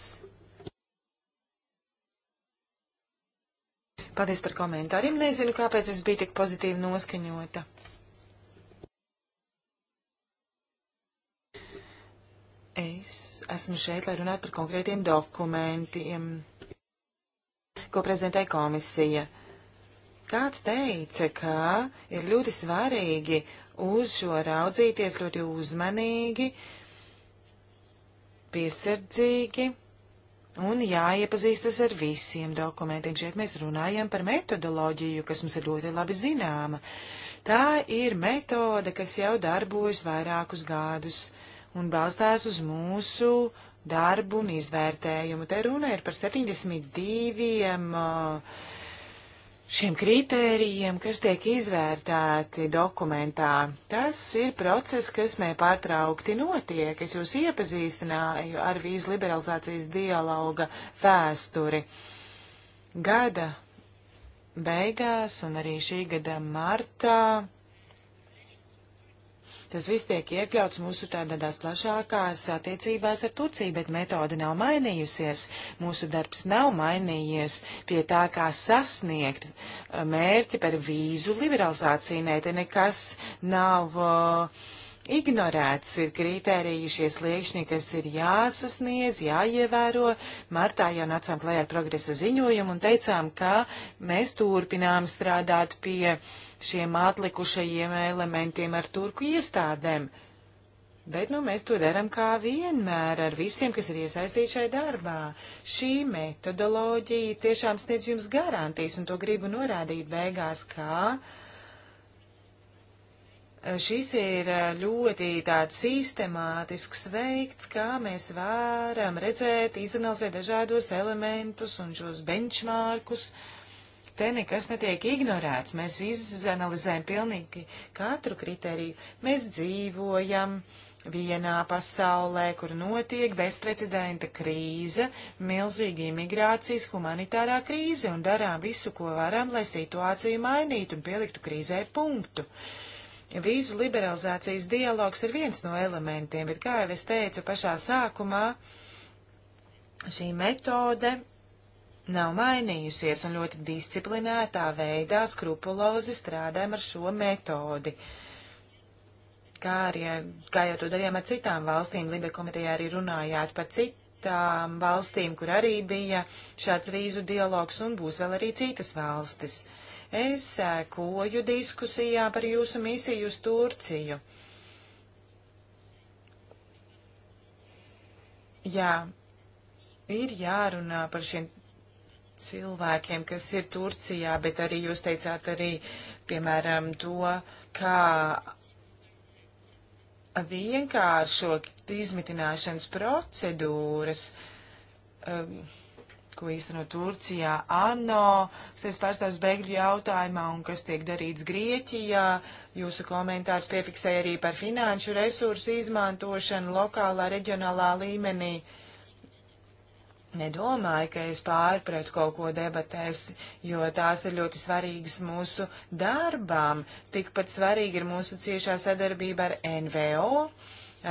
Paldies par komentāriem. Nezinu, kāpēc es biju tik pozitīvi noskaņota. Es esmu šeit, lai runātu par konkrētiem dokumentiem, ko prezentē komisija. Kāds teica, ka ir ļoti svarīgi uz šo raudzīties ļoti uzmanīgi, piesardzīgi un jāiepazīstas ar visiem dokumentiem. Šeit mēs runājam par metodoloģiju, kas mums ir ļoti labi zināma. Tā ir metode, kas jau darbojas vairākus gadus un balstās uz mūsu darbu un izvērtējumu. Te runa ir par 72 uh, šiem kritērijiem, kas tiek izvērtēti dokumentā. Tas ir process, kas nepārtraukti notiek. Es jūs iepazīstināju ar vīzu liberalizācijas dialoga vēsturi. Gada beigās un arī šī gada martā Tas viss tiek iekļauts mūsu tādās plašākās attiecībās ar Turciju, bet metode nav mainījusies. Mūsu darbs nav mainījies pie tā, kā sasniegt uh, mērķi par vīzu liberalizāciju. Nē, te nekas nav. Uh, Ignorēts ir kriteriji šie sliekšņi, kas ir jāsasniedz, jāievēro. Martā jau nācām klajā ar progresa ziņojumu un teicām, ka mēs turpinām strādāt pie šiem atlikušajiem elementiem ar turku iestādēm. Bet nu, mēs to darām kā vienmēr ar visiem, kas ir iesaistīti šajā darbā. Šī metodoloģija tiešām sniedz jums garantijas, un to gribu norādīt beigās, kā. Ka Šis ir eh, ļoti tāds sistemātisks veikts, kā mēs varam redzēt, izanalizēt dažādos elementus un šos benchmarkus. Te nekas netiek ignorēts. Mēs izanalizējam pilnīgi katru kriteriju. Mēs dzīvojam vienā pasaulē, kur notiek bezprecedenta krīze, milzīga imigrācijas humanitārā krīze un darām visu, ko varam, lai situāciju mainītu un pieliktu krīzē punktu. Uh, Vīzu liberalizācijas dialogs ir viens no elementiem, bet, kā jau es teicu pašā sākumā, šī metode nav mainījusies un ļoti disciplinētā veidā skrupulozi strādājam ar šo metodi. Kā, arī, kā jau to darījām ar citām valstīm, Libe komitejā arī runājāt par citām valstīm, kur arī bija šāds vīzu dialogs un būs vēl arī citas valstis. Es sēkoju diskusijā par jūsu misiju uz Turciju. Jā, ir jārunā par šiem cilvēkiem, kas ir Turcijā, bet arī jūs teicāt arī, piemēram, to, kā vienkāršo izmitināšanas procedūras. Um, ko īsteno Turcijā, ANO, sēs pārstāvs bēgļu jautājumā un kas tiek darīts Grieķijā. Jūsu komentārs piefiksēja arī par finanšu resursu izmantošanu lokālā, reģionālā līmenī. Nedomāju, ka es pārpratu kaut ko debatēs, jo tās ir ļoti svarīgas mūsu darbām. Tikpat svarīgi ir mūsu ciešā sadarbība ar NVO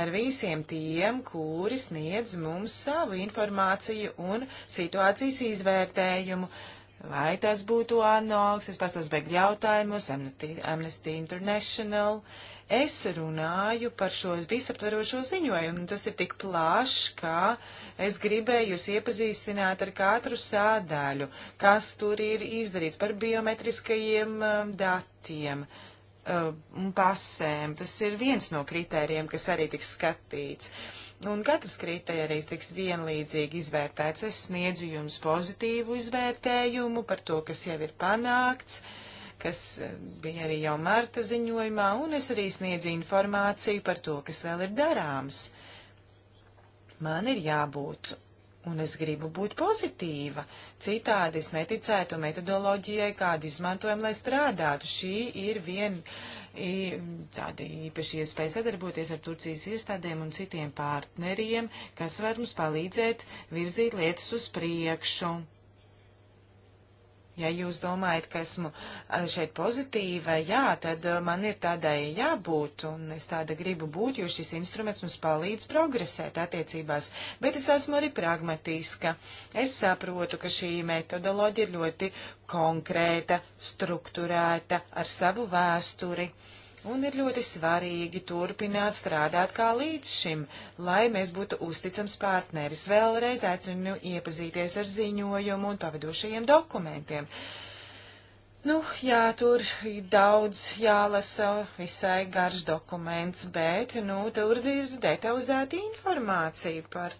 ar visiem tiem, kuri sniedz mums savu informāciju un situācijas izvērtējumu. Vai tas būtu ANOX, es pastāstu bēgļu jautājumos, Amnesty International. Es runāju par šo visaptverošo ziņojumu, un tas ir tik plašs, ka es gribēju jūs iepazīstināt ar katru sādaļu, kas tur ir izdarīts par biometriskajiem um, datiem. Uh, un um, pasēm. Tas ir viens no kritērijiem, kas arī tiks skatīts. Un katrs kritērijs tiks vienlīdzīgi izvērtēts. Es sniedzu jums pozitīvu izvērtējumu par to, kas jau ir panākts kas um, bija arī jau marta ziņojumā, un es arī sniedzu informāciju par to, kas vēl ir darāms. Man ir jābūt Un es gribu būt pozitīva. Citādi es neticētu metodoloģijai, kādu izmantojam, lai strādātu. Šī ir viena tāda īpaša iespēja sadarboties ar Turcijas iestādēm un citiem partneriem, kas var mums palīdzēt virzīt lietas uz priekšu. Ja jūs domājat, ka esmu šeit pozitīva, jā, tad man ir tādai jābūt, un es tāda gribu būt, jo šis instruments mums palīdz progresēt attiecībās. Bet es esmu arī pragmatiska. Es saprotu, ka šī metodoloģija ir ļoti konkrēta, strukturēta, ar savu vēsturi. Uh, Un ir ļoti svarīgi turpināt strādāt kā līdz šim, lai mēs būtu uzticams partneris. Vēlreiz aicinu iepazīties ar ziņojumu un pavadošajiem dokumentiem. Nu, jā, tur ir daudz jālasa, visai garš dokuments, bet, nu, tur ir detalizēta informācija par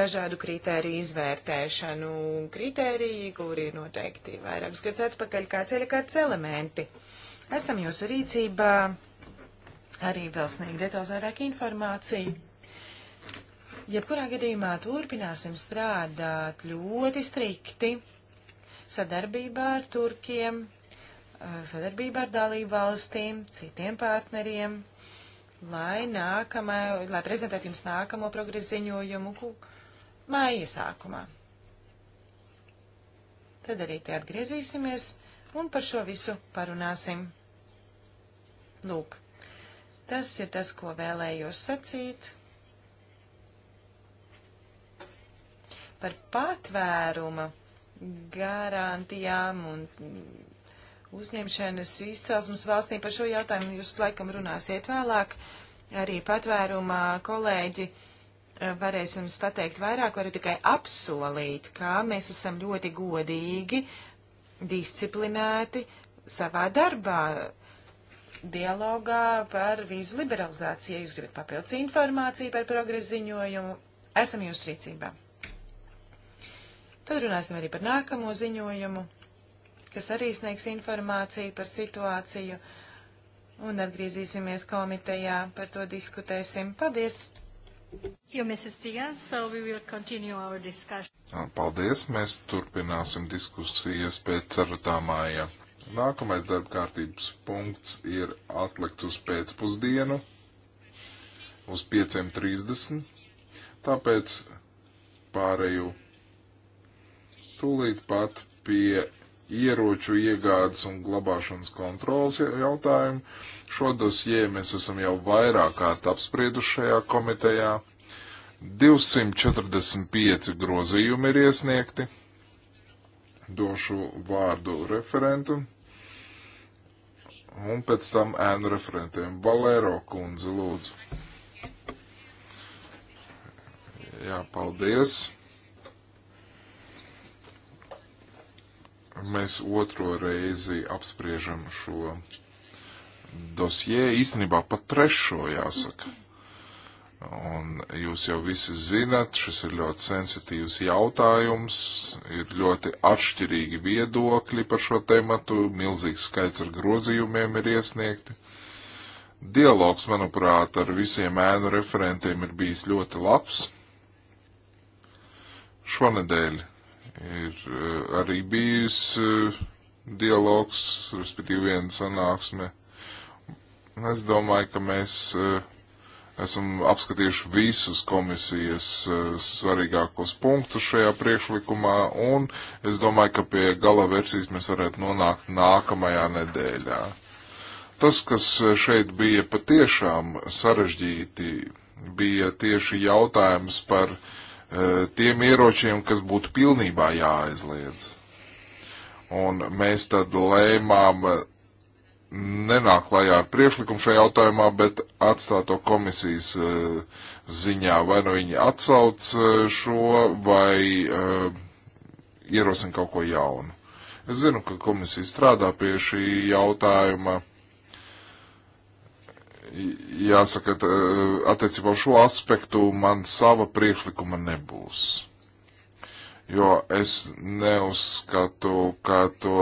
dažādu kritēriju izvērtēšanu, kritēriju, kuri ir noteikti vairākus gadus atpakaļ kā ceļakārtas elementi. Esam jūsu rīcībā arī vēl sniegt detalizētāk informāciju. Jebkurā gadījumā turpināsim strādāt ļoti strikti sadarbībā ar Turkiem, sadarbībā ar dalību valstīm, citiem partneriem, lai, nākamā, lai prezentētu jums nākamo progresu ziņojumu māja sākumā. Tad arī te atgriezīsimies un par šo visu parunāsim. Lūk, tas ir tas, ko vēlējos sacīt. Par patvēruma garantijām un uzņemšanas izcelsmes valstī par šo jautājumu jūs laikam runāsiet vēlāk. Arī patvērumā kolēģi eh, varēs jums pateikt vairāk, varu tikai apsolīt, kā mēs esam ļoti godīgi, disciplinēti savā darbā dialogā par vīzu liberalizāciju. Ja jūs gribat papildus informāciju par progresu ziņojumu, esam jūsu rīcībā. Tad runāsim arī par nākamo ziņojumu, kas arī sniegs informāciju par situāciju, un atgriezīsimies komitejā, par to diskutēsim. Paldies! Paldies, mēs turpināsim diskusijas pēc cerutāmāja. Nākamais darba kārtības punkts ir atlikts uz pēcpusdienu uz 5.30. Tāpēc pārēju tūlīt pat pie ieroču iegādes un glabāšanas kontrolas jautājumu. Šo dosie mēs esam jau vairāk kārt apsprieduši šajā komitejā. 245 grozījumi ir iesniegti. Došu vārdu referentam un pēc tam ēnu referentiem. Valēro kundze, lūdzu. Jā, paldies. Mēs otro reizi apspriežam šo dosie, īstenībā pat trešo jāsaka. Un jūs jau visi zinat, šis ir ļoti sensitīvs jautājums, ir ļoti atšķirīgi viedokļi par šo tematu, milzīgs skaits ar grozījumiem ir iesniegti. Dialogs, manuprāt, ar visiem ēnu referentiem ir bijis ļoti labs. Šonedēļ ir eh, arī bijis eh, dialogs, respektīvi viena sanāksme. Es domāju, ka mēs eh, Esam apskatījuši visus komisijas eh, svarīgākos punktus šajā priekšlikumā, un es domāju, ka pie gala versijas mēs varētu nonākt nākamajā nedēļā. Tas, kas šeit bija patiešām sarežģīti, bija tieši jautājums par uh, tiem ieročiem, kas būtu pilnībā jāaizliedz. Un mēs tad lēmām nenāk klajā ar priekšlikumu šajā jautājumā, bet atstāto komisijas uh, ziņā. Vai nu viņi atsauc uh, šo, vai uh, ierosina kaut ko jaunu. Es zinu, ka komisija strādā pie šī jautājuma. Jāsaka, attiecībā uz šo aspektu man sava priekšlikuma nebūs. Jo es neuzskatu, ka to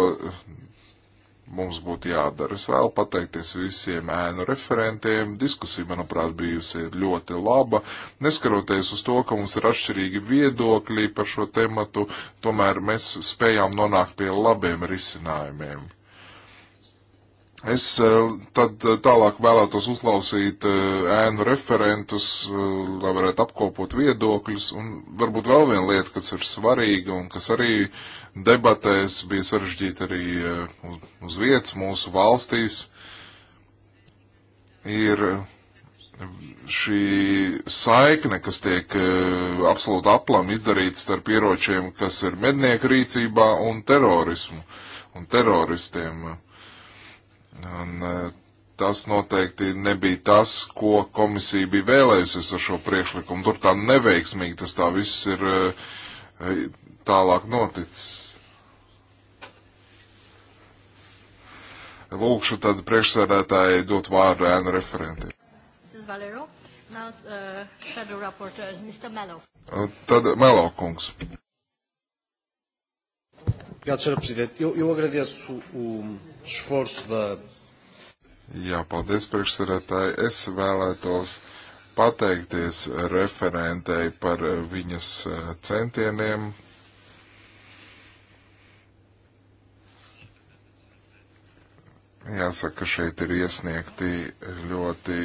mums būtu jādara. Es vēlu pateikties visiem ēnu referentiem. Diskusija, manuprāt, bijusi ļoti laba. Neskaroties uz to, ka mums ir atšķirīgi viedokļi par šo tematu, tomēr mēs spējām nonākt pie labiem risinājumiem. Es eh, tad eh, tālāk vēlētos uzklausīt eh, ēnu referentus, lai varētu apkopot viedokļus, un varbūt vēl viena lieta, kas ir svarīga un kas arī debatēs bija sarežģīta arī uz, uz vietas mūsu valstīs, ir šī saikne, kas tiek uh, absolūti aplam izdarīta starp ieročiem, kas ir mednieku rīcībā un terorismu un teroristiem. Uh, Un e, tas noteikti nebija tas, ko komisija bija vēlējusies ar šo priekšlikumu. Tur tā neveiksmīgi tas tā viss ir e, e, tālāk noticis. Lūkšu tad priekšsēdētāji dot vārdu ēnu referentiem. Not, uh, Tad Melo kungs. Obrigado, Sr. Presidente. Eu, eu agradeço o esforço da Jā, paldies priekšsarētāji. Es vēlētos pateikties referentei par viņas eh, centieniem. Jāsaka, šeit ir iesniegti ļoti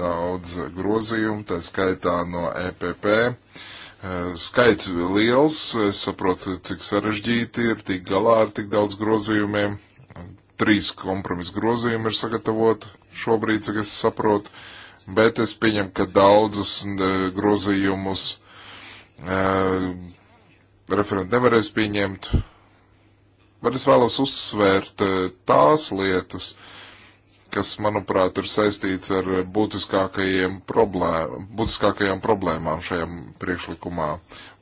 daudz grozījumu, tā skaitā no EPP. Eh, skaits liels, es saprotu, cik sarežģīti ir tik galā ar tik daudz grozījumiem. Trīs kompromisa grozījumi ir sagatavot šobrīd, cik es saprotu, bet es pieņemu, ka daudzus e, grozījumus e, referenti nevarēs pieņemt. Bet es vēlos uzsvērt e, tās lietas, kas, manuprāt, ir saistīts ar būtiskākajiem problēm, būtiskākajām problēmām šajā priekšlikumā.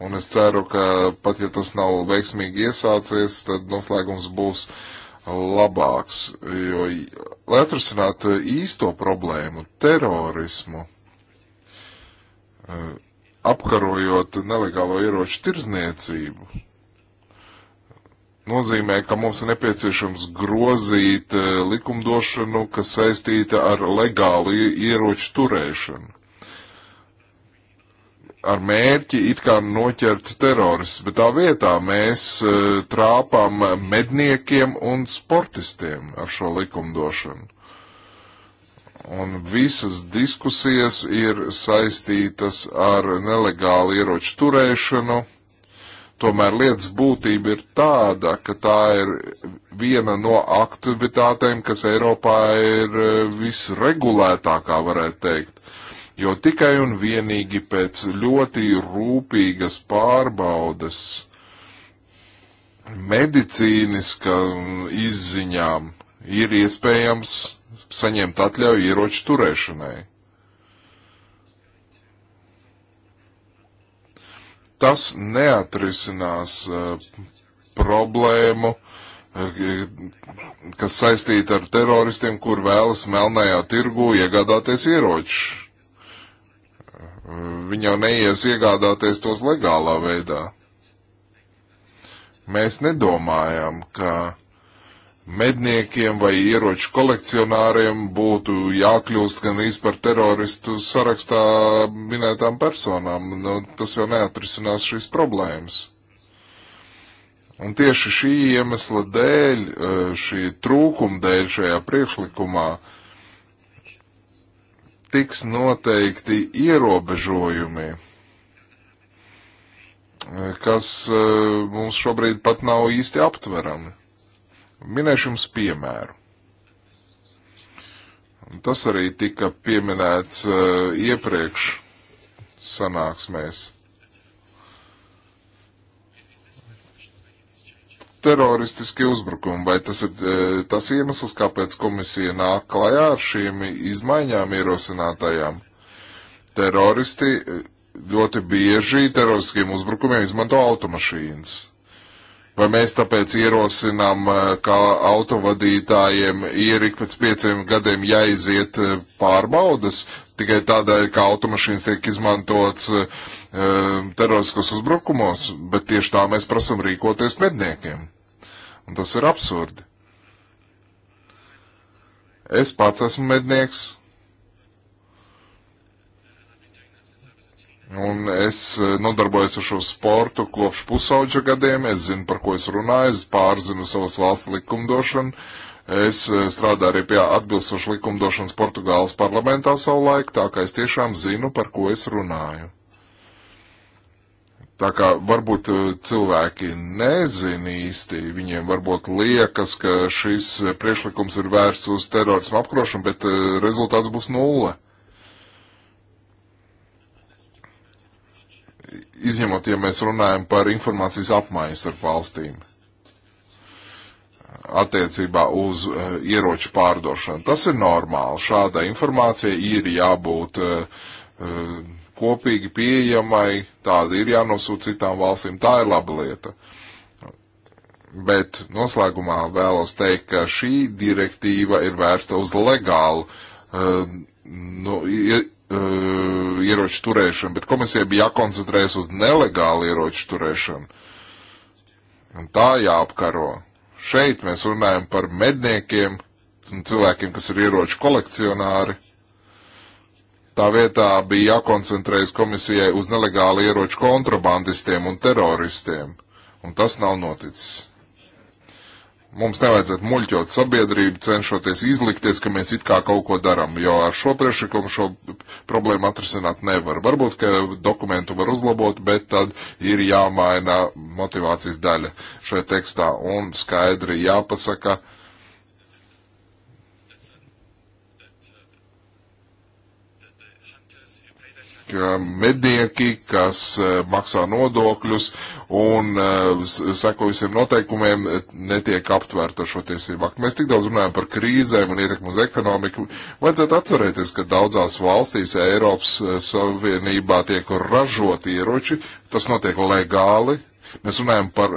Un es ceru, ka pat ja tas nav veiksmīgi iesācies, tad noslēgums būs uh, labāks, jo, lai atrasinātu īsto problēmu, terorismu, eh, apkarojot nelegālo ieroču tirzniecību, nozīmē, ka mums ir nepieciešams grozīt eh, likumdošanu, kas saistīta ar legālu ieroču turēšanu ar mērķi it kā noķert terorists, bet tā vietā mēs uh, trāpām medniekiem un sportistiem ar šo likumdošanu. Un visas diskusijas ir saistītas ar nelegālu ieroču turēšanu. Tomēr lietas būtība ir tāda, ka tā ir viena no aktivitātēm, kas Eiropā ir e, visregulētākā, varētu teikt. Uh, jo tikai un vienīgi pēc ļoti rūpīgas pārbaudas medicīniska izziņām ir iespējams saņemt atļauju ieroču turēšanai. Tas neatrisinās uh, problēmu, eh, kas saistīta ar teroristiem, kur vēlas melnajā tirgu iegādāties ieroči. Viņi jau neies iegādāties tos legālā veidā. Mēs nedomājam, ka medniekiem vai ieroču kolekcionāriem būtu jākļūst gan arī par teroristu sarakstā minētām personām. Nu, tas jau neatrisinās šīs problēmas. Un tieši šī iemesla dēļ, eh, šī trūkuma dēļ šajā priekšlikumā uh, tiks noteikti ierobežojumi, kas e, mums šobrīd pat nav īsti aptverami. Minēšu jums piemēru. Tas arī tika pieminēts e, iepriekš sanāksmēs. teroristiski uzbrukumi, vai tas ir e, tas iemesls, kāpēc komisija nāk klajā ar šīm izmaiņām ierosinātajām? Teroristi e, ļoti bieži teroristiskiem uzbrukumiem izmanto automašīnas. Vai mēs tāpēc ierosinām, e, kā autovadītājiem ierik pēc pieciem gadiem jāiziet pārbaudas, tikai tādēļ, ka automašīnas tiek izmantots e, eh, teroriskos uzbrukumos, bet tieši tā mēs prasam rīkoties medniekiem. Un tas ir absurdi. Es pats esmu mednieks. Un es eh, nodarbojos ar šo sportu kopš pusauģa gadiem. Es zinu, par ko es runāju, es pārzinu savas valsts likumdošanu. Uh, Es eh, strādāju arī pie atbilstošu likumdošanas Portugāles parlamentā savulaik, tā kā es tiešām zinu, par ko es runāju. Tā kā varbūt eh, cilvēki nezin īsti, viņiem varbūt liekas, ka šis priešlikums ir vērsts uz terorismu apkrošanu, bet eh, rezultāts būs nulle. Izņemot, ja mēs runājam par informācijas apmaiņu starp valstīm attiecībā uz uh, ieroču pārdošanu. Tas ir normāli. Šādai informācijai ir jābūt uh, kopīgi pieejamai, tāda ir jānosūta citām valstīm. Tā ir laba lieta. Bet noslēgumā vēlos teikt, ka šī direktīva ir vērsta uz legālu uh, nu, ie, ieroču turēšanu, bet komisija bija jākoncentrējas uz nelegālu ieroču turēšanu. Un tā jāapkaro Šeit mēs runājam par medniekiem un cilvēkiem, kas ir ieroču kolekcionāri. Tā vietā bija jākoncentrējas komisijai uz nelegālu ieroču kontrabandistiem un teroristiem, un tas nav noticis. Mums nevajadzētu muļķot sabiedrību, cenšoties izlikties, ka mēs it kā kaut ko darām, jo ar šo priekšlikumu šo problēmu atrisināt nevar. Varbūt, ka dokumentu var uzlabot, bet tad ir jāmaina motivācijas daļa šajā tekstā un skaidri jāpasaka, uh, ka mednieki, kas e, maksā nodokļus un e, seko visiem noteikumiem, netiek aptvērti ar šo tiesību aktu. Mēs tik daudz runājam par krīzēm un ietekmu uz ekonomiku. Vajadzētu atcerēties, ka daudzās valstīs Eiropas e, Savienībā tiek ražot ieroči, tas notiek legāli. Mēs runājam par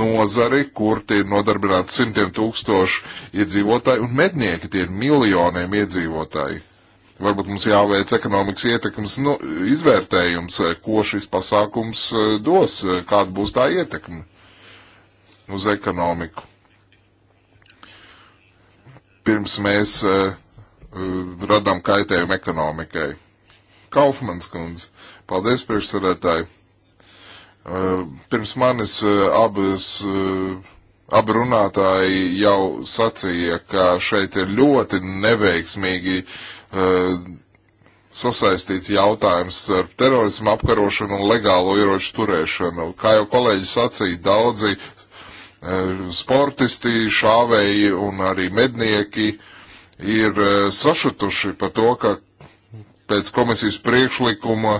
nozari, kur tie ir nodarbināti simtiem tūkstoši iedzīvotāji, un mednieki tie ir miljoniem iedzīvotāji Varbūt mums jāveic ekonomikas ietekmes nu, izvērtējums, eh, ko šis pasākums eh, dos, eh, kāda būs tā ietekme uz ekonomiku. Pirms mēs uh, radām kaitējumu ekonomikai. Kaufmans kundze, paldies priekšsarētāji. Uh, pirms manis uh, abas abrunātāji jau sacīja, ka šeit ir ļoti neveiksmīgi Eh, sasaistīts jautājums ar terorismu apkarošanu un legālo ieroču turēšanu. Kā jau kolēģi sacīja, daudzi eh, sportisti, šāvēji un arī mednieki ir eh, sašutuši par to, ka pēc komisijas priekšlikuma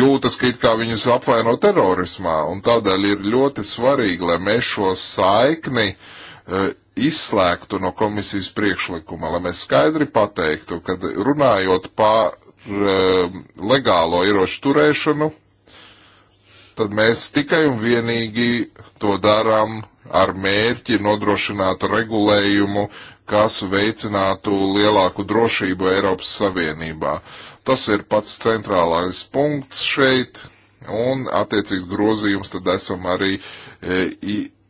jūtas, ka it kā viņas apvaino terorismā, un tādēļ ir ļoti svarīgi, lai mēs šo saikni E, izslēgtu no komisijas priekšlikuma, lai mēs skaidri pateiktu, ka runājot par e, legālo ieroču turēšanu, tad mēs tikai un vienīgi to darām ar mērķi nodrošināt regulējumu, kas veicinātu lielāku drošību Eiropas Savienībā. Tas ir pats centrālais punkts šeit, un attiecīgs grozījums tad esam arī e,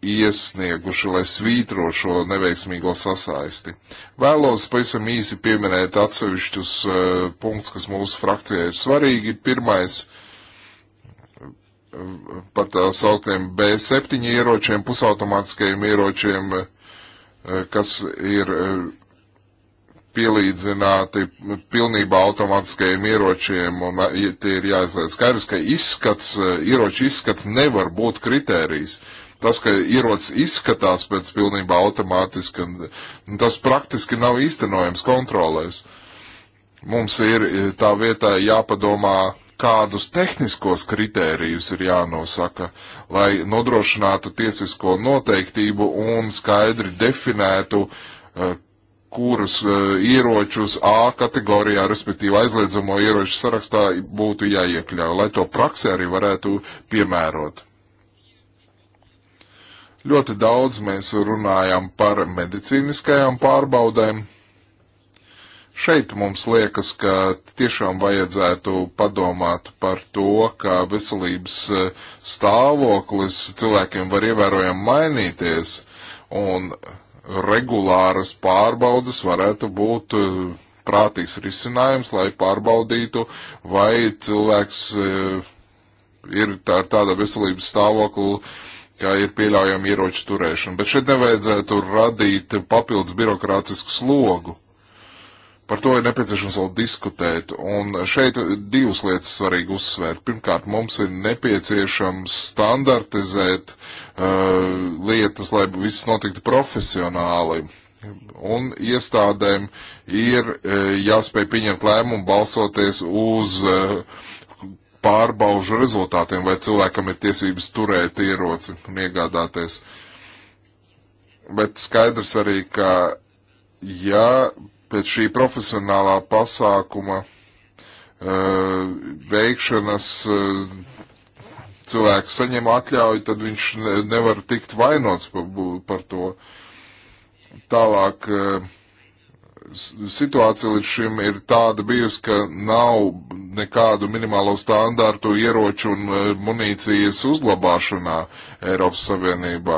iesnieguši, lai svītro šo neveiksmīgo sasaisti. Vēlos pavisam īsi pieminēt atsevišķus uh, punktus, kas mūsu frakcijai ir svarīgi. Pirmais eh, par tā sauktiem B7 ieročiem, pusautomātiskajiem ieročiem, uh, kas ir uh, pielīdzināti pilnībā automātiskajiem ieročiem, un tie ir jāizliedz. Skaidrs, ka izskats, ieroču izskats nevar būt kritērijs. Uh, tas, ka ierocis izskatās pēc pilnībā automātiski, tas praktiski nav īstenojams kontrolēs. Mums ir e, tā vietā jāpadomā, kādus tehniskos kritērijus ir jānosaka, lai nodrošinātu tiesisko noteiktību un skaidri definētu, e, kurus e, ieročus A kategorijā, respektīvi aizliedzamo ieroču sarakstā būtu jāiekļauj, lai to praksē arī varētu piemērot. Ļoti daudz mēs runājam par medicīniskajām pārbaudēm. Šeit mums liekas, ka tiešām vajadzētu padomāt par to, ka veselības eh, stāvoklis cilvēkiem var ievērojami mainīties, un regulāras pārbaudas varētu būt eh, prātīgs risinājums, lai pārbaudītu, vai cilvēks eh, ir tā, tādā veselības stāvokli, ka ir pieļaujama ieroču turēšana, bet šeit nevajadzētu radīt papildus birokrātisku slogu. Par to ir nepieciešams vēl diskutēt, un šeit divas lietas svarīgi uzsvērt. Pirmkārt, mums ir nepieciešams standartizēt uh, lietas, lai viss notiktu profesionāli, un iestādēm ir uh, jāspēj pieņemt lēmumu balsoties uz uh, pārbaužu rezultātiem, vai cilvēkam ir tiesības turēt ieroci un iegādāties. Bet skaidrs arī, ka ja pēc šī profesionālā pasākuma uh, veikšanas uh, cilvēks saņem atļauju, tad viņš nevar tikt vainots par, par to. Tālāk uh, situācija līdz šim ir tāda bijusi, ka nav nekādu minimālo standārtu ieroču un e, munīcijas uzglabāšanā Eiropas Savienībā.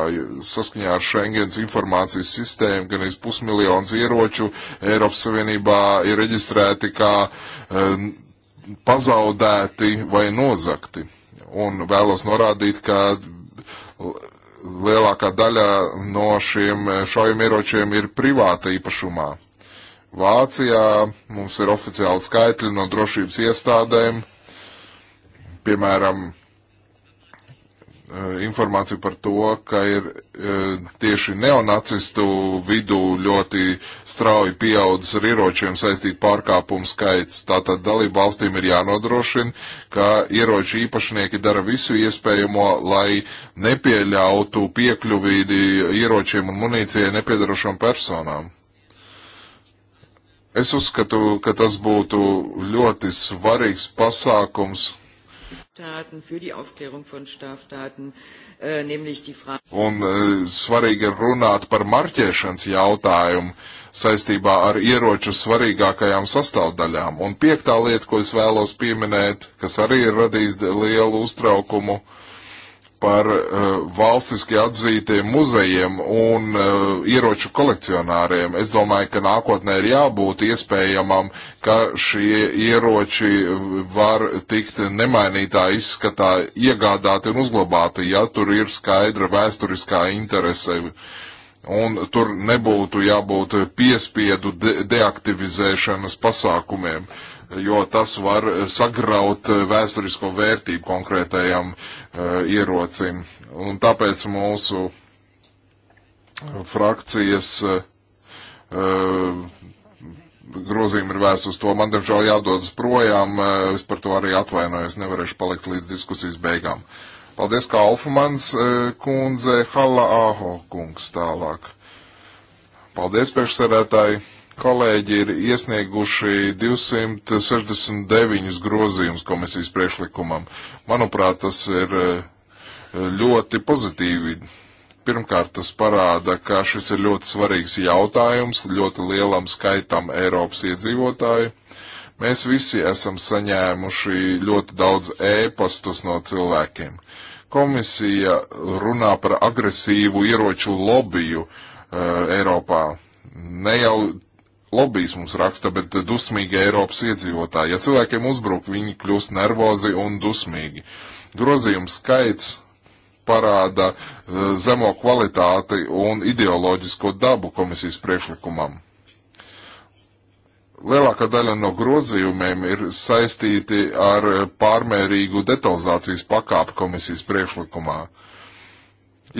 Saskaņā ar Schengens informācijas sistēmu gan iz pusmiljons ieroču Eiropas Savienībā ir reģistrēti kā eh, pazaudēti vai nozakti. Un vēlos norādīt, ka lielākā daļa no šiem šaujamieročiem ir privāta īpašumā. Vācijā mums ir oficiāli skaitļi no drošības iestādēm, piemēram, eh, informāciju par to, ka ir eh, tieši neonacistu vidū ļoti strauji pieaudzis ar ieročiem saistīt pārkāpumu skaits. Tātad dalību valstīm ir jānodrošina, ka ieroču īpašnieki dara visu iespējamo, lai nepieļautu piekļuvīdi ieročiem un munīcijai nepiedarošām personām. Es uzskatu, ka tas būtu ļoti svarīgs pasākums. Äh, Un äh, svarīgi ir runāt par marķēšanas jautājumu saistībā ar ieroču svarīgākajām sastāvdaļām. Un piektā lieta, ko es vēlos pieminēt, kas arī ir radījis lielu uztraukumu, uh, par uh, valstiski atzītiem muzejiem un uh, ieroču kolekcionāriem. Es domāju, ka nākotnē ir jābūt iespējamam, ka šie ieroči var tikt nemainītā izskatā iegādāti un uzglabāti, ja tur ir skaidra vēsturiskā interese. Un tur nebūtu jābūt piespiedu de deaktivizēšanas pasākumiem. Uh, jo tas var sagraut vēsturisko vērtību konkrētajam uh, ierocim. Un tāpēc mūsu eh, frakcijas uh, grozījumi ir vēst uz to. Man, diemžēl, jādodas projām. Es par to arī atvainojos. Nevarēšu palikt līdz diskusijas beigām. Paldies, kā Alfmans kundze, Halla Aho kungs tālāk. Paldies, priekšsēdētāji! kolēģi ir iesnieguši 269 grozījumus komisijas priekšlikumam. Manuprāt, tas ir eh, ļoti pozitīvi. Pirmkārt, tas parāda, ka šis ir ļoti svarīgs jautājums ļoti lielam skaitam Eiropas iedzīvotāju. Mēs visi esam saņēmuši ļoti daudz ēpastus no cilvēkiem. Komisija runā par agresīvu ieroču lobiju uh, Eiropā. Ne jau lobbyis mums raksta, bet dusmīgi Eiropas iedzīvotāji. Ja cilvēkiem uzbruk, viņi kļūst nervozi un dusmīgi. Grozījums skaits parāda uh, zemo kvalitāti un ideoloģisko dabu komisijas priekšlikumam. Lielākā daļa no grozījumiem ir saistīti ar eh, pārmērīgu detalizācijas pakāpu komisijas priekšlikumā. Uh,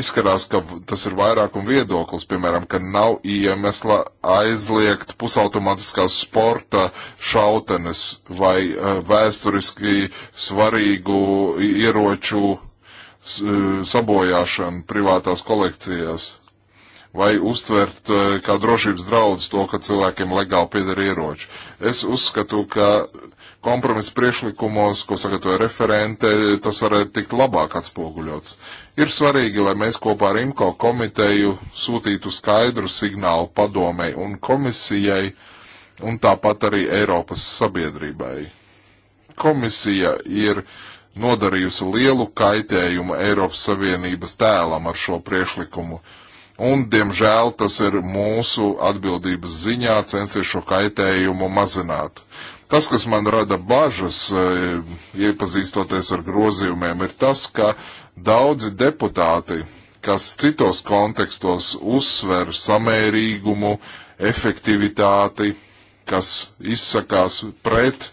Izskatās, ka tas ir vairākuma viedoklis, piemēram, ka nav iemesla aizliegt pusautomātiskās sporta šautenes vai eh, vēsturiski svarīgu ieroču eh, sabojāšanu privātās kolekcijās vai uztvert eh, kā drošības draudz to, ka cilvēkiem legāli pieder ieroči. Es uzskatu, ka kompromisa priekšlikumos, ko sagatavoja referente, tas varētu tikt labāk atspoguļots. Ir svarīgi, lai mēs kopā ar IMCO komiteju sūtītu skaidru signālu padomei un komisijai, un tāpat arī Eiropas sabiedrībai. Komisija ir nodarījusi lielu kaitējumu Eiropas Savienības tēlam ar šo priekšlikumu. Uh, un, diemžēl, tas ir mūsu atbildības ziņā censties šo kaitējumu mazināt. Tas, kas man rada bažas, e, iepazīstoties ar grozījumiem, ir tas, ka daudzi deputāti, kas citos kontekstos uzsver samērīgumu, efektivitāti, kas izsakās pret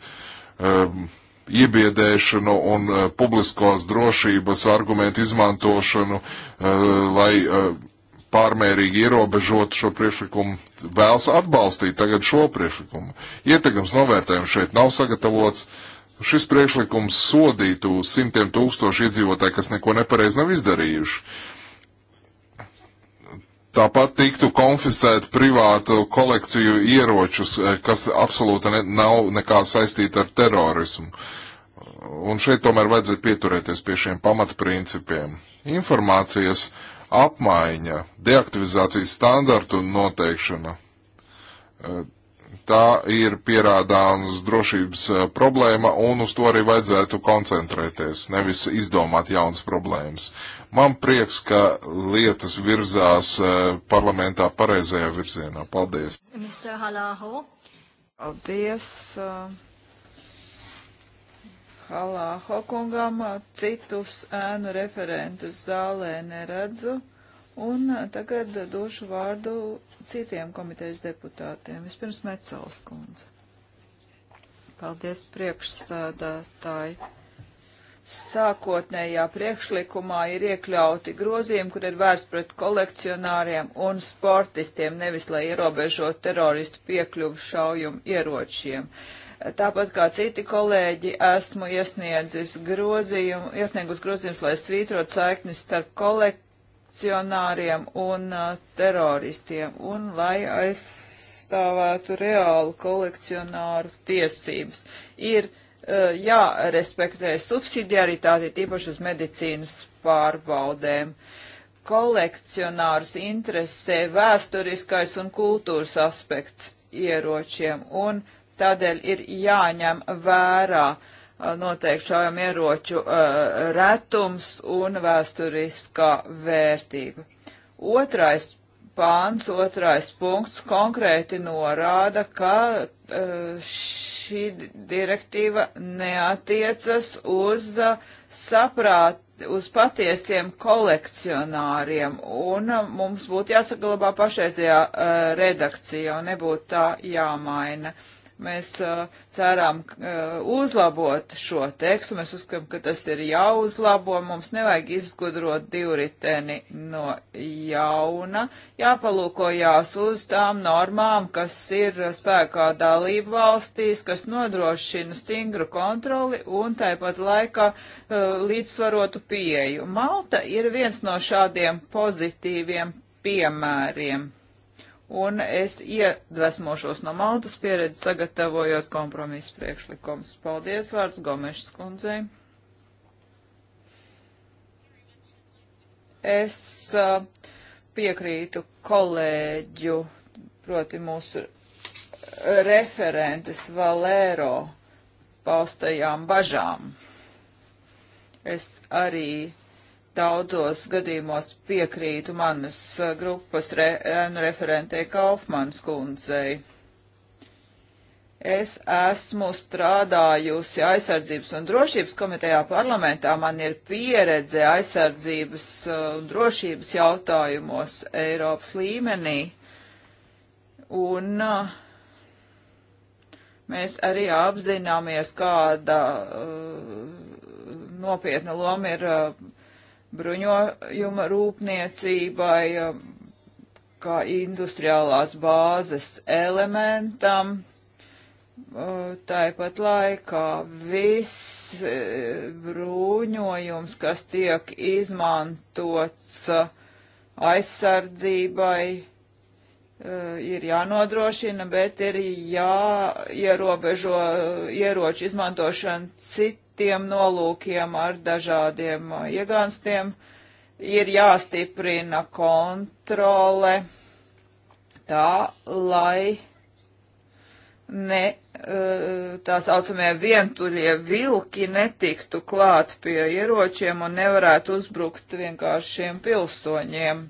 um, iebiedēšanu un uh, e, publiskos drošības argumentu izmantošanu, uh, lai uh, pārmērīgi ierobežot šo priekšlikumu, vēlas atbalstīt tagad šo priekšlikumu. Ietekams novērtējums šeit nav sagatavots. Šis priekšlikums sodītu simtiem tūkstošu iedzīvotāju, kas neko nepareiz nav izdarījuši. Tāpat tiktu konfiscēt privātu kolekciju ieročus, eh, kas absolūti ne, nav nekā saistīta ar terorismu. Un šeit tomēr vajadzētu pieturēties pie šiem pamatprincipiem. Informācijas uh, apmaiņa, deaktivizācijas standartu noteikšana. E, tā ir pierādāmas drošības e, problēma, un uz to arī vajadzētu koncentrēties, nevis izdomāt jaunas problēmas. Man prieks, ka lietas virzās e, parlamentā pareizajā virzienā. Paldies! Paldies! Uh, Halāho kungam, citus ēnu referentus zālē neredzu, un tagad došu vārdu citiem komitejas deputātiem. Vispirms Mecels kundze. Paldies priekšstādātāji. Sākotnējā priekšlikumā ir iekļauti grozījumi, kur ir vērsts pret kolekcionāriem un sportistiem, nevis lai ierobežot teroristu piekļuvu šaujumu ieročiem. Uh, Tāpat kā citi kolēģi, esmu iesniedzis grozījumu, iesniegus grozījumus, lai svītrot saiknis starp kolekcionāriem un uh, teroristiem un lai aizstāvētu reālu kolekcionāru tiesības. Ir uh, jārespektē subsidiaritāti, tīpaši uz medicīnas pārbaudēm. Kolekcionārs interesē vēsturiskais un kultūras aspekts ieročiem, un Tādēļ ir jāņem vērā uh, noteikti šaujam ieroču uh, retums un vēsturiskā vērtība. Otrais pāns, otrais punkts konkrēti norāda, ka uh, šī direktīva neatiecas uz saprāt, uz patiesiem kolekcionāriem, un mums būtu jāsaglabā pašreizajā redakcija, un nebūtu tā jāmaina. Uh, Mēs ceram uzlabot šo tekstu, mēs uzskatām, ka tas ir jāuzlabo, mums nevajag izgudrot divriteni no jauna, jāpalūkojās uz tām normām, kas ir spēkā dalību valstīs, kas nodrošina stingru kontroli un tāpat laikā līdzsvarotu pieeju. Malta ir viens no šādiem pozitīviem piemēriem un es iedvesmošos no Maltas pieredzes, sagatavojot kompromisu priekšlikumus. Paldies, vārds Gomešs kundzei. Es uh, piekrītu kolēģu, proti mūsu referentes Valēro paustajām bažām. Es arī daudzos gadījumos piekrītu manas eh, grupas re, referentē Kaufmanas kundzei. Es esmu strādājusi aizsardzības un drošības komitejā parlamentā. Man ir pieredze aizsardzības eh, un drošības jautājumos Eiropas līmenī. Un eh, mēs arī apzināmies, kāda uh, nopietna loma ir uh, bruņojuma rūpniecībai, um, kā industriālās bāzes elementam. Uh, tāpat laikā viss uh, bruņojums, kas tiek izmantots uh, aizsardzībai, ir jānodrošina, bet ir jāierobežo ieroču izmantošana citu citiem nolūkiem, ar dažādiem uh, iegānstiem. Ir jāstiprina kontrole tā, lai ne, uh, tā saucamie vientuļie vilki netiktu klāt pie ieročiem un nevarētu uzbrukt vienkāršiem pilsoņiem.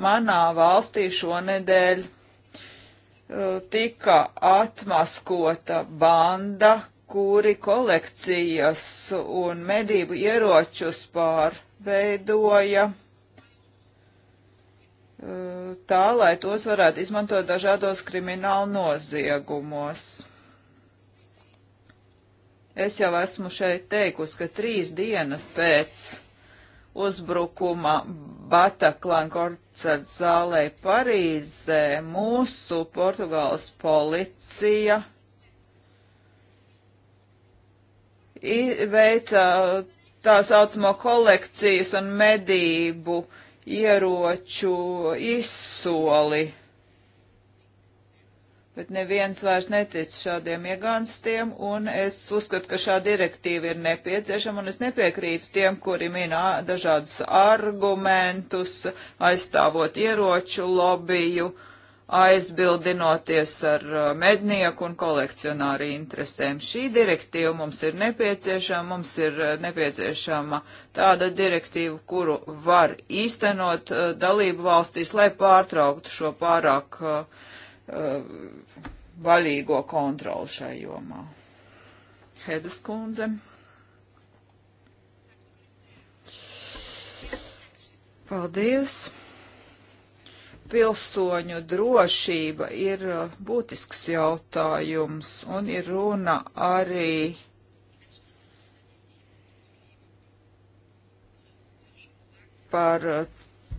Manā valstī šonedēļ uh, tika atmaskota banda, kuri kolekcijas un medību ieročus pārveidoja eh, tā, lai tos varētu izmantot dažādos krimināla noziegumos. Es jau esmu šeit teikusi, ka trīs dienas pēc uzbrukuma Bataklan koncerta zālē Parīzē mūsu Portugāles policija veica tā saucamo kolekcijas un medību ieroču izsoli. Bet neviens vairs netic šādiem iegānstiem, un es uzskatu, ka šā direktīva ir nepieciešama, un es nepiekrītu tiem, kuri min dažādus argumentus, aizstāvot ieroču lobiju. Uh, aizbildinoties ar uh, mednieku un kolekcionāru interesēm. Šī direktīva mums ir nepieciešama, mums ir uh, nepieciešama tāda direktīva, kuru var īstenot uh, dalību valstīs, lai pārtrauktu šo pārāk uh, vaļīgo kontroli šai jomā. Hedas kundze. Paldies! pilsoņu drošība ir uh, būtisks jautājums un ir runa arī par uh,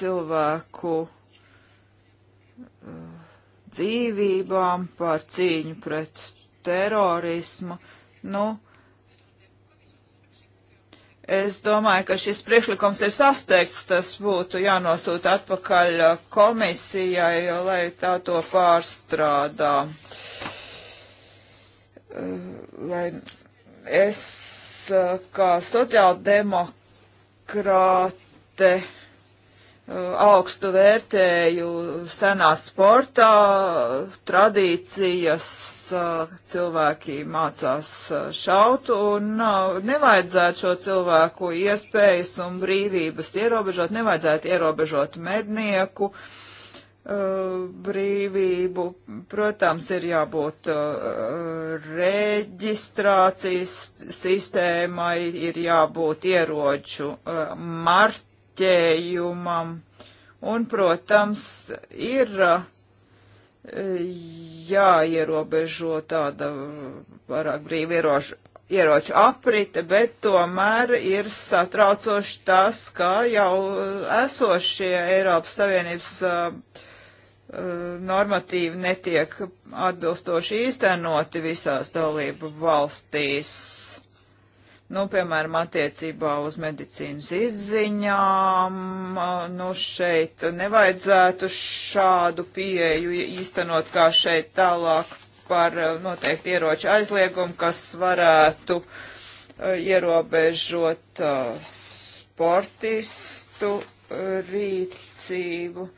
cilvēku uh, dzīvībām, par cīņu pret terorismu. Nu, uh, Es domāju, ka šis priekšlikums ir sasteigts, tas būtu jānosūta atpakaļ komisijai, lai tā to pārstrādā. Eh, lai es eh, kā sociāldemokrāte Uh, augstu vērtēju senā sportā, tradīcijas, uh, cilvēki mācās uh, šaut un nevajadzētu šo cilvēku iespējas un brīvības ierobežot, nevajadzētu ierobežot mednieku brīvību. Protams, ir jābūt reģistrācijas sistēmai, ir jābūt ieroču mart bloķējumam. Un, protams, ir e, jāierobežo tāda pārāk brīva ieroču, ieroču aprite, bet tomēr ir satraucoši tas, ka jau esošie Eiropas Savienības uh, normatīvi netiek atbilstoši īstenoti visās dalību valstīs nu, piemēram, attiecībā uz medicīnas izziņām, nu, šeit nevajadzētu šādu pieeju īstenot, kā šeit tālāk par noteikti ieroču aizliegumu, kas varētu ierobežot sportistu rīcību. Uh,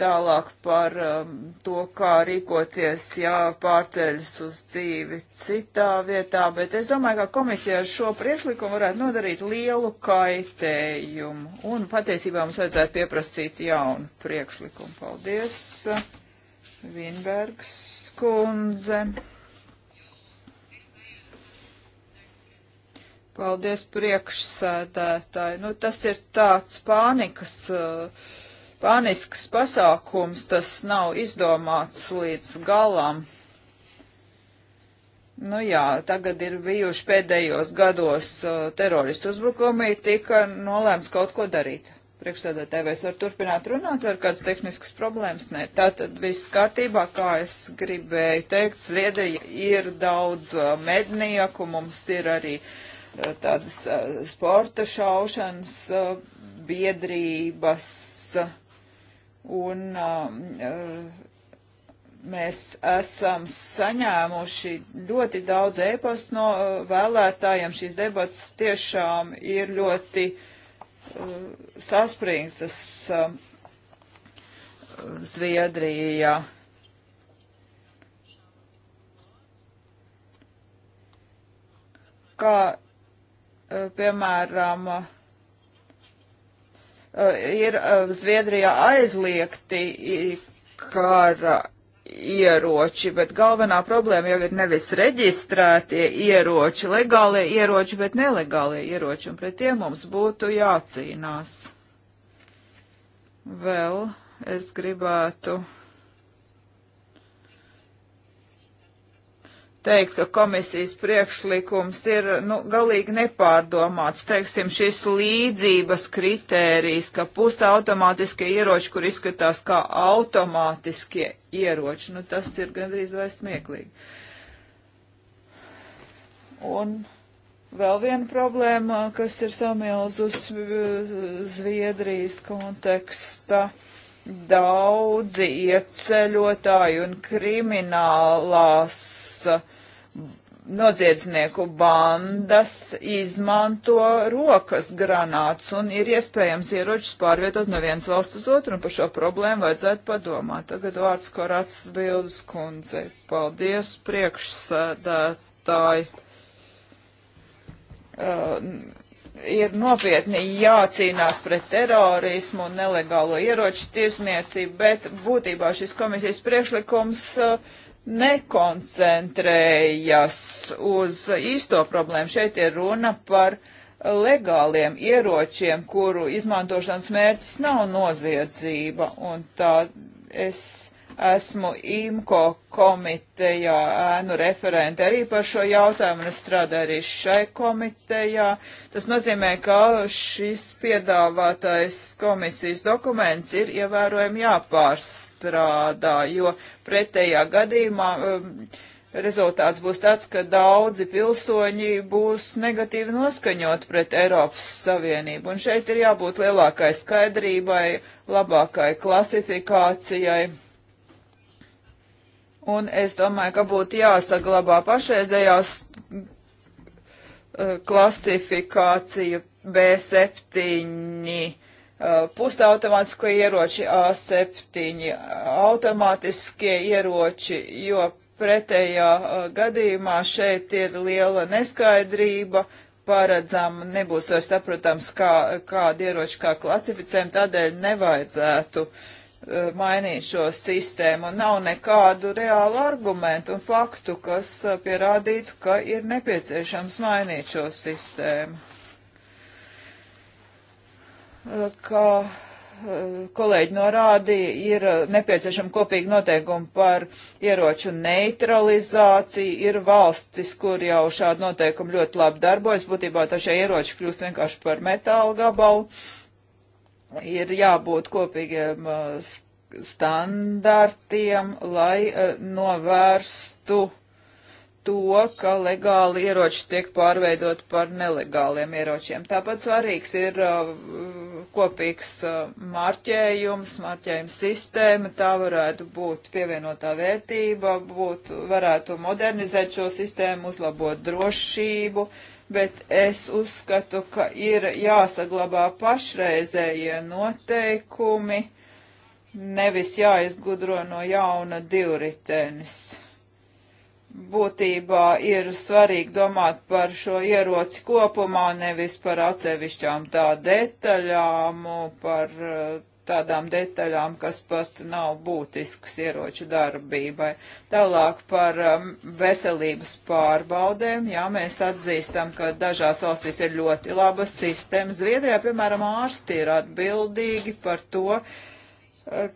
Tālāk par um, to, kā rīkoties, jā, pārceļas uz dzīvi citā vietā, bet es domāju, ka komisija ar šo priekšlikumu varētu nodarīt lielu kaitējumu. Un patiesībā mums vajadzētu pieprasīt jaunu priekšlikumu. Paldies, Vinbergs kundze. Paldies priekšsēdētāji. Nu, tas ir tāds pānikas. Uh, panisks pasākums, tas nav izdomāts līdz galam. Nu jā, tagad ir bijuši pēdējos gados uh, teroristu uzbrukumi, tika nolēms kaut ko darīt. Priekšsēdētāji, vai es varu turpināt runāt, vai kādas tehniskas problēmas? Nē, tātad viss kārtībā, kā es gribēju teikt, Zviedrija ir daudz uh, mednieku, mums ir arī uh, tādas uh, sporta šaušanas uh, biedrības. Uh, un um, uh, mēs esam saņēmuši ļoti daudz ēpastu no uh, vēlētājiem. Šīs debatas tiešām ir ļoti uh, saspringtas um, Zviedrijā. Kā piemēram, Eh, ir eh, Zviedrijā aizliegti kara ieroči, bet galvenā problēma jau ir nevis reģistrētie ieroči, legālie ieroči, bet nelegālie ieroči, un pret tiem mums būtu jācīnās. Vēl es gribētu teikt, ka komisijas priekšlikums ir nu, galīgi nepārdomāts. Teiksim, šis līdzības kritērijs, ka pusautomātiskie ieroči, kur izskatās kā automātiskie ieroči, nu, tas ir gandrīz vai smieklīgi. Un vēl viena problēma, kas ir samilzus Zviedrijas konteksta daudzi ieceļotāji un kriminālās uh, noziedznieku bandas izmanto rokas granāts un ir iespējams ieročus pārvietot no vienas valsts uz otru, un par šo problēmu vajadzētu padomāt. Tagad vārds Korats Bildes kundzei. Paldies, priekšsēdētāji. Uh, ir nopietni jācīnās pret terorismu un nelegālo ieroču tiesniecību, bet būtībā šis komisijas priešlikums uh, nekoncentrējas uz īsto problēmu. Šeit ir runa par legāliem ieročiem, kuru izmantošanas mērķis nav noziedzība. Un tā es esmu IMCO komitejā ēnu referente arī par šo jautājumu un es strādāju arī šai komitejā. Tas nozīmē, ka šis piedāvātais komisijas dokuments ir ievērojami jāpārs jāstrādā, jo pretējā gadījumā um, rezultāts būs tāds, ka daudzi pilsoņi būs negatīvi noskaņot pret Eiropas Savienību. Un šeit ir jābūt lielākai skaidrībai, labākai klasifikācijai. Un es domāju, ka būtu jāsaglabā pašreizējās uh, klasifikācija B7 Uh, pusautomātiskie ieroči, A7 automātiskie ieroči, jo pretējā uh, gadījumā šeit ir liela neskaidrība, paredzam, nebūs vairs saprotams, kā, kādu ieroču kā klasificējam, tādēļ nevajadzētu uh, mainīt šo sistēmu. Nav nekādu reālu argumentu un faktu, kas pierādītu, ka ir nepieciešams mainīt šo sistēmu kā e, kolēģi norādīja, ir nepieciešama kopīga noteikuma par ieroču neutralizāciju. Ir valstis, kur jau šādi noteikumi ļoti labi darbojas. Būtībā tā šie ieroči kļūst vienkārši par metāla gabalu. Ir jābūt kopīgiem e, standartiem, lai e, novērstu uh, to, ka legāli ieroči tiek pārveidot par nelegāliem ieročiem. Tāpat svarīgs ir uh, kopīgs uh, marķējums, marķējuma sistēma, tā varētu būt pievienotā vērtība, būt, varētu modernizēt šo sistēmu, uzlabot drošību, bet es uzskatu, ka ir jāsaglabā pašreizējie noteikumi, nevis jāizgudro no jauna divritenis būtībā ir svarīgi domāt par šo ieroci kopumā, nevis par atsevišķām tā detaļām, par eh, tādām detaļām, kas pat nav būtisks ieroču darbībai. Tālāk par eh, veselības pārbaudēm. Jā, mēs atzīstam, ka dažās valstīs ir ļoti labas sistēmas. Zviedrijā, piemēram, ārsti ir atbildīgi par to, uh,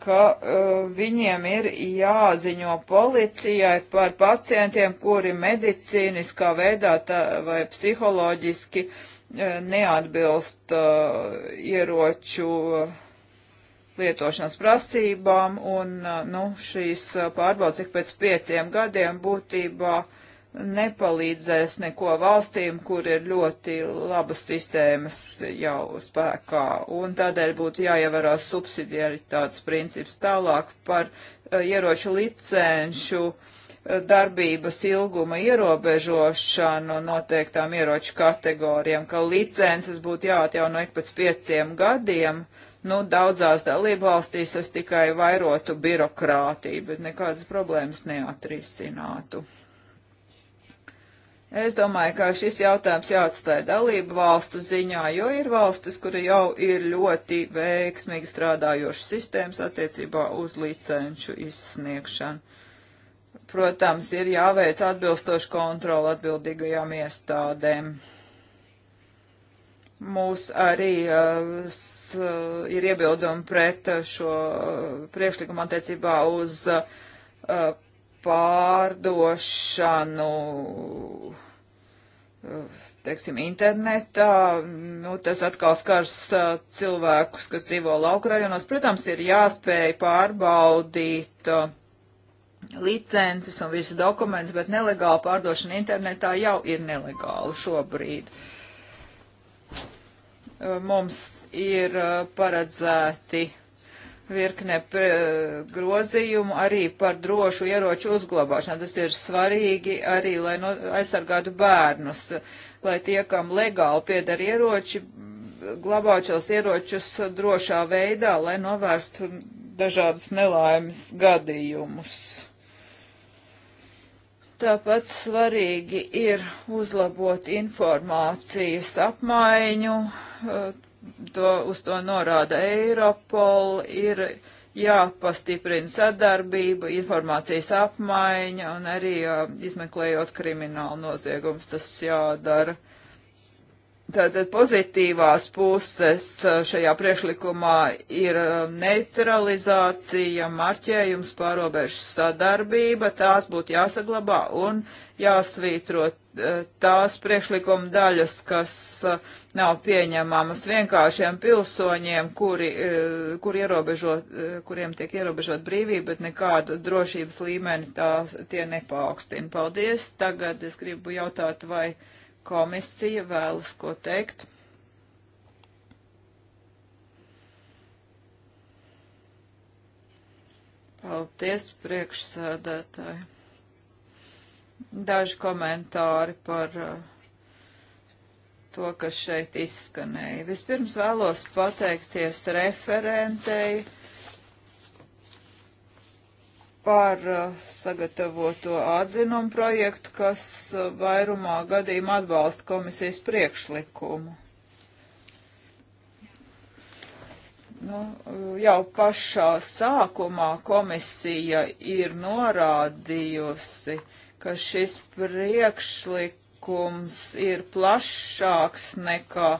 ka uh, viņiem ir jāziņo policijai par pacientiem, kuri medicīniskā veidā tā, vai psiholoģiski uh, neatbilst uh, ieroču lietošanas prasībām, un nu, šīs pārbaudas ik pēc pieciem gadiem būtībā uh, nepalīdzēs neko valstīm, kur ir ļoti labas sistēmas jau spēkā, un tādēļ būtu jāievērā subsidiaritātes princips tālāk par eh, ieroču licenšu eh, darbības ilguma ierobežošanu noteiktām ieroču kategorijām, ka licences būtu jāatjauno ik pēc pieciem gadiem. Nu, daudzās dalībvalstīs es tikai vairotu birokrātiju, bet nekādas problēmas neatrisinātu. Es domāju, ka šis jautājums jāatstāja dalību valstu ziņā, jo ir valstis, kura jau ir ļoti veiksmīgi strādājošas sistēmas attiecībā uz licenču izsniegšanu. Protams, ir jāveic atbilstoši kontroli atbildīgajām iestādēm. Mūs arī uh, s, uh, ir iebildumi pret šo uh, priekšlikumu attiecībā uz uh, uh pārdošanu, teiksim, internetā, nu, tas atkal skars cilvēkus, kas dzīvo laukrajonos. Protams, ir jāspēj pārbaudīt licences un visu dokumentus, bet nelegāla pārdošana internetā jau ir nelegāla šobrīd. Mums ir paredzēti virkne eh, grozījumu arī par drošu ieroču uzglabāšanu. Tas ir svarīgi arī, lai no, aizsargātu bērnus, lai tie, kam legāli piedara ieroči, glabātu šos ieročus drošā veidā, lai novērstu dažādas nelaimes gadījumus. Tāpat svarīgi ir uzlabot informācijas apmaiņu, eh, to, uz to norāda Eiropol, ir jāpastiprina sadarbība, informācijas apmaiņa un arī uh, izmeklējot kriminālu noziegums tas jādara. Uh, Tātad pozitīvās puses uh, šajā priekšlikumā ir uh, neutralizācija, marķējums, pārobežu sadarbība, tās būtu jāsaglabā un jāsvītro uh, tās priekšlikuma daļas, kas nav pieņemamas vienkāršiem pilsoņiem, kuri, kur ierobežot, kuriem tiek ierobežot brīvība, bet nekādu drošības līmeni tā, tie nepaukstina. Paldies. Tagad es gribu jautāt, vai komisija vēlas ko teikt. Paldies, priekšsēdētāji. Daži komentāri par uh, to, kas šeit izskanēja. Vispirms vēlos pateikties referentei par uh, sagatavoto atzinumu projektu, kas uh, vairumā gadījumā atbalsta komisijas priekšlikumu. Nu, uh, jau pašā sākumā komisija ir norādījusi, ka šis priekšlikums ir plašāks nekā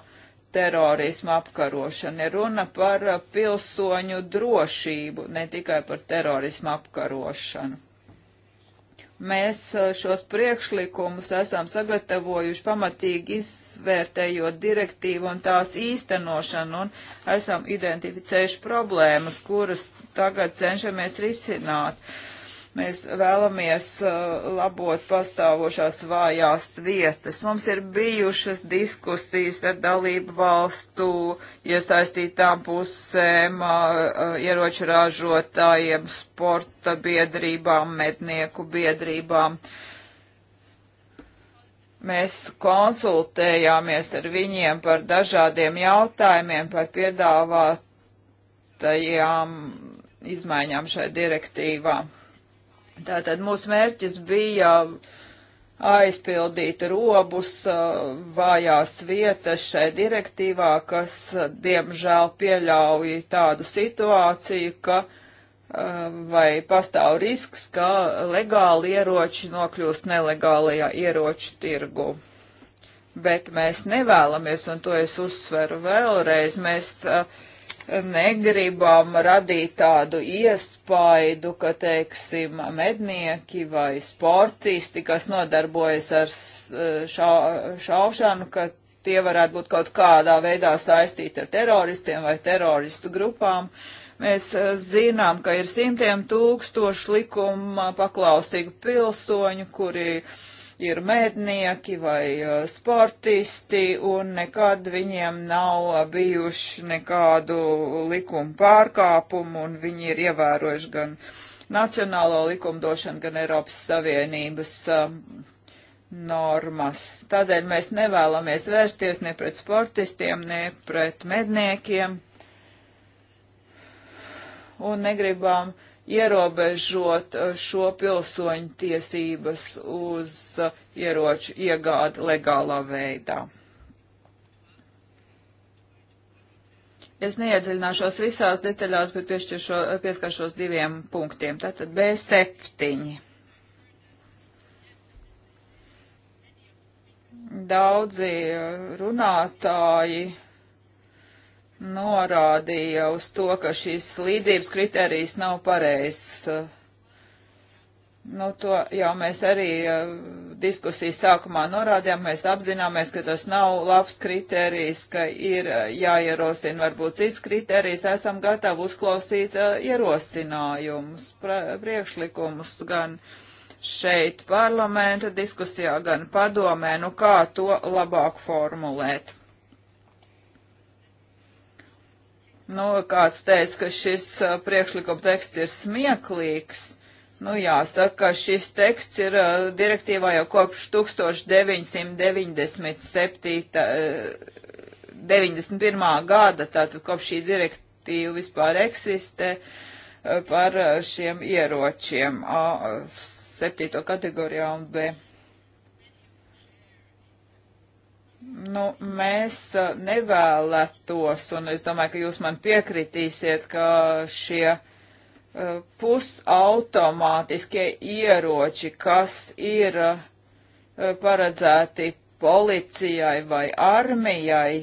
terorismu apkarošana. Ir runa par uh, pilsoņu drošību, ne tikai par terorismu apkarošanu. Mēs uh, šos priekšlikumus esam sagatavojuši pamatīgi izvērtējot direktīvu un tās īstenošanu un esam identificējuši problēmas, kuras tagad cenšamies risināt. Uh, Mēs vēlamies uh, labot pastāvošās vājās vietas. Mums ir bijušas diskusijas ar dalību valstu iesaistītām pusēm, uh, uh, ieroču ražotājiem, sporta biedrībām, mednieku biedrībām mēs konsultējāmies ar viņiem par dažādiem jautājumiem, par piedāvātajām izmaiņām šai direktīvām. Tātad mūsu mērķis bija aizpildīt robus vājās vietas šai direktīvā, kas diemžēl pieļauj tādu situāciju, ka vai pastāv risks, ka legāli ieroči nokļūst nelegālajā ieroču tirgu. Bet mēs nevēlamies, un to es uzsveru vēlreiz, mēs uh, negribam radīt tādu iespaidu, ka, teiksim, mednieki vai sportisti, kas nodarbojas ar šā, šaušanu, ka tie varētu būt kaut kādā veidā saistīti ar teroristiem vai teroristu grupām. Mēs e, zinām, ka ir simtiem tūkstoši likuma paklausīgu pilsoņu, kuri uh, ir mednieki vai uh, sportisti, un nekad viņiem nav uh, bijuši nekādu likumu pārkāpumu, un viņi ir ievērojuši gan nacionālo likumdošanu, gan Eiropas Savienības um, normas. Tādēļ mēs nevēlamies vērsties ne pret sportistiem, ne pret medniekiem, un negribam uh, ierobežot uh, šo pilsoņu tiesības uz uh, ieroču iegādi legālā veidā. Es neiedziļināšos visās detaļās, bet pieskaršos diviem punktiem. Tātad B7. Daudzi uh, runātāji norādīja uz to, ka šīs līdzības kritērijas nav pareizs. Nu, to jau mēs arī eh, diskusijas sākumā norādījām, mēs apzināmies, ka tas nav labs kritērijs, ka ir eh, jāierosina varbūt cits kritērijs, esam gatavi uzklausīt eh, ierosinājumus, priekšlikumus gan šeit parlamenta diskusijā, gan padomē, nu kā to labāk formulēt. Nu, kāds teica, ka šis priekšlikuma teksts ir smieklīgs. Nu, jāsaka, ka šis teksts ir direktīvā jau kopš 1997. gada, tātad kopš šī direktīva vispār eksistē par šiem ieročiem A, 7. kategorijā un B. nu, mēs uh, nevēlētos, un es domāju, ka jūs man piekritīsiet, ka šie uh, pusautomātiskie ieroči, kas ir uh, paredzēti policijai vai armijai,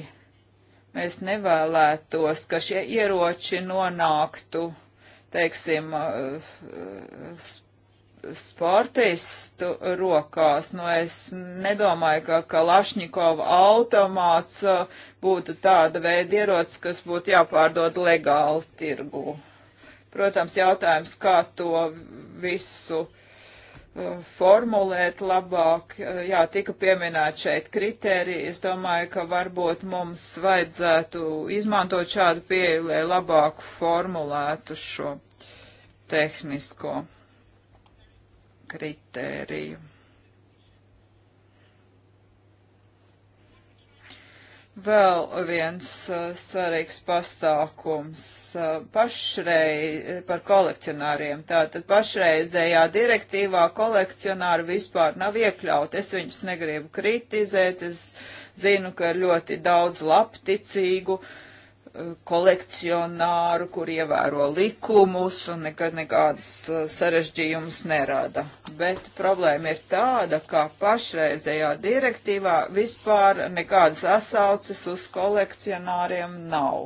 mēs nevēlētos, ka šie ieroči nonāktu, teiksim, uh, uh sportistu rokās. Nu, es nedomāju, ka Kalašņikova automāts uh, būtu tāda veida ierocis, kas būtu jāpārdod legāli tirgu. Protams, jautājums, kā to visu uh, formulēt labāk. Uh, jā, tika pieminēt šeit kriteriji. Es domāju, ka varbūt mums vajadzētu izmantot šādu pieeju, lai labāk formulētu šo tehnisko kritēriju. Vēl viens uh, svarīgs pasākums uh, pašrei, eh, par kolekcionāriem. Tātad pašreizējā direktīvā kolekcionāri vispār nav iekļauti. Es viņus negribu kritizēt, es zinu, ka ir ļoti daudz labticīgu uh, kolekcionāru, kur ievēro likumus un nekad nekādas uh, sarežģījumus nerada. Bet problēma ir tāda, ka pašreizējā direktīvā vispār nekādas asauces uz kolekcionāriem nav.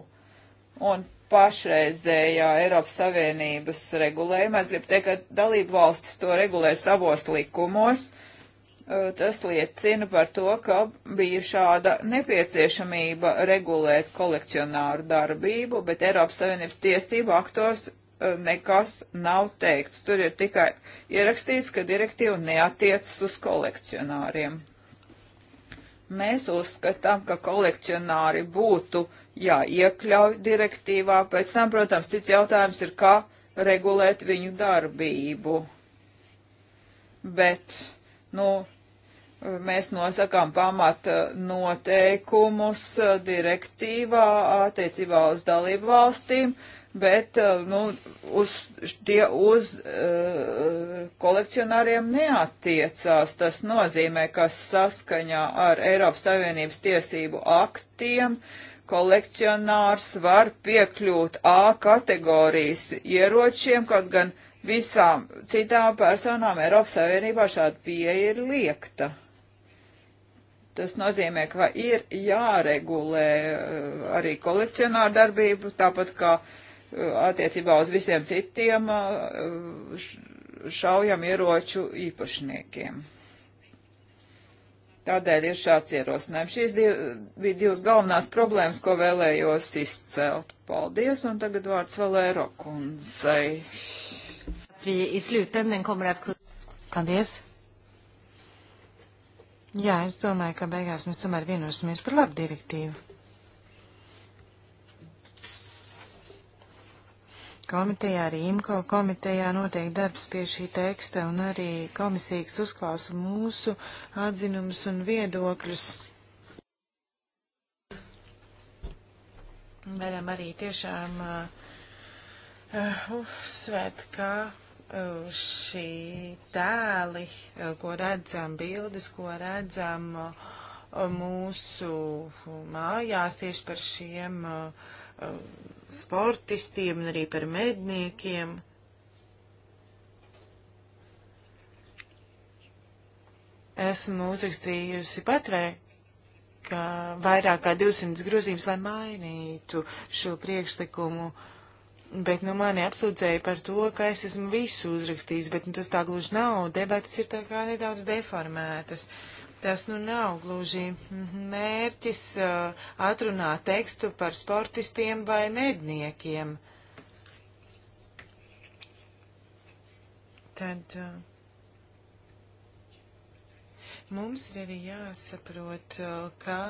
Un pašreizējā Eiropas Savienības regulējumā, es gribu teikt, ka dalību valstis to regulē savos likumos, uh, Eh, tas liecina par to, ka bija šāda nepieciešamība regulēt kolekcionāru darbību, bet Eiropas Savienības tiesību aktos eh, nekas nav teikts. Tur ir tikai ierakstīts, ka direktīva neatiecas uz kolekcionāriem. Mēs uzskatām, ka kolekcionāri būtu jāiekļauj direktīvā, pēc tam, protams, cits jautājums ir, kā regulēt viņu darbību. Bet, nu, mēs nosakām pamata eh, noteikumus eh, direktīvā attiecībā uz dalību valstīm, bet eh, nu, uz, tie uz uh, kolekcionāriem neatiecās. Tas nozīmē, ka saskaņā ar Eiropas Savienības tiesību aktiem kolekcionārs var piekļūt A kategorijas ieročiem, kaut gan visām citām personām Eiropas Savienībā šāda pieeja ir liekta. Tas nozīmē, ka ir jāregulē eh, arī kolekcionāru darbību, tāpat kā eh, attiecībā uz visiem citiem eh, šaujam ieroču īpašniekiem. Tādēļ ir šāds ierosinājums. Šīs div, bija divas galvenās problēmas, ko vēlējos izcelt. Paldies, un tagad vārds Valēro kundzei. Paldies! Jā, es domāju, ka beigās mēs tomēr vienosimies par labu direktīvu. komitejā, arī IMCO komitejā notiek darbs pie šī teksta un arī komisijas uzklausa mūsu atzinumus un viedokļus. Varam arī tiešām uh, uh uzsvērt, ka šī tēli, ko redzam, bildes, ko redzam uh, mūsu mājās tieši par šiem uh, sportistiem un arī par medniekiem. Esmu uzrakstījusi patrai ka vairāk kā 200 grozījums, lai mainītu šo priekšlikumu uh, Bet nu, mani apsūdzēja par to, ka es esmu visu uzrakstījis, bet nu, tas tā gluži nav. Debates ir tā kā nedaudz deformētas. Tas nu nav gluži mērķis uh, atrunāt tekstu par sportistiem vai medniekiem. Tad uh, mums ir arī jāsaprot, uh, ka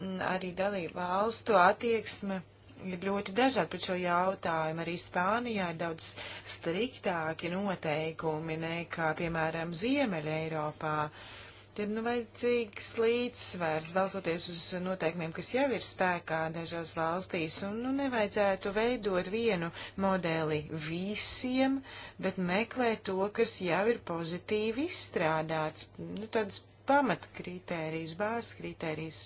mm, arī dalība valstu attieksme ir ļoti dažādi par šo jautājumu. Arī Spānijā ir daudz striktāki noteikumi nekā, piemēram, Ziemeļa Eiropā. Tad, nu, vajadzīgs līdzsvers, balstoties uz noteikumiem, kas jau ir spēkā dažās valstīs, un, nu, nevajadzētu veidot vienu modeli visiem, bet meklēt to, kas jau ir pozitīvi izstrādāts, nu, tāds pamatkritērijs, bāzes kritērijs. Bāz kritērijs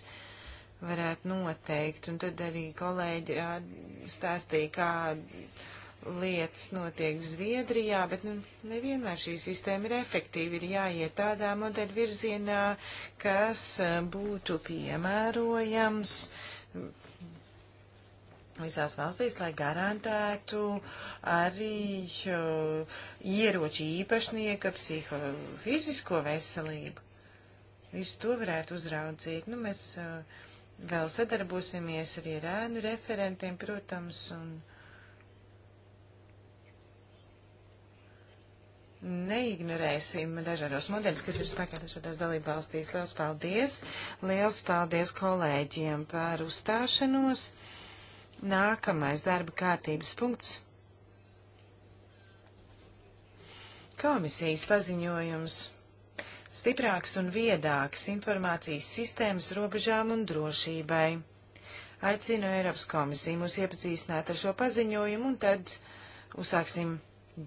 varētu noteikt. Un tad arī kolēģi stāstīja, kā lietas notiek Zviedrijā, bet nu, nevienmēr šī sistēma ir efektīva. Ir jāiet tādā modeļa virzienā, kas e, būtu piemērojams visās valstīs, lai garantētu arī e, ieroču īpašnieka psihofizisko veselību. Visu to varētu uzraudzīt. Nu, mēs uh, Vēl sadarbosimies arī ar ēnu referentiem, protams, un neignorēsim dažādos modeļus, kas ir spēkā dažādās dalībvalstīs. Liels paldies! Liels paldies kolēģiem par uzstāšanos! Nākamais darba kārtības punkts. Komisijas paziņojums stiprāks un viedāks informācijas sistēmas robežām un drošībai. Aicinu Eiropas komisiju mūs iepazīstināt ar šo paziņojumu un tad uzsāksim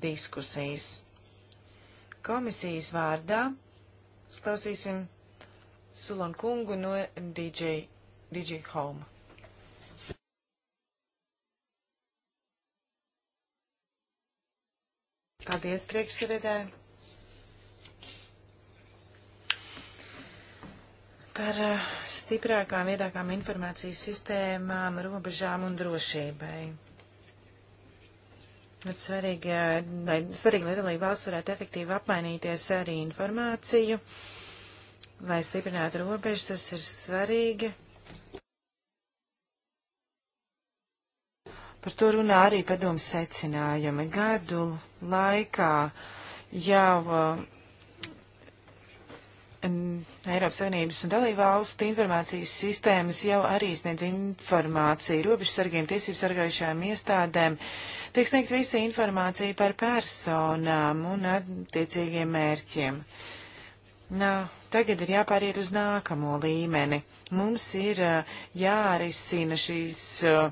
diskusijas. Komisijas vārdā sklausīsim Sulon kungu no DJ, DJ Home. Paldies, priekšsēdētāji! par eh, stiprākām, viedākām informācijas sistēmām, robežām un drošībai. Ir svarīgi, eh, lai, svarīgi, lai dalība valsts varētu efektīvi apmainīties arī informāciju, lai stiprinātu robežas, tas ir svarīgi. Par to runā arī padomu secinājumi. Gadu laikā jau uh, Eiropas Savienības un dalībvalstu informācijas sistēmas jau arī sniedz informāciju robežsargiem, tiesību sargājušajām iestādēm. Tiek sniegt visa informācija par personām un attiecīgiem mērķiem. Nā, tagad ir jāpāriet uz nākamo līmeni. Mums ir jārisina šīs uh,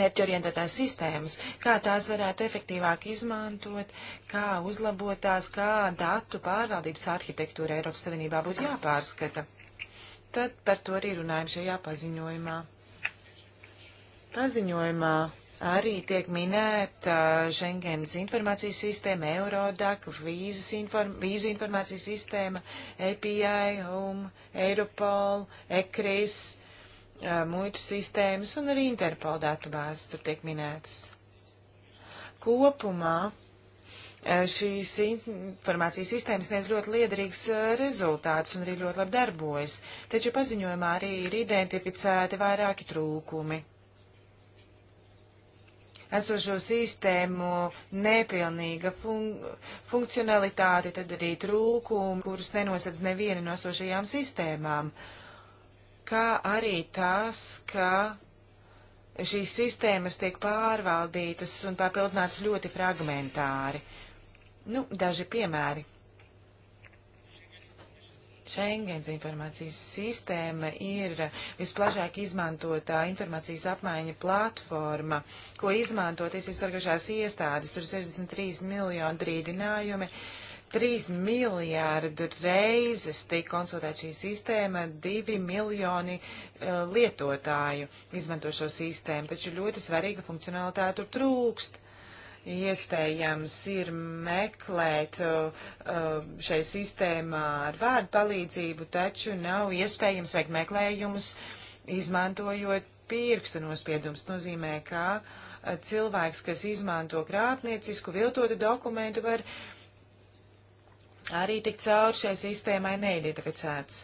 mērķorientētās sistēmas, kā tās varētu efektīvāk izmantot, kā uzlabot tās, kā datu pārvaldības arhitektūra Eiropas Savienībā būtu jāpārskata. Tad par to arī runājam šajā paziņojumā. Paziņojumā arī tiek minēta Schengens informācijas sistēma, Eurodac, vīzas inform, vīzu informācijas sistēma, API, e Home, Europol, ECRIS muitu sistēmas un arī Interpol datubāzes tur tiek minētas. Kopumā šīs informācijas sistēmas sniedz ļoti liederīgs rezultāts un arī ļoti labi darbojas, taču paziņojumā arī ir identificēti vairāki trūkumi. Esošo sistēmu nepilnīga fun funkcionalitāte, tad arī trūkumi, kurus nenosedz neviena no esošajām sistēmām. Uh, kā arī tas, ka šīs sistēmas tiek pārvaldītas un papildināts ļoti fragmentāri. Nu, daži piemēri. Schengens informācijas sistēma ir visplašāk izmantotā informācijas apmaiņa platforma, ko izmanto tiesības sargašās iestādes. Tur 63 miljoni brīdinājumi. Uh, 3 miljārdu reizes tika konsultēta šī sistēma, 2 miljoni uh, lietotāju izmanto šo sistēmu, taču ļoti svarīga funkcionalitāte tur trūkst. Iespējams ir meklēt uh, šai sistēmā ar vārdu palīdzību, taču nav iespējams veikt meklējumus, izmantojot pirksta nospiedums. Nozīmē, ka cilvēks, kas izmanto krāpniecisku viltotu dokumentu, var uh, arī tik cauri šai sistēmai neidentificēts.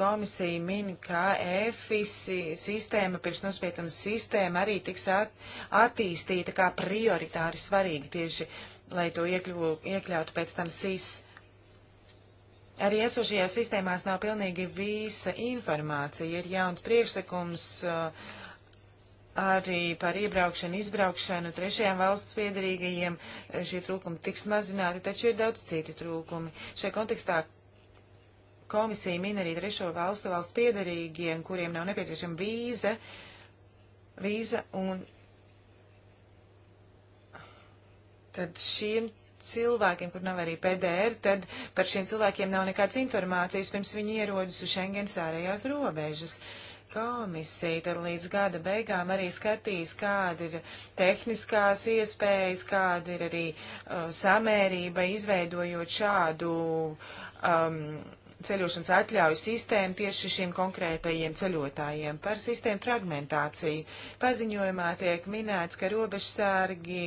Komisija min, ka EFIS sistēma, pirmsnospietams sistēma arī tiks at, attīstīta kā prioritāri svarīga tieši, lai to iekļu, iekļautu pēc tam SIS. Arī esošajās sistēmās nav pilnīgi visa informācija, ir jauns priekšlikums. Uh, arī par iebraukšanu, izbraukšanu trešajām valsts piedarīgajiem. Šie trūkumi tiks mazināti, taču ir daudz citi trūkumi. Šajā kontekstā komisija min arī trešo valstu valsts piedarīgiem, kuriem nav nepieciešama vīza, vīza un tad šiem cilvēkiem, kur nav arī PDR, tad par šiem cilvēkiem nav nekādas informācijas, pirms viņi ierodas uz Schengens ārējās robežas. Uh, Komisija tad līdz gada beigām arī skatīs, kāda ir tehniskās iespējas, kāda ir arī uh, samērība, izveidojot šādu um, ceļošanas atļauju sistēmu tieši šiem konkrētajiem ceļotājiem. Par sistēmu fragmentāciju paziņojumā tiek minēts, ka robežsārgi,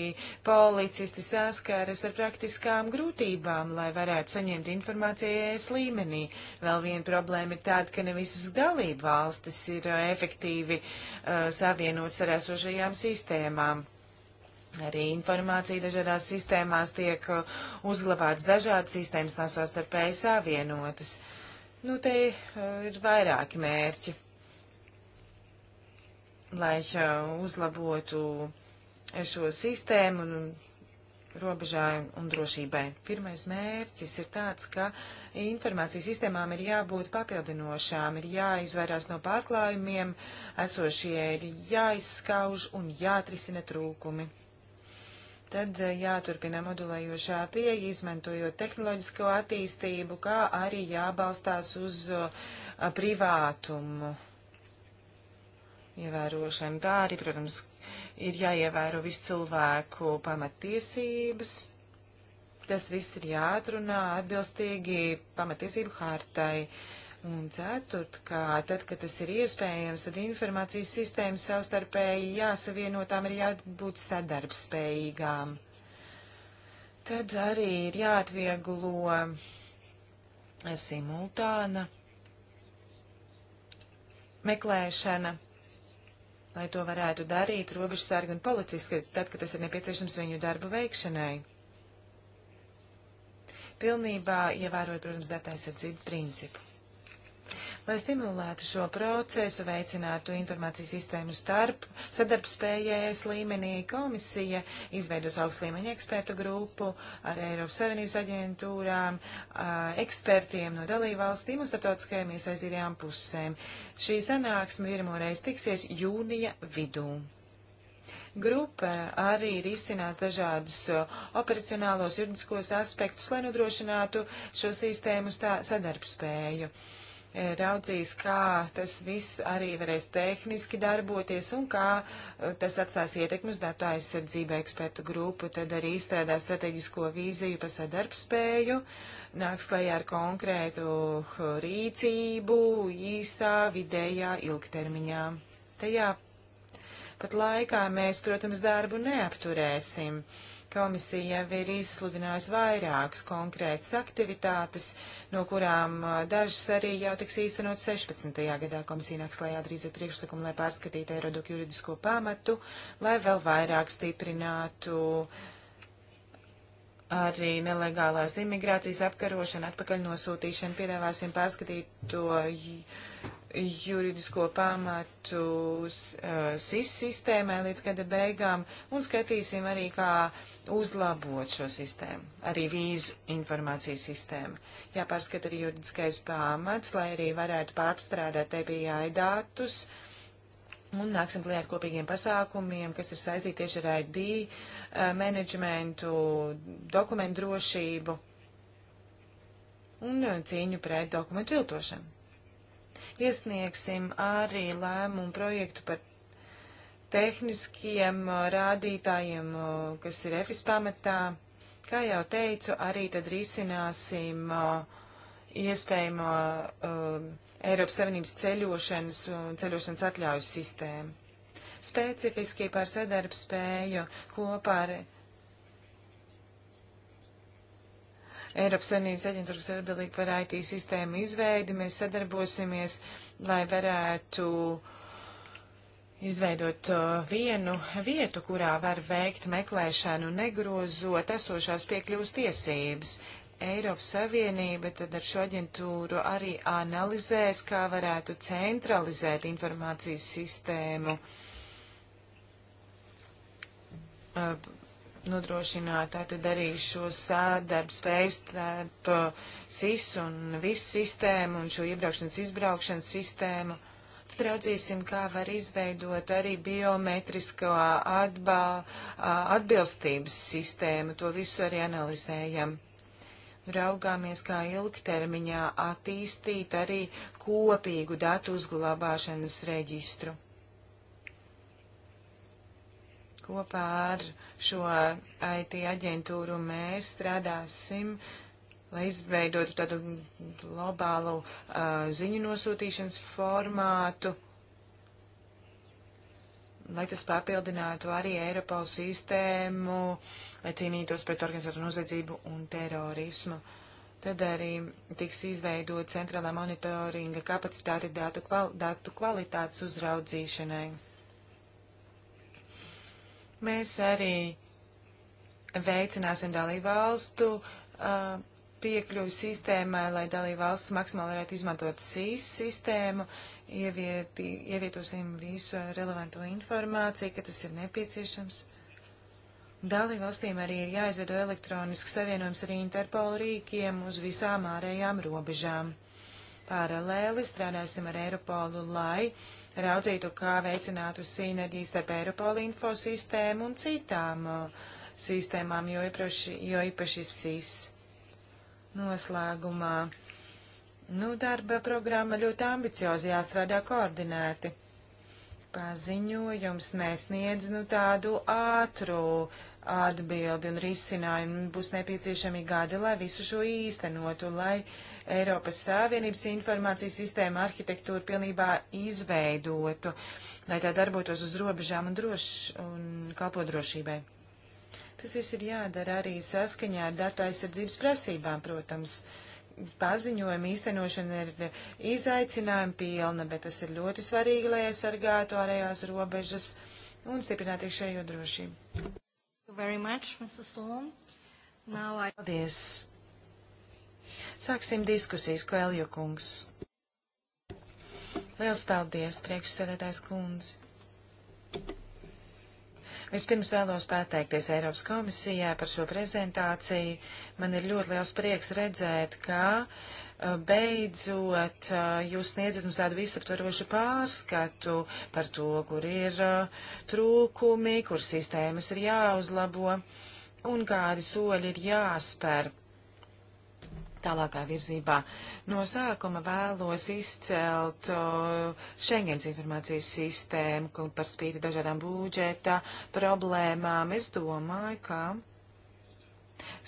policisti saskaras ar praktiskām grūtībām, lai varētu saņemt informāciju ES līmenī. Vēl viena problēma ir tāda, ka ne visas dalību valstis ir uh, efektīvi uh, savienotas ar esošajām sistēmām. Arī informācija dažādās sistēmās tiek uh, uzglabāts dažādas sistēmas, nav savstarpēji savienotas. Nu, te uh, ir vairāki mērķi, lai uh, uzlabotu šo sistēmu un robežai un drošībai. Pirmais mērķis ir tāds, ka informācijas sistēmām ir jābūt papildinošām, ir jāizvairās no pārklājumiem, esošie ir jāizskauž un jāatrisina trūkumi. Tad eh, jāturpina modulējošā pieeja, izmantojot tehnoloģisko attīstību, kā arī jābalstās uz eh, privātumu ievērošanu. Tā arī, protams, ir jāievēro visu cilvēku pamatiesības. Tas viss ir jāatrunā atbilstīgi pamatiesību hārtai. Uh, Un ceturtkārt, tad, kad tas ir iespējams, tad informācijas sistēmas savstarpēji jāsavienotām ir jābūt sadarbspējīgām. Tad arī ir jāatvieglo simultāna meklēšana, lai to varētu darīt robežsargi un policisti, tad, kad tas ir nepieciešams viņu darbu veikšanai. Pilnībā ievērot, protams, datu aizsardzību principu. Lai stimulētu šo procesu, veicinātu informācijas sistēmu starp sadarbspējējas līmenī, komisija izveidos augstu līmeņu ekspertu grupu ar Eiropas Savienības aģentūrām, ekspertiem no dalībvalstīm un starptautiskajām iesaistītajām pusēm. Šī sanāksme pirmoreiz tiksies jūnija vidū. Grupa arī risinās dažādus operacionālos juridiskos aspektus, lai nodrošinātu šo sistēmu sadarbspēju raudzīs, kā tas viss arī varēs tehniski darboties un kā tas atstās ietekmi uz datu aizsardzību ekspertu grupu, tad arī izstrādā strateģisko vīziju par sadarbspēju, nāks klajā ar konkrētu rīcību īsā, vidējā, ilgtermiņā. Tajā pat laikā mēs, protams, darbu neapturēsim. Uh, Komisija jau ir izsludinājusi vairākas konkrētas aktivitātes, no kurām dažas arī jau tiks īstenot 16. gadā. Komisija nāks klajā drīz ar priekšlikumu, lai pārskatītu Eirodoku juridisko pamatu, lai vēl vairāk stiprinātu arī nelegālās imigrācijas apkarošanu, atpakaļ nosūtīšanu. Piedāvāsim pārskatīt to. J juridisko pamatu eh, SIS sistēmai līdz gada beigām un skatīsim arī, kā uzlabot šo sistēmu, arī vīzu informācijas sistēmu. Jāpārskat arī juridiskais pamats, lai arī varētu pārstrādāt TPI e datus un nāksim klajā ar kopīgiem pasākumiem, kas ir saistīti tieši ar ID eh, menedžmentu, dokumentu drošību un eh, cīņu pret dokumentu viltošanu. Iesniegsim arī lēmumu projektu par tehniskiem uh, rādītājiem, uh, kas ir EFIS pamatā. Kā jau teicu, arī tad risināsim uh, iespējamo Eiropas Savienības ceļošanas un ceļošanas atļaujas sistēmu. Specifiski par sadarbspēju kopā ar Eiropas Savienības aģentūra, kas ir atbildīga par IT sistēmu izveidi. Mēs sadarbosimies, lai varētu izveidot uh, vienu vietu, kurā var veikt meklēšanu, negrozot esošās piekļuvas tiesības. Eiropas Savienība tad ar šo aģentūru arī analizēs, kā varētu centralizēt informācijas sistēmu uh, nodrošināt tātad arī šo sādarbu spēju starp uh, SIS un visu sistēmu un šo iebraukšanas izbraukšanas sistēmu. Tad raudzīsim, kā var izveidot arī biometrisko atbal, uh, atbilstības sistēmu. To visu arī analizējam. Raugāmies, kā ilgtermiņā attīstīt arī kopīgu datu uzglabāšanas reģistru. Kopā ar uh, šo IT aģentūru, mēs strādāsim, lai izveidotu tādu globālu uh, ziņu nosūtīšanas formātu, lai tas papildinātu arī Eiropas sistēmu, lai cīnītos pret organizētu noziedzību un terorismu. Tad arī tiks izveidot centrālā monitoringa kapacitāte datu, kval datu kvalitātes uzraudzīšanai. Mēs arī veicināsim dalību valstu uh, piekļuvi sistēmai, lai dalību valsts maksimāli varētu izmantot SIS sistēmu, ievieti, ievietosim visu relevanto informāciju, ka tas ir nepieciešams. Dalību valstīm arī ir jāizveido elektronisks savienojums ar Interpolu rīkiem uz visām ārējām robežām. Paralēli strādāsim ar Eiropolu, lai uh, raudzītu, kā veicinātu sinerģijas starp Eiropola infosistēmu un citām sistēmām, jo īpaši, jo īpaši SIS noslēgumā. Nu, darba programma ļoti ambiciozi jāstrādā koordinēti. Paziņojums nesniedz nu, tādu ātru atbildi un risinājumu. Būs nepieciešami gadi, lai visu šo īstenotu, lai uh, Eiropas Savienības informācijas sistēma arhitektūru pilnībā izveidotu, lai tā darbotos uz robežām un, droš, un kalpo drošībai. Tas viss ir jādara arī saskaņā ar datu aizsardzības prasībām, protams paziņojuma īstenošana ir izaicinājuma pilna, bet tas ir ļoti svarīgi, lai aizsargātu ārējās robežas un stiprinātu iekšējo drošību. Much, I... Paldies! Sāksim diskusijas, ko Elju kungs. Liels paldies, priekšsēdētājs kundze. Vispirms vēlos pateikties Eiropas komisijā par šo prezentāciju. Man ir ļoti liels prieks redzēt, ka beidzot jūs sniedzat mums tādu visaptvarošu pārskatu par to, kur ir trūkumi, kur sistēmas ir jāuzlabo un kādi soļi ir jāspēr tālākā virzībā. No sākuma vēlos izcelt Schengens informācijas sistēmu, kur par spīti dažādām budžeta problēmām. Es domāju, ka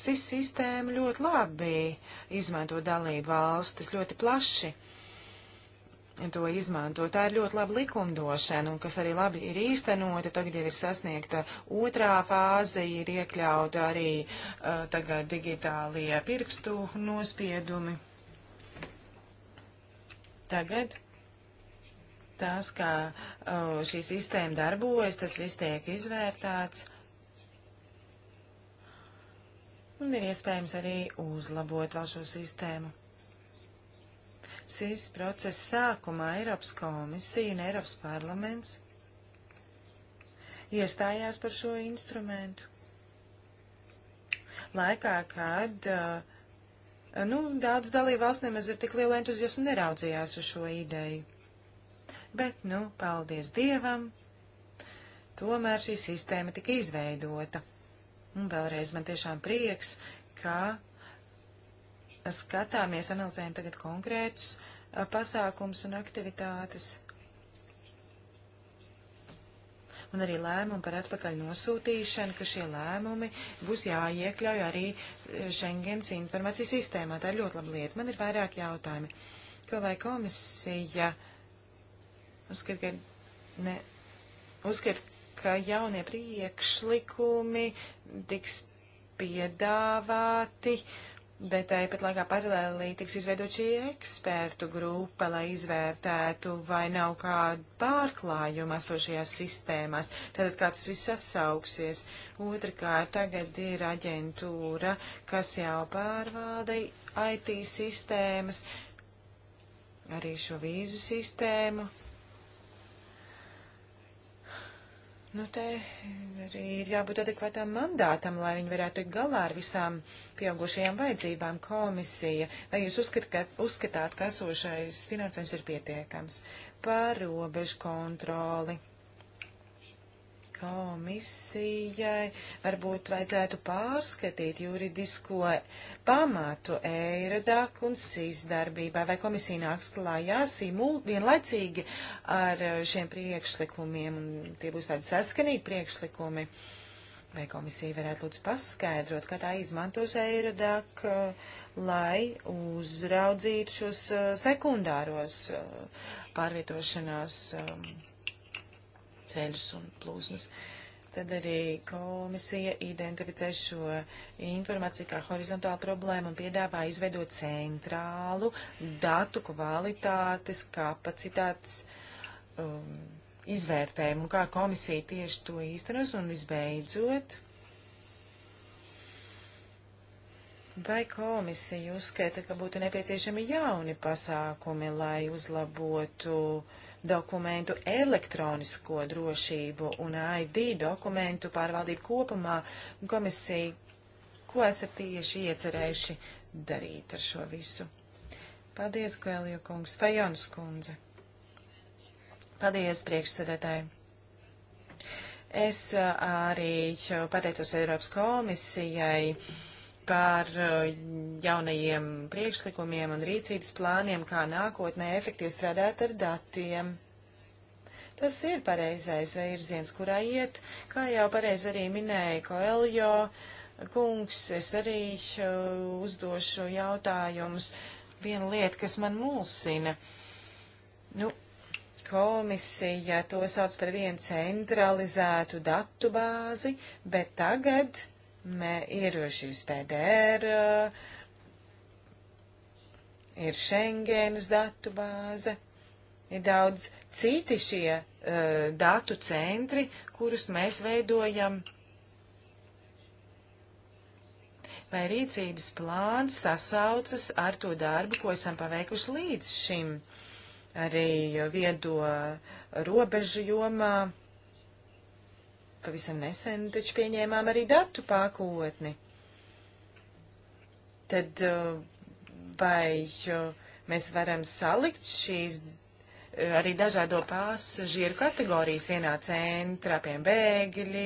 SIS sistēma ļoti labi izmanto dalību valstis ļoti plaši to izmanto. Tā ir ļoti laba likumdošana, un kas arī labi ir īstenota. Tagad jau ir sasniegta otrā fāze, ir iekļauta arī uh, tagad digitālie pirkstu nospiedumi. Tagad tas, kā uh, šī sistēma darbojas, tas viss tiek izvērtāts. Un ir iespējams arī uzlabot vēl šo sistēmu. CIS procesa sākumā Eiropas komisija un Eiropas parlaments iestājās par šo instrumentu. Laikā, kad uh, nu, daudz dalību valstīm mēs ar tik lielu entuziasmu neraudzījās uz šo ideju. Bet, nu, paldies Dievam, tomēr šī sistēma tika izveidota. Un vēlreiz man tiešām prieks, ka skatāmies, analizējam tagad konkrētus pasākums un aktivitātes. Un arī lēmumu par atpakaļ nosūtīšanu, ka šie lēmumi būs jāiekļauj arī e, Schengens informācijas sistēmā. Tā ir ļoti laba lieta. Man ir vairāk jautājumi. Ko vai komisija uzskat, ka, ne, uzskat, ka jaunie priekšlikumi tiks piedāvāti? Uh, Bet tāpat laikā paralēlī tiks izveidot šī ekspertu grupa, lai izvērtētu, vai nav kāda pārklājuma esošajās sistēmās. Tātad kā tas viss sasauksies. Otrakārt, tagad ir aģentūra, kas jau pārvalda IT sistēmas, arī šo vīzu sistēmu. Nu, te arī ir jābūt adekvātām mandātam, lai viņi varētu tikt galā ar visām pieaugušajām vajadzībām komisija. Vai jūs uzskatāt, uzskatāt ka esošais finansējums ir pietiekams? Par robežu kontroli komisijai varbūt vajadzētu pārskatīt juridisko pamatu eirodak un sīsdarbībā, vai komisija nāks klājā simul, vienlaicīgi ar šiem priekšlikumiem, un tie būs tādi saskanīgi priekšlikumi. Vai komisija varētu lūdzu paskaidrot, kā tā izmantos eirodak, lai uzraudzītu šos eh, sekundāros eh, pārvietošanās um, ceļus un plūsmas. Tad arī komisija identificē šo informāciju kā horizontālu problēmu un piedāvā izveidot centrālu datu kvalitātes, kapacitātes um, izvērtējumu, kā komisija tieši to īstenos un visbeidzot. Vai komisija uzskata, ka būtu nepieciešami jauni pasākumi, lai uzlabotu uh, dokumentu elektronisko drošību un ID dokumentu pārvaldību kopumā. Komisija, ko esat tieši iecerējuši darīt ar šo visu? Paldies, Gēlija kungs, Fajonas kundze. Paldies, priekšsēdētāji. Es uh, arī pateicos Eiropas komisijai par eh, jaunajiem priekšlikumiem un rīcības plāniem, kā nākotnē efektīvi strādāt ar datiem. Tas ir pareizais virziens, kurā iet, kā jau pareizi arī minēja Koeljo kungs, es arī eh, uzdošu jautājumus. Viena lieta, kas man mulsina, nu, komisija to sauc par vienu centralizētu datu bāzi, bet tagad ir šīs PDR, ir Schengenas datu bāze, ir daudz citi šie uh, datu centri, kurus mēs veidojam. Vai rīcības plāns sasaucas ar to darbu, ko esam paveikuši līdz šim, arī viedo robežu jomā? Pavisam nesen taču pieņēmām arī datu pakotni. Tad uh, vai uh, mēs varam salikt šīs uh, arī dažādo pasažieru kategorijas vienā centrā, piemēram, bēgļi,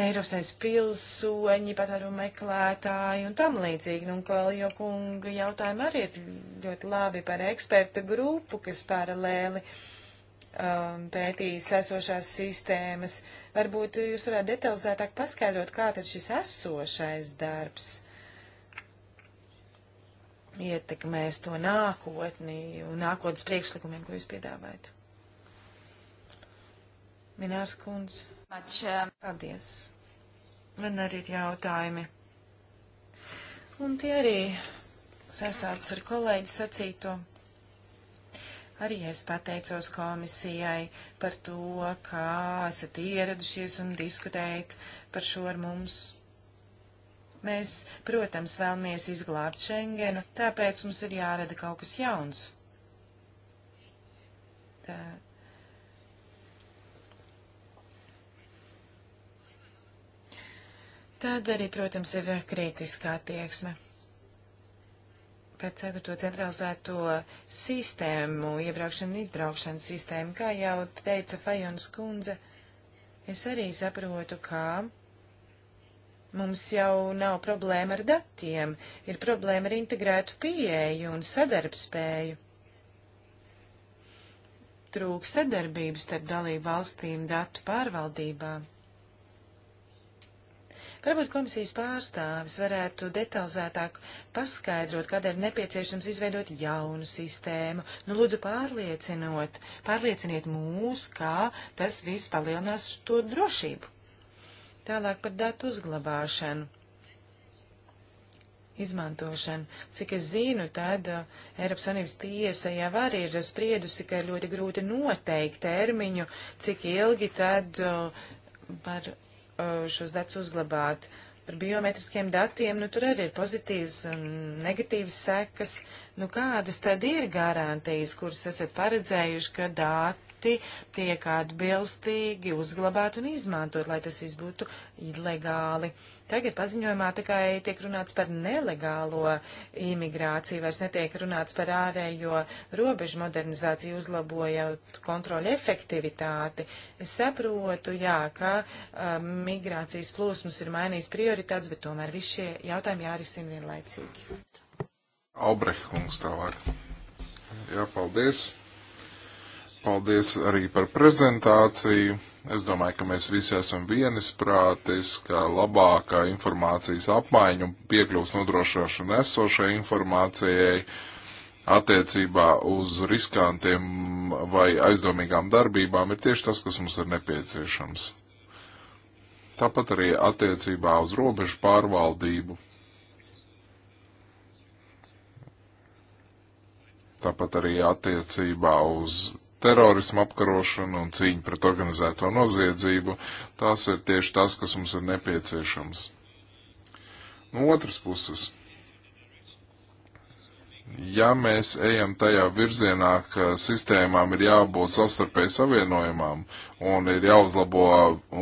Eirosais pilsoņi, patvērumu meklētāji un tam līdzīgi. Nu, Kaljo kunga jautājumi arī ir ļoti labi par eksperta grupu, kas paralēli um, pētīs esošās sistēmas. Uh, Varbūt jūs varētu detalizētāk paskaidrot, kā tad šis esošais darbs ietekmēs to nākotni un nākotnes priekšlikumiem, ko jūs piedāvājat. Minārs kundz. Um, Paldies. Man arī ir jautājumi. Un tie arī sasācis ar kolēģi sacīto. Arī es pateicos komisijai par to, kā esat ieradušies un diskutējat par šo ar mums. Mēs, protams, vēlamies izglābt Schengenu, tāpēc mums ir jārada kaut kas jauns. Tā. Tad arī, protams, ir kritiskā tieksme par ceturto centralizēto sistēmu, iebraukšanu un izbraukšanu sistēmu. Kā jau teica Fajonas kundze, es arī saprotu, kā mums jau nav problēma ar datiem, ir problēma ar integrētu pieeju un sadarbspēju. Trūks sadarbības starp dalību valstīm datu pārvaldībā. Varbūt komisijas pārstāvis varētu detalizētāk paskaidrot, kādēļ nepieciešams izveidot jaunu sistēmu. Nu, lūdzu, pārliecinot, pārlieciniet mūs, kā tas viss palielinās to drošību. Tālāk par datu uzglabāšanu izmantošanu. Cik es zinu, tad uh, Eiropas Savienības tiesa jau arī ir spriedusi, ka ir ļoti grūti noteikt termiņu, cik ilgi tad uh, var Eh, šos datus uzglabāt. Par biometriskiem datiem, nu tur arī ir pozitīvas un negatīvas sekas. Nu kādas tad ir garantijas, kuras esat paredzējuši, ka dati tiek atbilstīgi uzglabāt un izmantot, lai tas viss būtu legāli? Uh, Tagad paziņojumā tikai tiek runāts par nelegālo imigrāciju, vairs netiek runāts par ārējo robežu modernizāciju, uzlabojot kontroļu efektivitāti. Es saprotu, jā, ka um, migrācijas plūsmas ir mainījis prioritātes, bet tomēr visi šie jautājumi jārisina vienlaicīgi. Albrecht kungs tā var. Jā, paldies. Paldies arī par prezentāciju. Es domāju, ka mēs visi esam vienisprātis, ka labākā informācijas apmaiņa un piekļūs nodrošināšana esošai informācijai attiecībā uz riskantiem vai aizdomīgām darbībām ir tieši tas, kas mums ir nepieciešams. Tāpat arī attiecībā uz robežu pārvaldību. Tāpat arī attiecībā uz terorismu apkarošanu un cīņu pret organizēto noziedzību. Tās ir tieši tas, kas mums ir nepieciešams. No otras puses, ja mēs ejam tajā virzienā, ka sistēmām ir jābūt savstarpēji savienojumām un ir jāuzlabo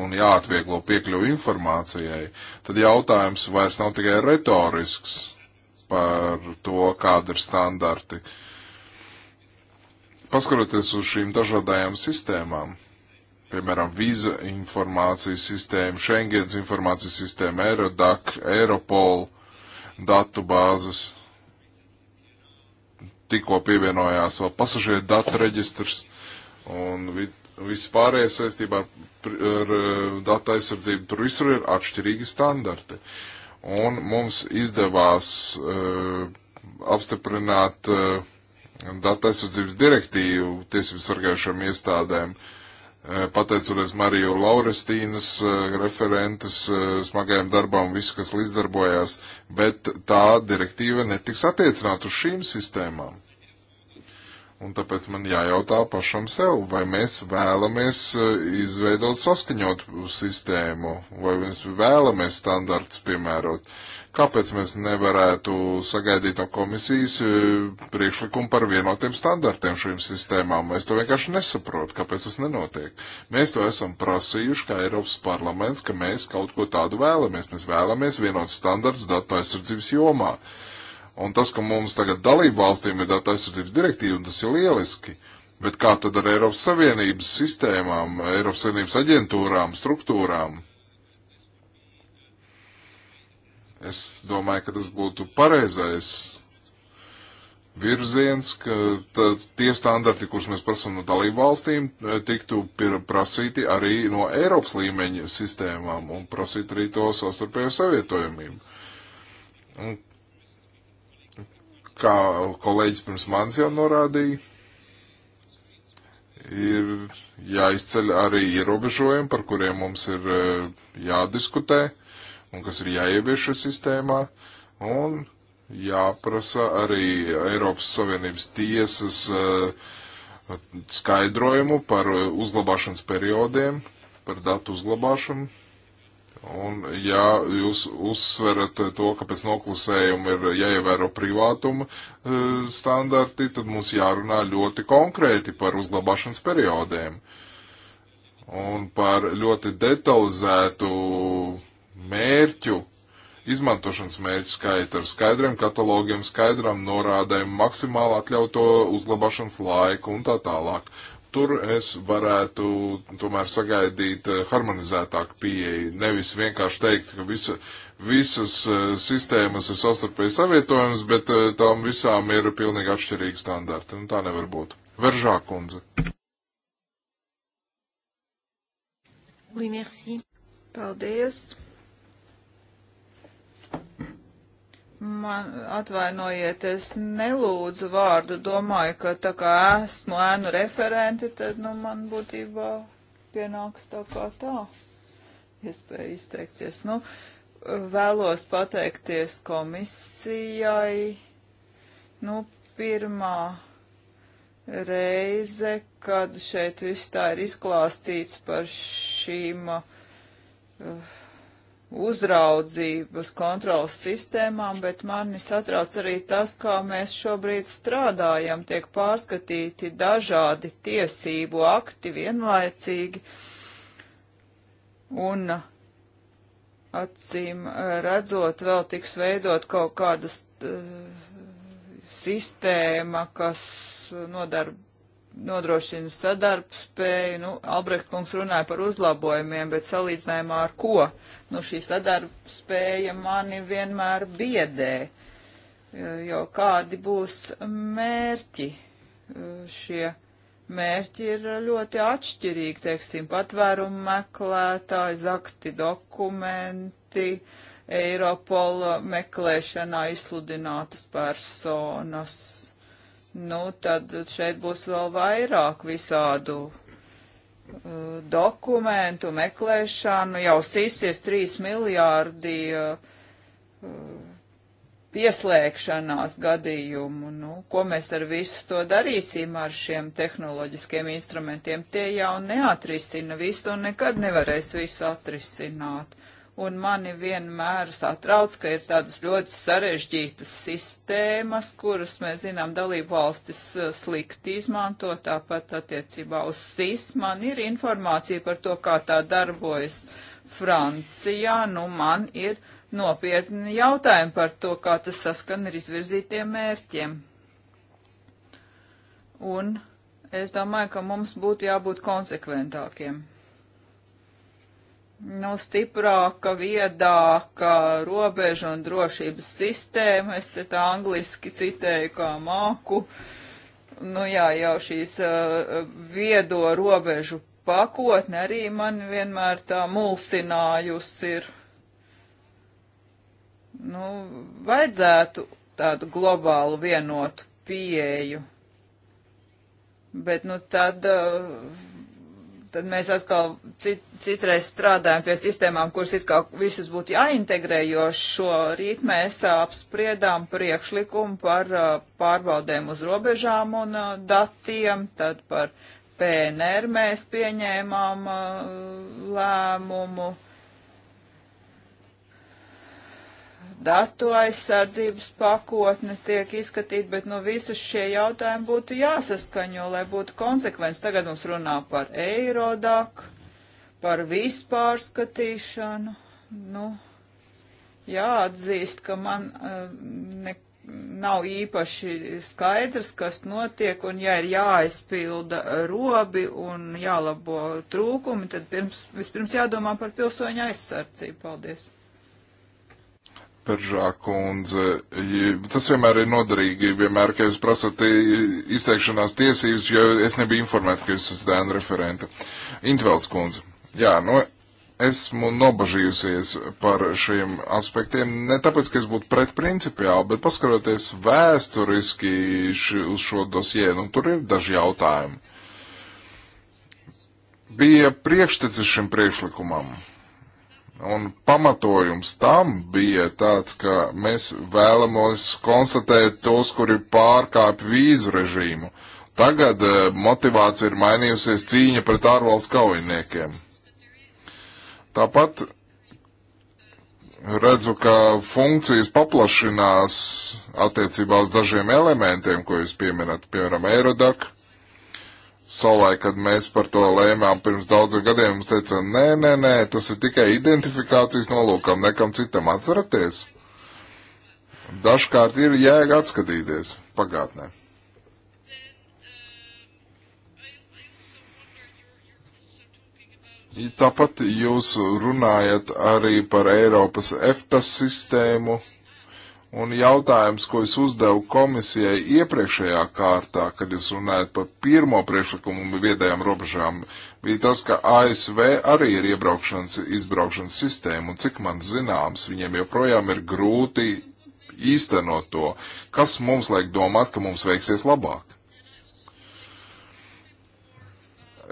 un jāatvieglo piekļuvu informācijai, tad jautājums vairs nav tikai retorisks par to, kāda ir standarti. Uh, Paskatoties uz šīm dažādajām sistēmām, piemēram, vīza informācijas sistēma, Schengens informācijas sistēma, Aerodac, Europol, datu bāzes, tikko pievienojās vēl pasažieru datu reģistrs un viss pārējais saistībā ar, ar e, datu aizsardzību. Tur visur ir atšķirīgi standarti. Un mums izdevās uh, apstiprināt uh, datu aizsardzības direktīvu tiesību sargājušām iestādēm. Eh, pateicoties Mariju Laurestīnas eh, referentes eh, smagajam darbam, visu, kas līdzdarbojās, bet tā direktīva netiks attiecināta uz šīm sistēmām. Un tāpēc man jājautā pašam sev, vai mēs vēlamies izveidot saskaņotu sistēmu, vai mēs vēlamies standarts piemērot. Kāpēc mēs nevarētu sagaidīt no komisijas e, priekšlikumu par vienotiem standartiem šīm sistēmām? Es to vienkārši nesaprotu, kāpēc tas nenotiek. Mēs to esam prasījuši, kā Eiropas parlaments, ka mēs kaut ko tādu vēlamies. Mēs vēlamies vienots standarts datu aizsardzības jomā. Un tas, ka mums tagad dalību valstīm ir datu aizsardzības direktīva, tas ir lieliski. Bet kā tad ar Eiropas Savienības sistēmām, Eiropas Savienības aģentūrām, struktūrām? Es domāju, ka tas būtu pareizais virziens, ka tad tie standarti, kurus mēs prasām no dalību valstīm, e, tiktu prasīti arī no Eiropas līmeņa sistēmām un prasīt arī to sastarpējo savietojamību. Un, kā kolēģis pirms manis jau norādīja, ir jāizceļ arī ierobežojumi, par kuriem mums ir e, jādiskutē. Uh, un kas ir jāievieš sistēmā, un jāprasa arī Eiropas Savienības tiesas eh, skaidrojumu par uzglabāšanas periodiem, par datu uzglabāšanu. Un, ja jūs uzsverat to, ka pēc noklusējuma ir jāievēro privātuma eh, standarti, tad mums jārunā ļoti konkrēti par uzglabāšanas periodiem un par ļoti detalizētu mērķu, izmantošanas mērķu skaitu ar skaidriem katalogiem, skaidram norādēm, maksimāli atļauto uzlabošanas laiku un tā tālāk. Tur es varētu tomēr sagaidīt eh, harmonizētāku pieeju, nevis vienkārši teikt, ka visa, visas eh, sistēmas ir savstarpēji savietojamas, bet eh, tām visām ir pilnīgi atšķirīgi standarti. Un tā nevar būt. Veržā kundze. Oui, merci. Paldies. Man atvainojiet, es nelūdzu vārdu, domāju, ka tā kā esmu ēnu referenti, tad nu, man būtībā pienāks tā kā tā iespēja izteikties. Nu, vēlos pateikties komisijai. Nu, pirmā reize, kad šeit viss tā ir izklāstīts par šīm. Uh, uzraudzības kontrolas sistēmām, bet mani satrauc arī tas, kā mēs šobrīd strādājam, tiek pārskatīti dažādi tiesību akti vienlaicīgi un acīm redzot vēl tiks veidot kaut kādas uh, sistēma, kas nodar, nodrošina sadarbspēju. Nu, Albrecht kungs runāja par uzlabojumiem, bet salīdzinājumā ar ko? Nu, šī sadarbspēja mani vienmēr biedē, jo kādi būs mērķi šie. Mērķi ir ļoti atšķirīgi, teiksim, patvērumu meklētāji, zakti dokumenti, Eiropola meklēšanā izsludinātas personas, nu tad šeit būs vēl vairāk visādu uh, dokumentu meklēšanu, jau sīsies 3 miljārdi uh, pieslēgšanās gadījumu. Nu, ko mēs ar visu to darīsim ar šiem tehnoloģiskiem instrumentiem? Tie jau neatrisina visu un nekad nevarēs visu atrisināt. Uh, un mani vienmēr satrauc, ka ir tādas ļoti sarežģītas sistēmas, kuras mēs zinām dalību valstis eh, slikti izmanto, tāpat attiecībā uz SIS. Man ir informācija par to, kā tā darbojas Francijā, nu man ir nopietni jautājumi par to, kā tas saskan ar izvirzītiem mērķiem. Un es domāju, ka mums būtu jābūt konsekventākiem nu, stiprāka, viedāka robeža un drošības sistēma. Es te tā angliski citēju, kā māku. Nu jā, jau šīs uh, viedo robežu pakotne arī man vienmēr tā mulsinājusi ir. Nu, vajadzētu tādu globālu vienotu pieeju. Bet, nu, tad uh, tad mēs atkal cit, citreiz strādājam pie sistēmām, kuras it kā visas būtu jāintegrē, jo šorīt mēs apspriedām priekšlikumu par pārbaudēm uz robežām un datiem, tad par PNR mēs pieņēmām lēmumu datu aizsardzības pakotne tiek izskatīta, bet nu visus šie jautājumi būtu jāsaskaņo, lai būtu konsekvence. Tagad mums runā par eirodaku, par vispārskatīšanu. Nu, jāatzīst, ka man eh, ne, nav īpaši skaidrs, kas notiek, un ja ir jāaizpilda robi un jālabo trūkumi, tad pirms, vispirms jādomā par pilsoņu aizsardzību. Paldies! Peržā kundze, tas vienmēr ir noderīgi, vienmēr, ka jūs prasat izteikšanās tiesības, jo es nebiju informēta, ka jūs esat dēna referente. Intvelds kundze, jā, nu, esmu nobažījusies par šiem aspektiem, ne tāpēc, ka es būtu pret principiāli, bet paskaroties vēsturiski uz šo dosie, nu, tur ir daži jautājumi. Bija priekšteci šim priekšlikumam Un pamatojums tam bija tāds, ka mēs vēlamos konstatēt tos, kuri pārkāpj vīzu režīmu. Tagad eh, motivācija ir mainījusies cīņa pret ārvalstu kaujiniekiem. Tāpat redzu, ka funkcijas paplašinās attiecībā uz dažiem elementiem, ko jūs pieminat, piemēram, Eirodak. Saulē, kad mēs par to lēmām pirms daudziem gadiem, mums teica, nē, nē, nē, tas ir tikai identifikācijas nolūkam, nekam citam atceraties. Dažkārt ir jēga atskatīties pagātnē. Tāpat jūs runājat arī par Eiropas EFTA sistēmu. Un jautājums, ko es uzdevu komisijai iepriekšējā kārtā, kad jūs runājat par pirmo priekšlikumu viedajām robežām, bija tas, ka ASV arī ir iebraukšanas, izbraukšanas sistēma, un cik man zināms, viņiem joprojām ir grūti īstenot to. Kas mums liek domāt, ka mums veiksies labāk?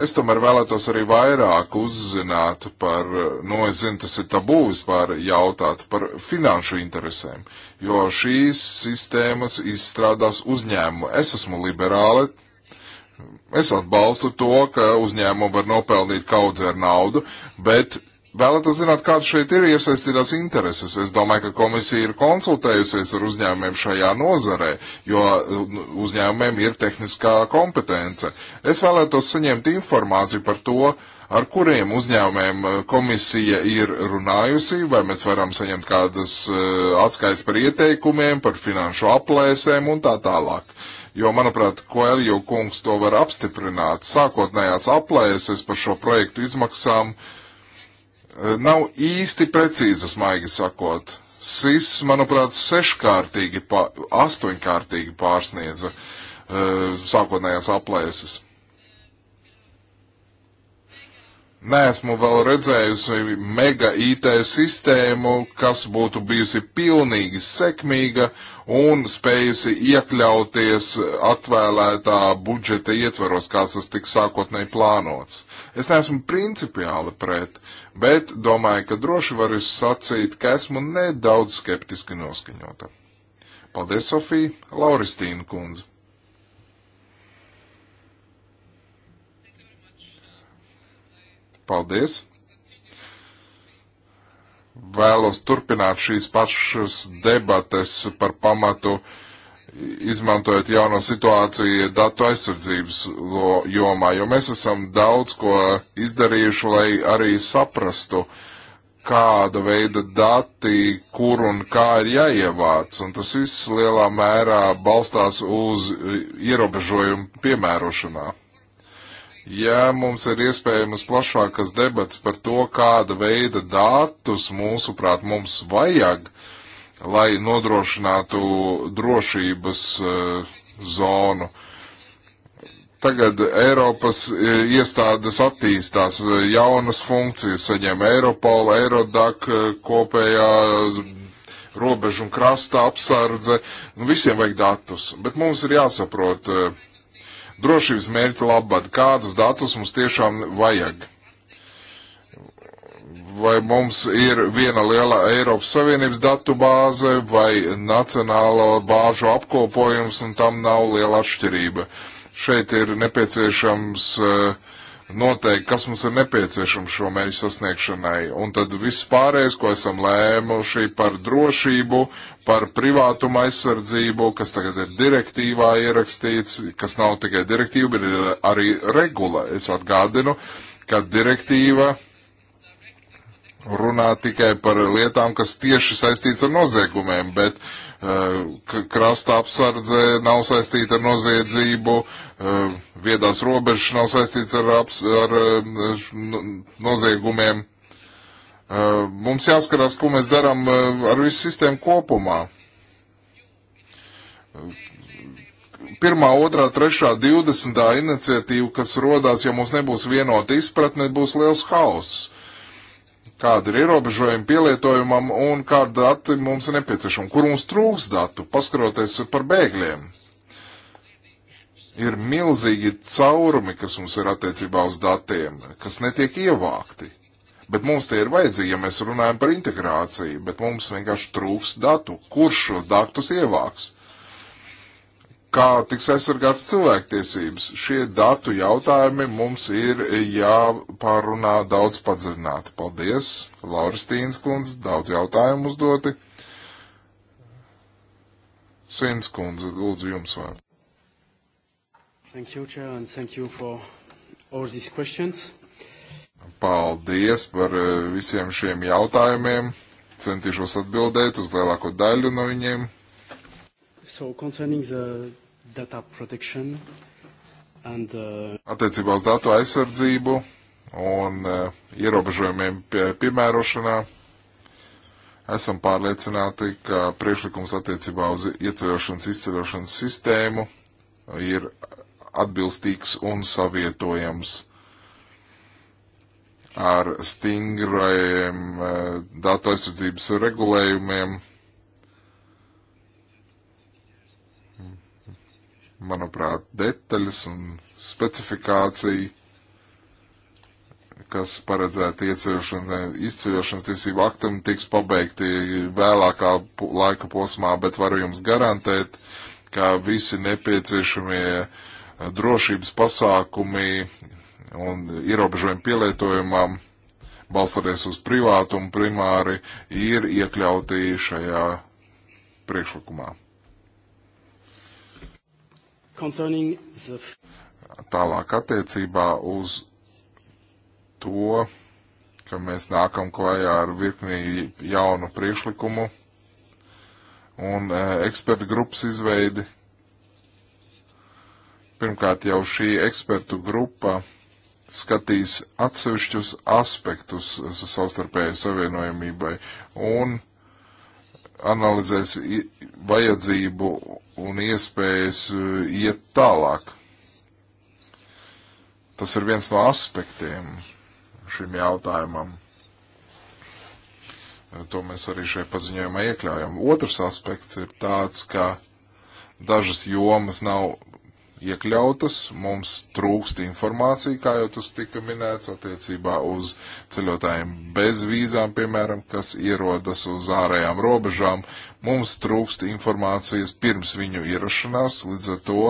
Es tomēr vēlētos arī vairāk uzzināt par, nu, es zinu, tas ir tabū vispār jautāt par finanšu interesēm, jo šīs sistēmas izstrādās uzņēmumu. Es esmu liberāli, es atbalstu to, ka uzņēmumu var nopelnīt kaudzē ar naudu, bet Vēlētos zināt, kāda šeit ir iesaistītās intereses. Es domāju, ka komisija ir konsultējusies ar uzņēmumiem šajā nozarē, jo nu, uzņēmumiem ir tehniskā kompetence. Es vēlētos saņemt informāciju par to, ar kuriem uzņēmumiem eh, komisija ir runājusi, vai mēs varam saņemt kādas eh, atskaits par ieteikumiem, par finanšu aplēsēm un tā tālāk jo, manuprāt, Koelju kungs to var apstiprināt. Sākotnējās aplēses par šo projektu izmaksām uh, Eh, nav īsti precīza, maigi sakot. SIS, manuprāt, seškārtīgi, pa, astoņkārtīgi pārsniedza uh, sākotnējās aplēses. neesmu vēl redzējusi mega IT sistēmu, kas būtu bijusi pilnīgi sekmīga un spējusi iekļauties atvēlētā budžeta ietvaros, kāds tas tik sākotnēji plānots. Es neesmu principiāli pret, bet domāju, ka droši varu sacīt, ka esmu nedaudz skeptiski noskaņota. Paldies, Sofija, Lauristīna kundze. Paldies! Vēlos turpināt šīs pašas debates par pamatu, izmantojot jauno situāciju datu aizsardzības jomā, jo mēs esam daudz ko izdarījuši, lai arī saprastu, kāda veida dati, kur un kā ir jāievāc, un tas viss lielā mērā balstās uz e, ierobežojumu piemērošanā. Ja mums ir iespējams plašākas debats par to, kāda veida datus mūsuprāt mums vajag, lai nodrošinātu drošības uh, zonu. Tagad Eiropas eh, iestādes attīstās, eh, jaunas funkcijas saņem Eiropola, Eirodak, kopējā robežu un krasta apsardze. Nu, visiem vajag datus, bet mums ir jāsaprot, uh, drošības mērķa labad, kādus datus mums tiešām vajag. Vai mums ir viena liela Eiropas Savienības datu bāze vai nacionāla bāžu apkopojums un tam nav liela atšķirība. Šeit ir nepieciešams uh, noteikt, kas mums ir nepieciešams šo mērķu sasniegšanai. Un tad viss pārējais, ko esam lēmuši par drošību, par privātumu aizsardzību, kas tagad ir direktīvā ierakstīts, kas nav tikai direktīva, bet ir arī regula. Es atgādinu, ka direktīva runā tikai par lietām, kas tieši saistīts ar noziegumiem, bet uh, krasta apsardze nav saistīta ar noziedzību, uh, viedās robežas nav saistīts ar, aps, ar uh, noziegumiem. Mums jāskarās, ko mēs darām ar visu sistēmu kopumā. Pirmā, otrā, trešā, divdesmitā iniciatīva, kas rodās, ja mums nebūs vienota izpratne, būs liels hauss kāda ir ierobežojuma pielietojumam un kāda dati mums ir nepieciešama, kur mums trūks datu, paskaroties par bēgļiem. Ir milzīgi caurumi, kas mums ir attiecībā uz datiem, kas netiek ievākti. Bet mums tie ir vajadzīgi, ja mēs runājam par integrāciju, bet mums vienkārši trūks datu, kurš šos datus ievāks kā tiks aizsargāts cilvēktiesības. Šie datu jautājumi mums ir jāpārunā daudz padziļināti. Paldies, Lauristīnas kundze, daudz jautājumu uzdoti. Sins kundze, lūdzu jums vārdu. Thank you, Chair, and thank you for all these questions. Paldies par eh, visiem šiem jautājumiem. Centīšos atbildēt uz lielāko daļu no viņiem. So concerning the data protection and... Uh... Attiecībā uz datu aizsardzību un uh, ierobežojumiem pie, piemērošanā esam pārliecināti, ka priekšlikums attiecībā uz ieceļošanas izceļošanas sistēmu ir atbilstīgs un savietojams ar stingrajiem uh, datu aizsardzības regulējumiem manuprāt, detaļas un specifikācija, kas paredzēta izceļošanas tiesību aktam, tiks pabeigti vēlākā laika posmā, bet varu jums garantēt, ka visi nepieciešamie eh, drošības pasākumi un ierobežojumi pielietojumam, balstoties uz privātumu primāri, ir iekļauti šajā priekšlikumā concerning the... Tālāk attiecībā uz to, ka mēs nākam klajā ar virknī jaunu priekšlikumu un e, ekspertu grupas izveidi. Pirmkārt, jau šī ekspertu grupa skatīs atsevišķus aspektus savstarpējai savienojumībai un analizēs vajadzību un iespējas eh, iet tālāk. Tas ir viens no aspektiem šim jautājumam. Eh, to mēs arī šajā paziņojumā iekļaujam. Otrs aspekts ir tāds, ka dažas jomas nav iekļautas, mums trūkst informācija, kā jau tas tika minēts, attiecībā uz ceļotājiem bez vīzām, piemēram, kas ierodas uz ārējām robežām. Mums trūkst informācijas pirms viņu ierašanās, līdz ar to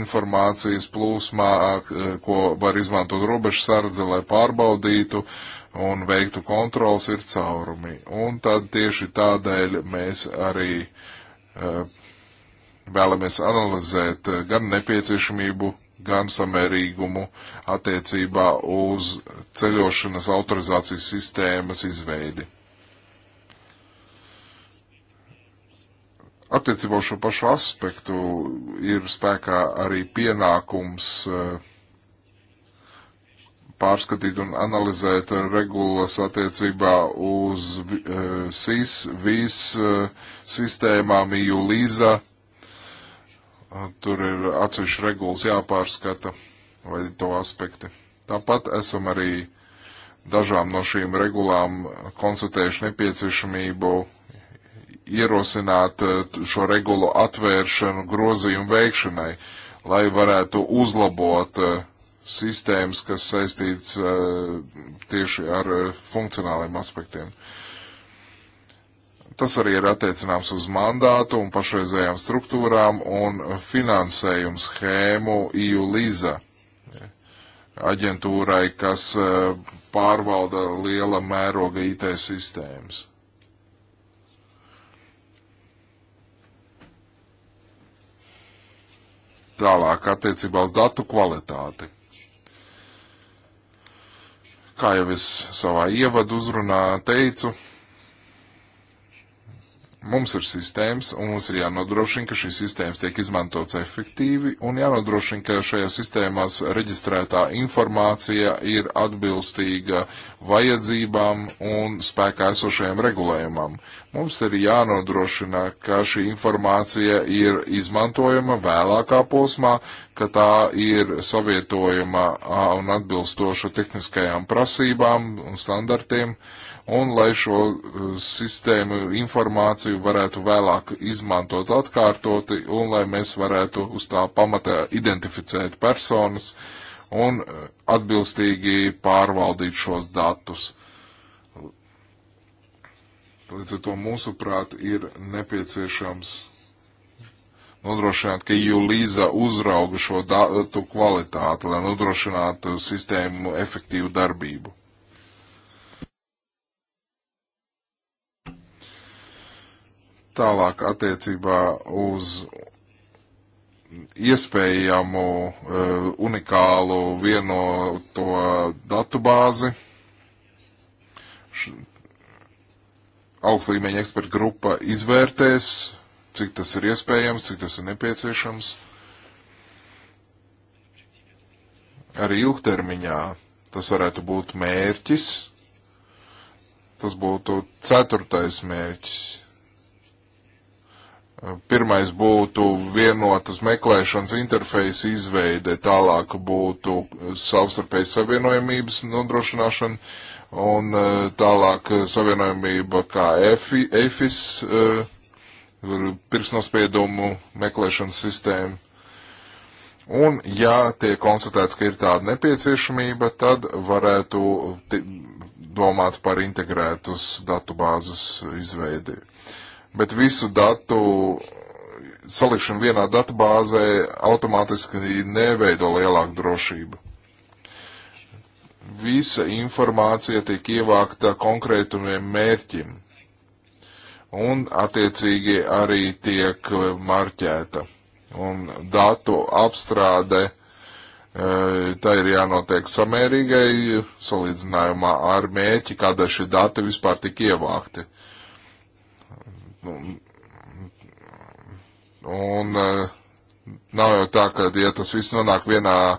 informācijas plūsmā, eh, ko var izmantot robežsardze, lai pārbaudītu, un veiktu kontrols ir caurumi. Un tad tieši tādēļ mēs arī uh, Vēlamies analizēt eh, gan nepieciešamību, gan samērīgumu attiecībā uz ceļošanas autorizācijas sistēmas izveidi. Attiecībā uz šo pašu aspektu ir spēkā arī pienākums eh, pārskatīt un analizēt regulas attiecībā uz eh, SIS, VIS sistēmām, IU, LIZA Ah, tur ir atsevišķi regulas jāpārskata vai to aspekti. Tāpat esam arī dažām no šīm regulām konstatējuši nepieciešamību ierosināt eh, šo regulu atvēršanu grozījumu veikšanai, lai varētu uzlabot eh, sistēmas, kas saistīts eh, tieši ar funkcionāliem aspektiem. Tas arī ir attiecināms uz mandātu un pašreizējām struktūrām un finansējumu schēmu e IULIZA aģentūrai, kas e, pārvalda liela mēroga IT sistēmas. Tālāk attiecībā uz datu kvalitāti. Kā jau es savā ievadu uzrunā teicu, Mums ir sistēmas, un mums ir jānodrošina, ka šīs sistēmas tiek izmantotas efektīvi, un jānodrošina, ka šajā sistēmās reģistrētā informācija ir atbilstīga vajadzībām un spēkā esošajam regulējumam. Mums ir jānodrošina, ka šī informācija ir izmantojama vēlākā posmā, ka tā ir savietojama un atbilstoša tehniskajām prasībām un standartiem, un lai šo e, sistēmu informāciju varētu vēlāk izmantot atkārtoti, un lai mēs varētu uz tā pamatā identificēt personas, uh, un e, atbilstīgi pārvaldīt šos datus. Līdz ar to mūsuprāt ir nepieciešams nodrošināt, ka Julīza uzrauga šo datu kvalitāti, lai nodrošinātu sistēmu efektīvu darbību. Tālāk attiecībā uz iespējamu uh, unikālu vienoto datubāzi. Augstlīmeņa eksperta grupa izvērtēs, cik tas ir iespējams, cik tas ir nepieciešams. Arī ilgtermiņā tas varētu būt mērķis. Tas būtu ceturtais mērķis Pirmais būtu vienotas meklēšanas interfeisa izveide, tālāk būtu eh, savstarpējas savienojamības nodrošināšana un eh, tālāk eh, savienojamība kā EFI, EFIS, pirksnospiedumu meklēšanas sistēma. Un, ja tiek konstatēts, ka ir tāda nepieciešamība, tad varētu domāt par integrētas datubāzes izveidi bet visu datu salikšana vienā datubāzē automātiski neveido lielāku drošību. Visa informācija tiek ievākta konkrētumiem mērķim un attiecīgi arī tiek eh, marķēta. Un datu apstrāde, eh, tā ir jānotiek samērīgai salīdzinājumā ar mērķi, kāda šie dati vispār tik ievākti. Uh, Un e, nav jau tā, ka, ja tas viss nonāk vienā e,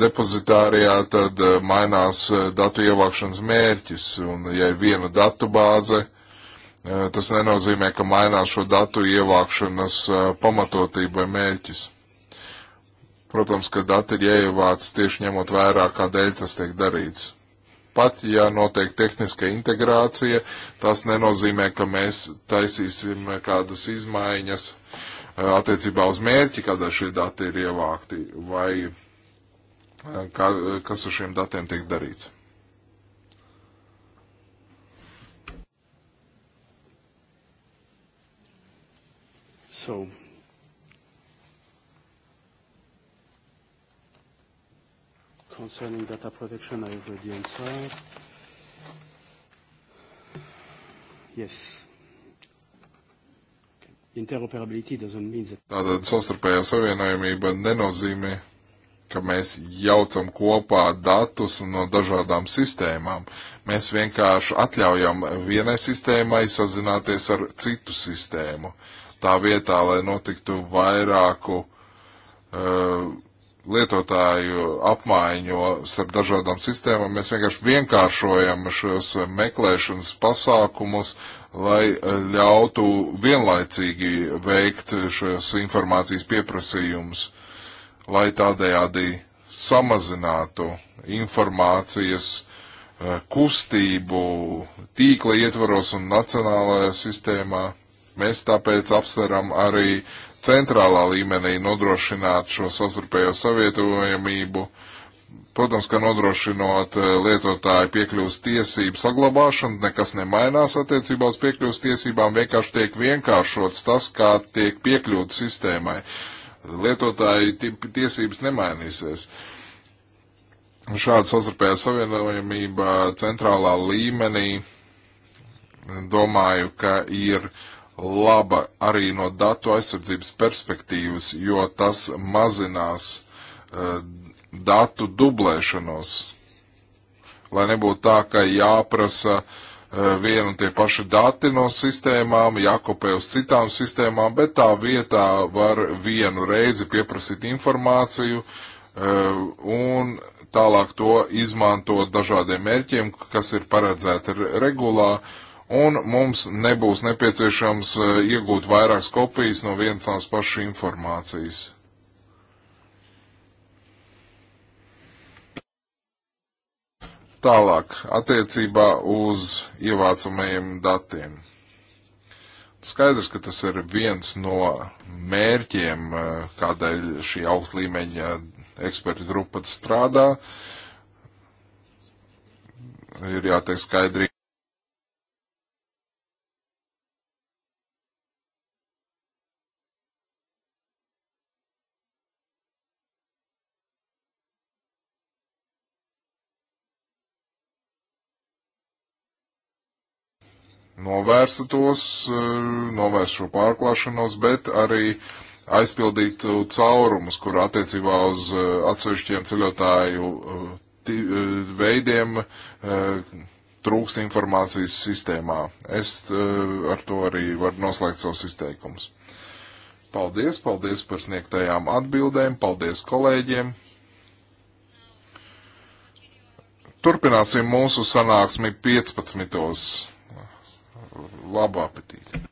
depozitārijā, tad e, mainās datu ievākšanas mērķis. Un, ja ir viena datu bāze, tas nenozīmē, ka mainās šo datu ievākšanas pamatotība vai mērķis. Protams, ka dati ir jāievāc tieši ņemot vērā, kādēļ tas tiek darīts pat ja notiek tehniska integrācija, tas nenozīmē, ka mēs taisīsim kādas izmaiņas eh, attiecībā uz mērķi, kādā šie dati ir ievākti, vai eh, kā, kas ar šiem datiem tiek darīts. So concerning data protection, I already answered. Yes. Interoperability doesn't mean that. Tātad savstarpējā savienojumība nenozīmē, ka mēs jaucam kopā datus no dažādām sistēmām. Mēs vienkārši atļaujam vienai sistēmai sazināties ar citu sistēmu. Tā vietā, lai notiktu vairāku uh, lietotāju apmaiņu starp dažādām sistēmām. Mēs vienkārši vienkāršojam šos meklēšanas pasākumus, lai ļautu vienlaicīgi veikt šos informācijas pieprasījumus, lai tādējādi samazinātu informācijas eh, kustību tīkla ietvaros un nacionālajā sistēmā. Mēs tāpēc apsveram arī centrālā līmenī nodrošināt šo sastarpējo savietojamību, protams, ka nodrošinot eh, lietotāju piekļuvas tiesību saglabāšanu, nekas nemainās attiecībā uz piekļuvas tiesībām, vienkārši tiek vienkāršots tas, kā tiek piekļūt sistēmai. Lietotāji tiesības nemainīsies. Šāda sastarpējā savienojamība centrālā līmenī domāju, ka ir uh, laba arī no datu aizsardzības perspektīvas, jo tas mazinās uh, datu dublēšanos. Lai nebūtu tā, ka jāprasa uh, e, vienu un tie paši dati no sistēmām, jākopē uz citām sistēmām, bet tā vietā var vienu reizi pieprasīt informāciju uh, un tālāk to izmantot dažādiem mērķiem, kas ir paredzēti regulā, uh, un mums nebūs nepieciešams eh, iegūt vairākas kopijas no vienas tās pašas informācijas. Tālāk, attiecībā uz ievācamajiem datiem. Skaidrs, ka tas ir viens no mērķiem, eh, kādēļ šī augstlīmeņa ekspertu grupa strādā. Ir jātiek skaidri novērstu tos, eh, novērstu šo pārklāšanos, bet arī aizpildītu eh, caurumus, kur attiecībā uz eh, atsevišķiem ceļotāju veidiem trūkst informācijas sistēmā. Es ar to arī varu noslēgt savus izteikumus. Paldies, paldies par sniegtajām atbildēm, paldies kolēģiem. Turpināsim mūsu sanāksmi 15. Labu apetīti!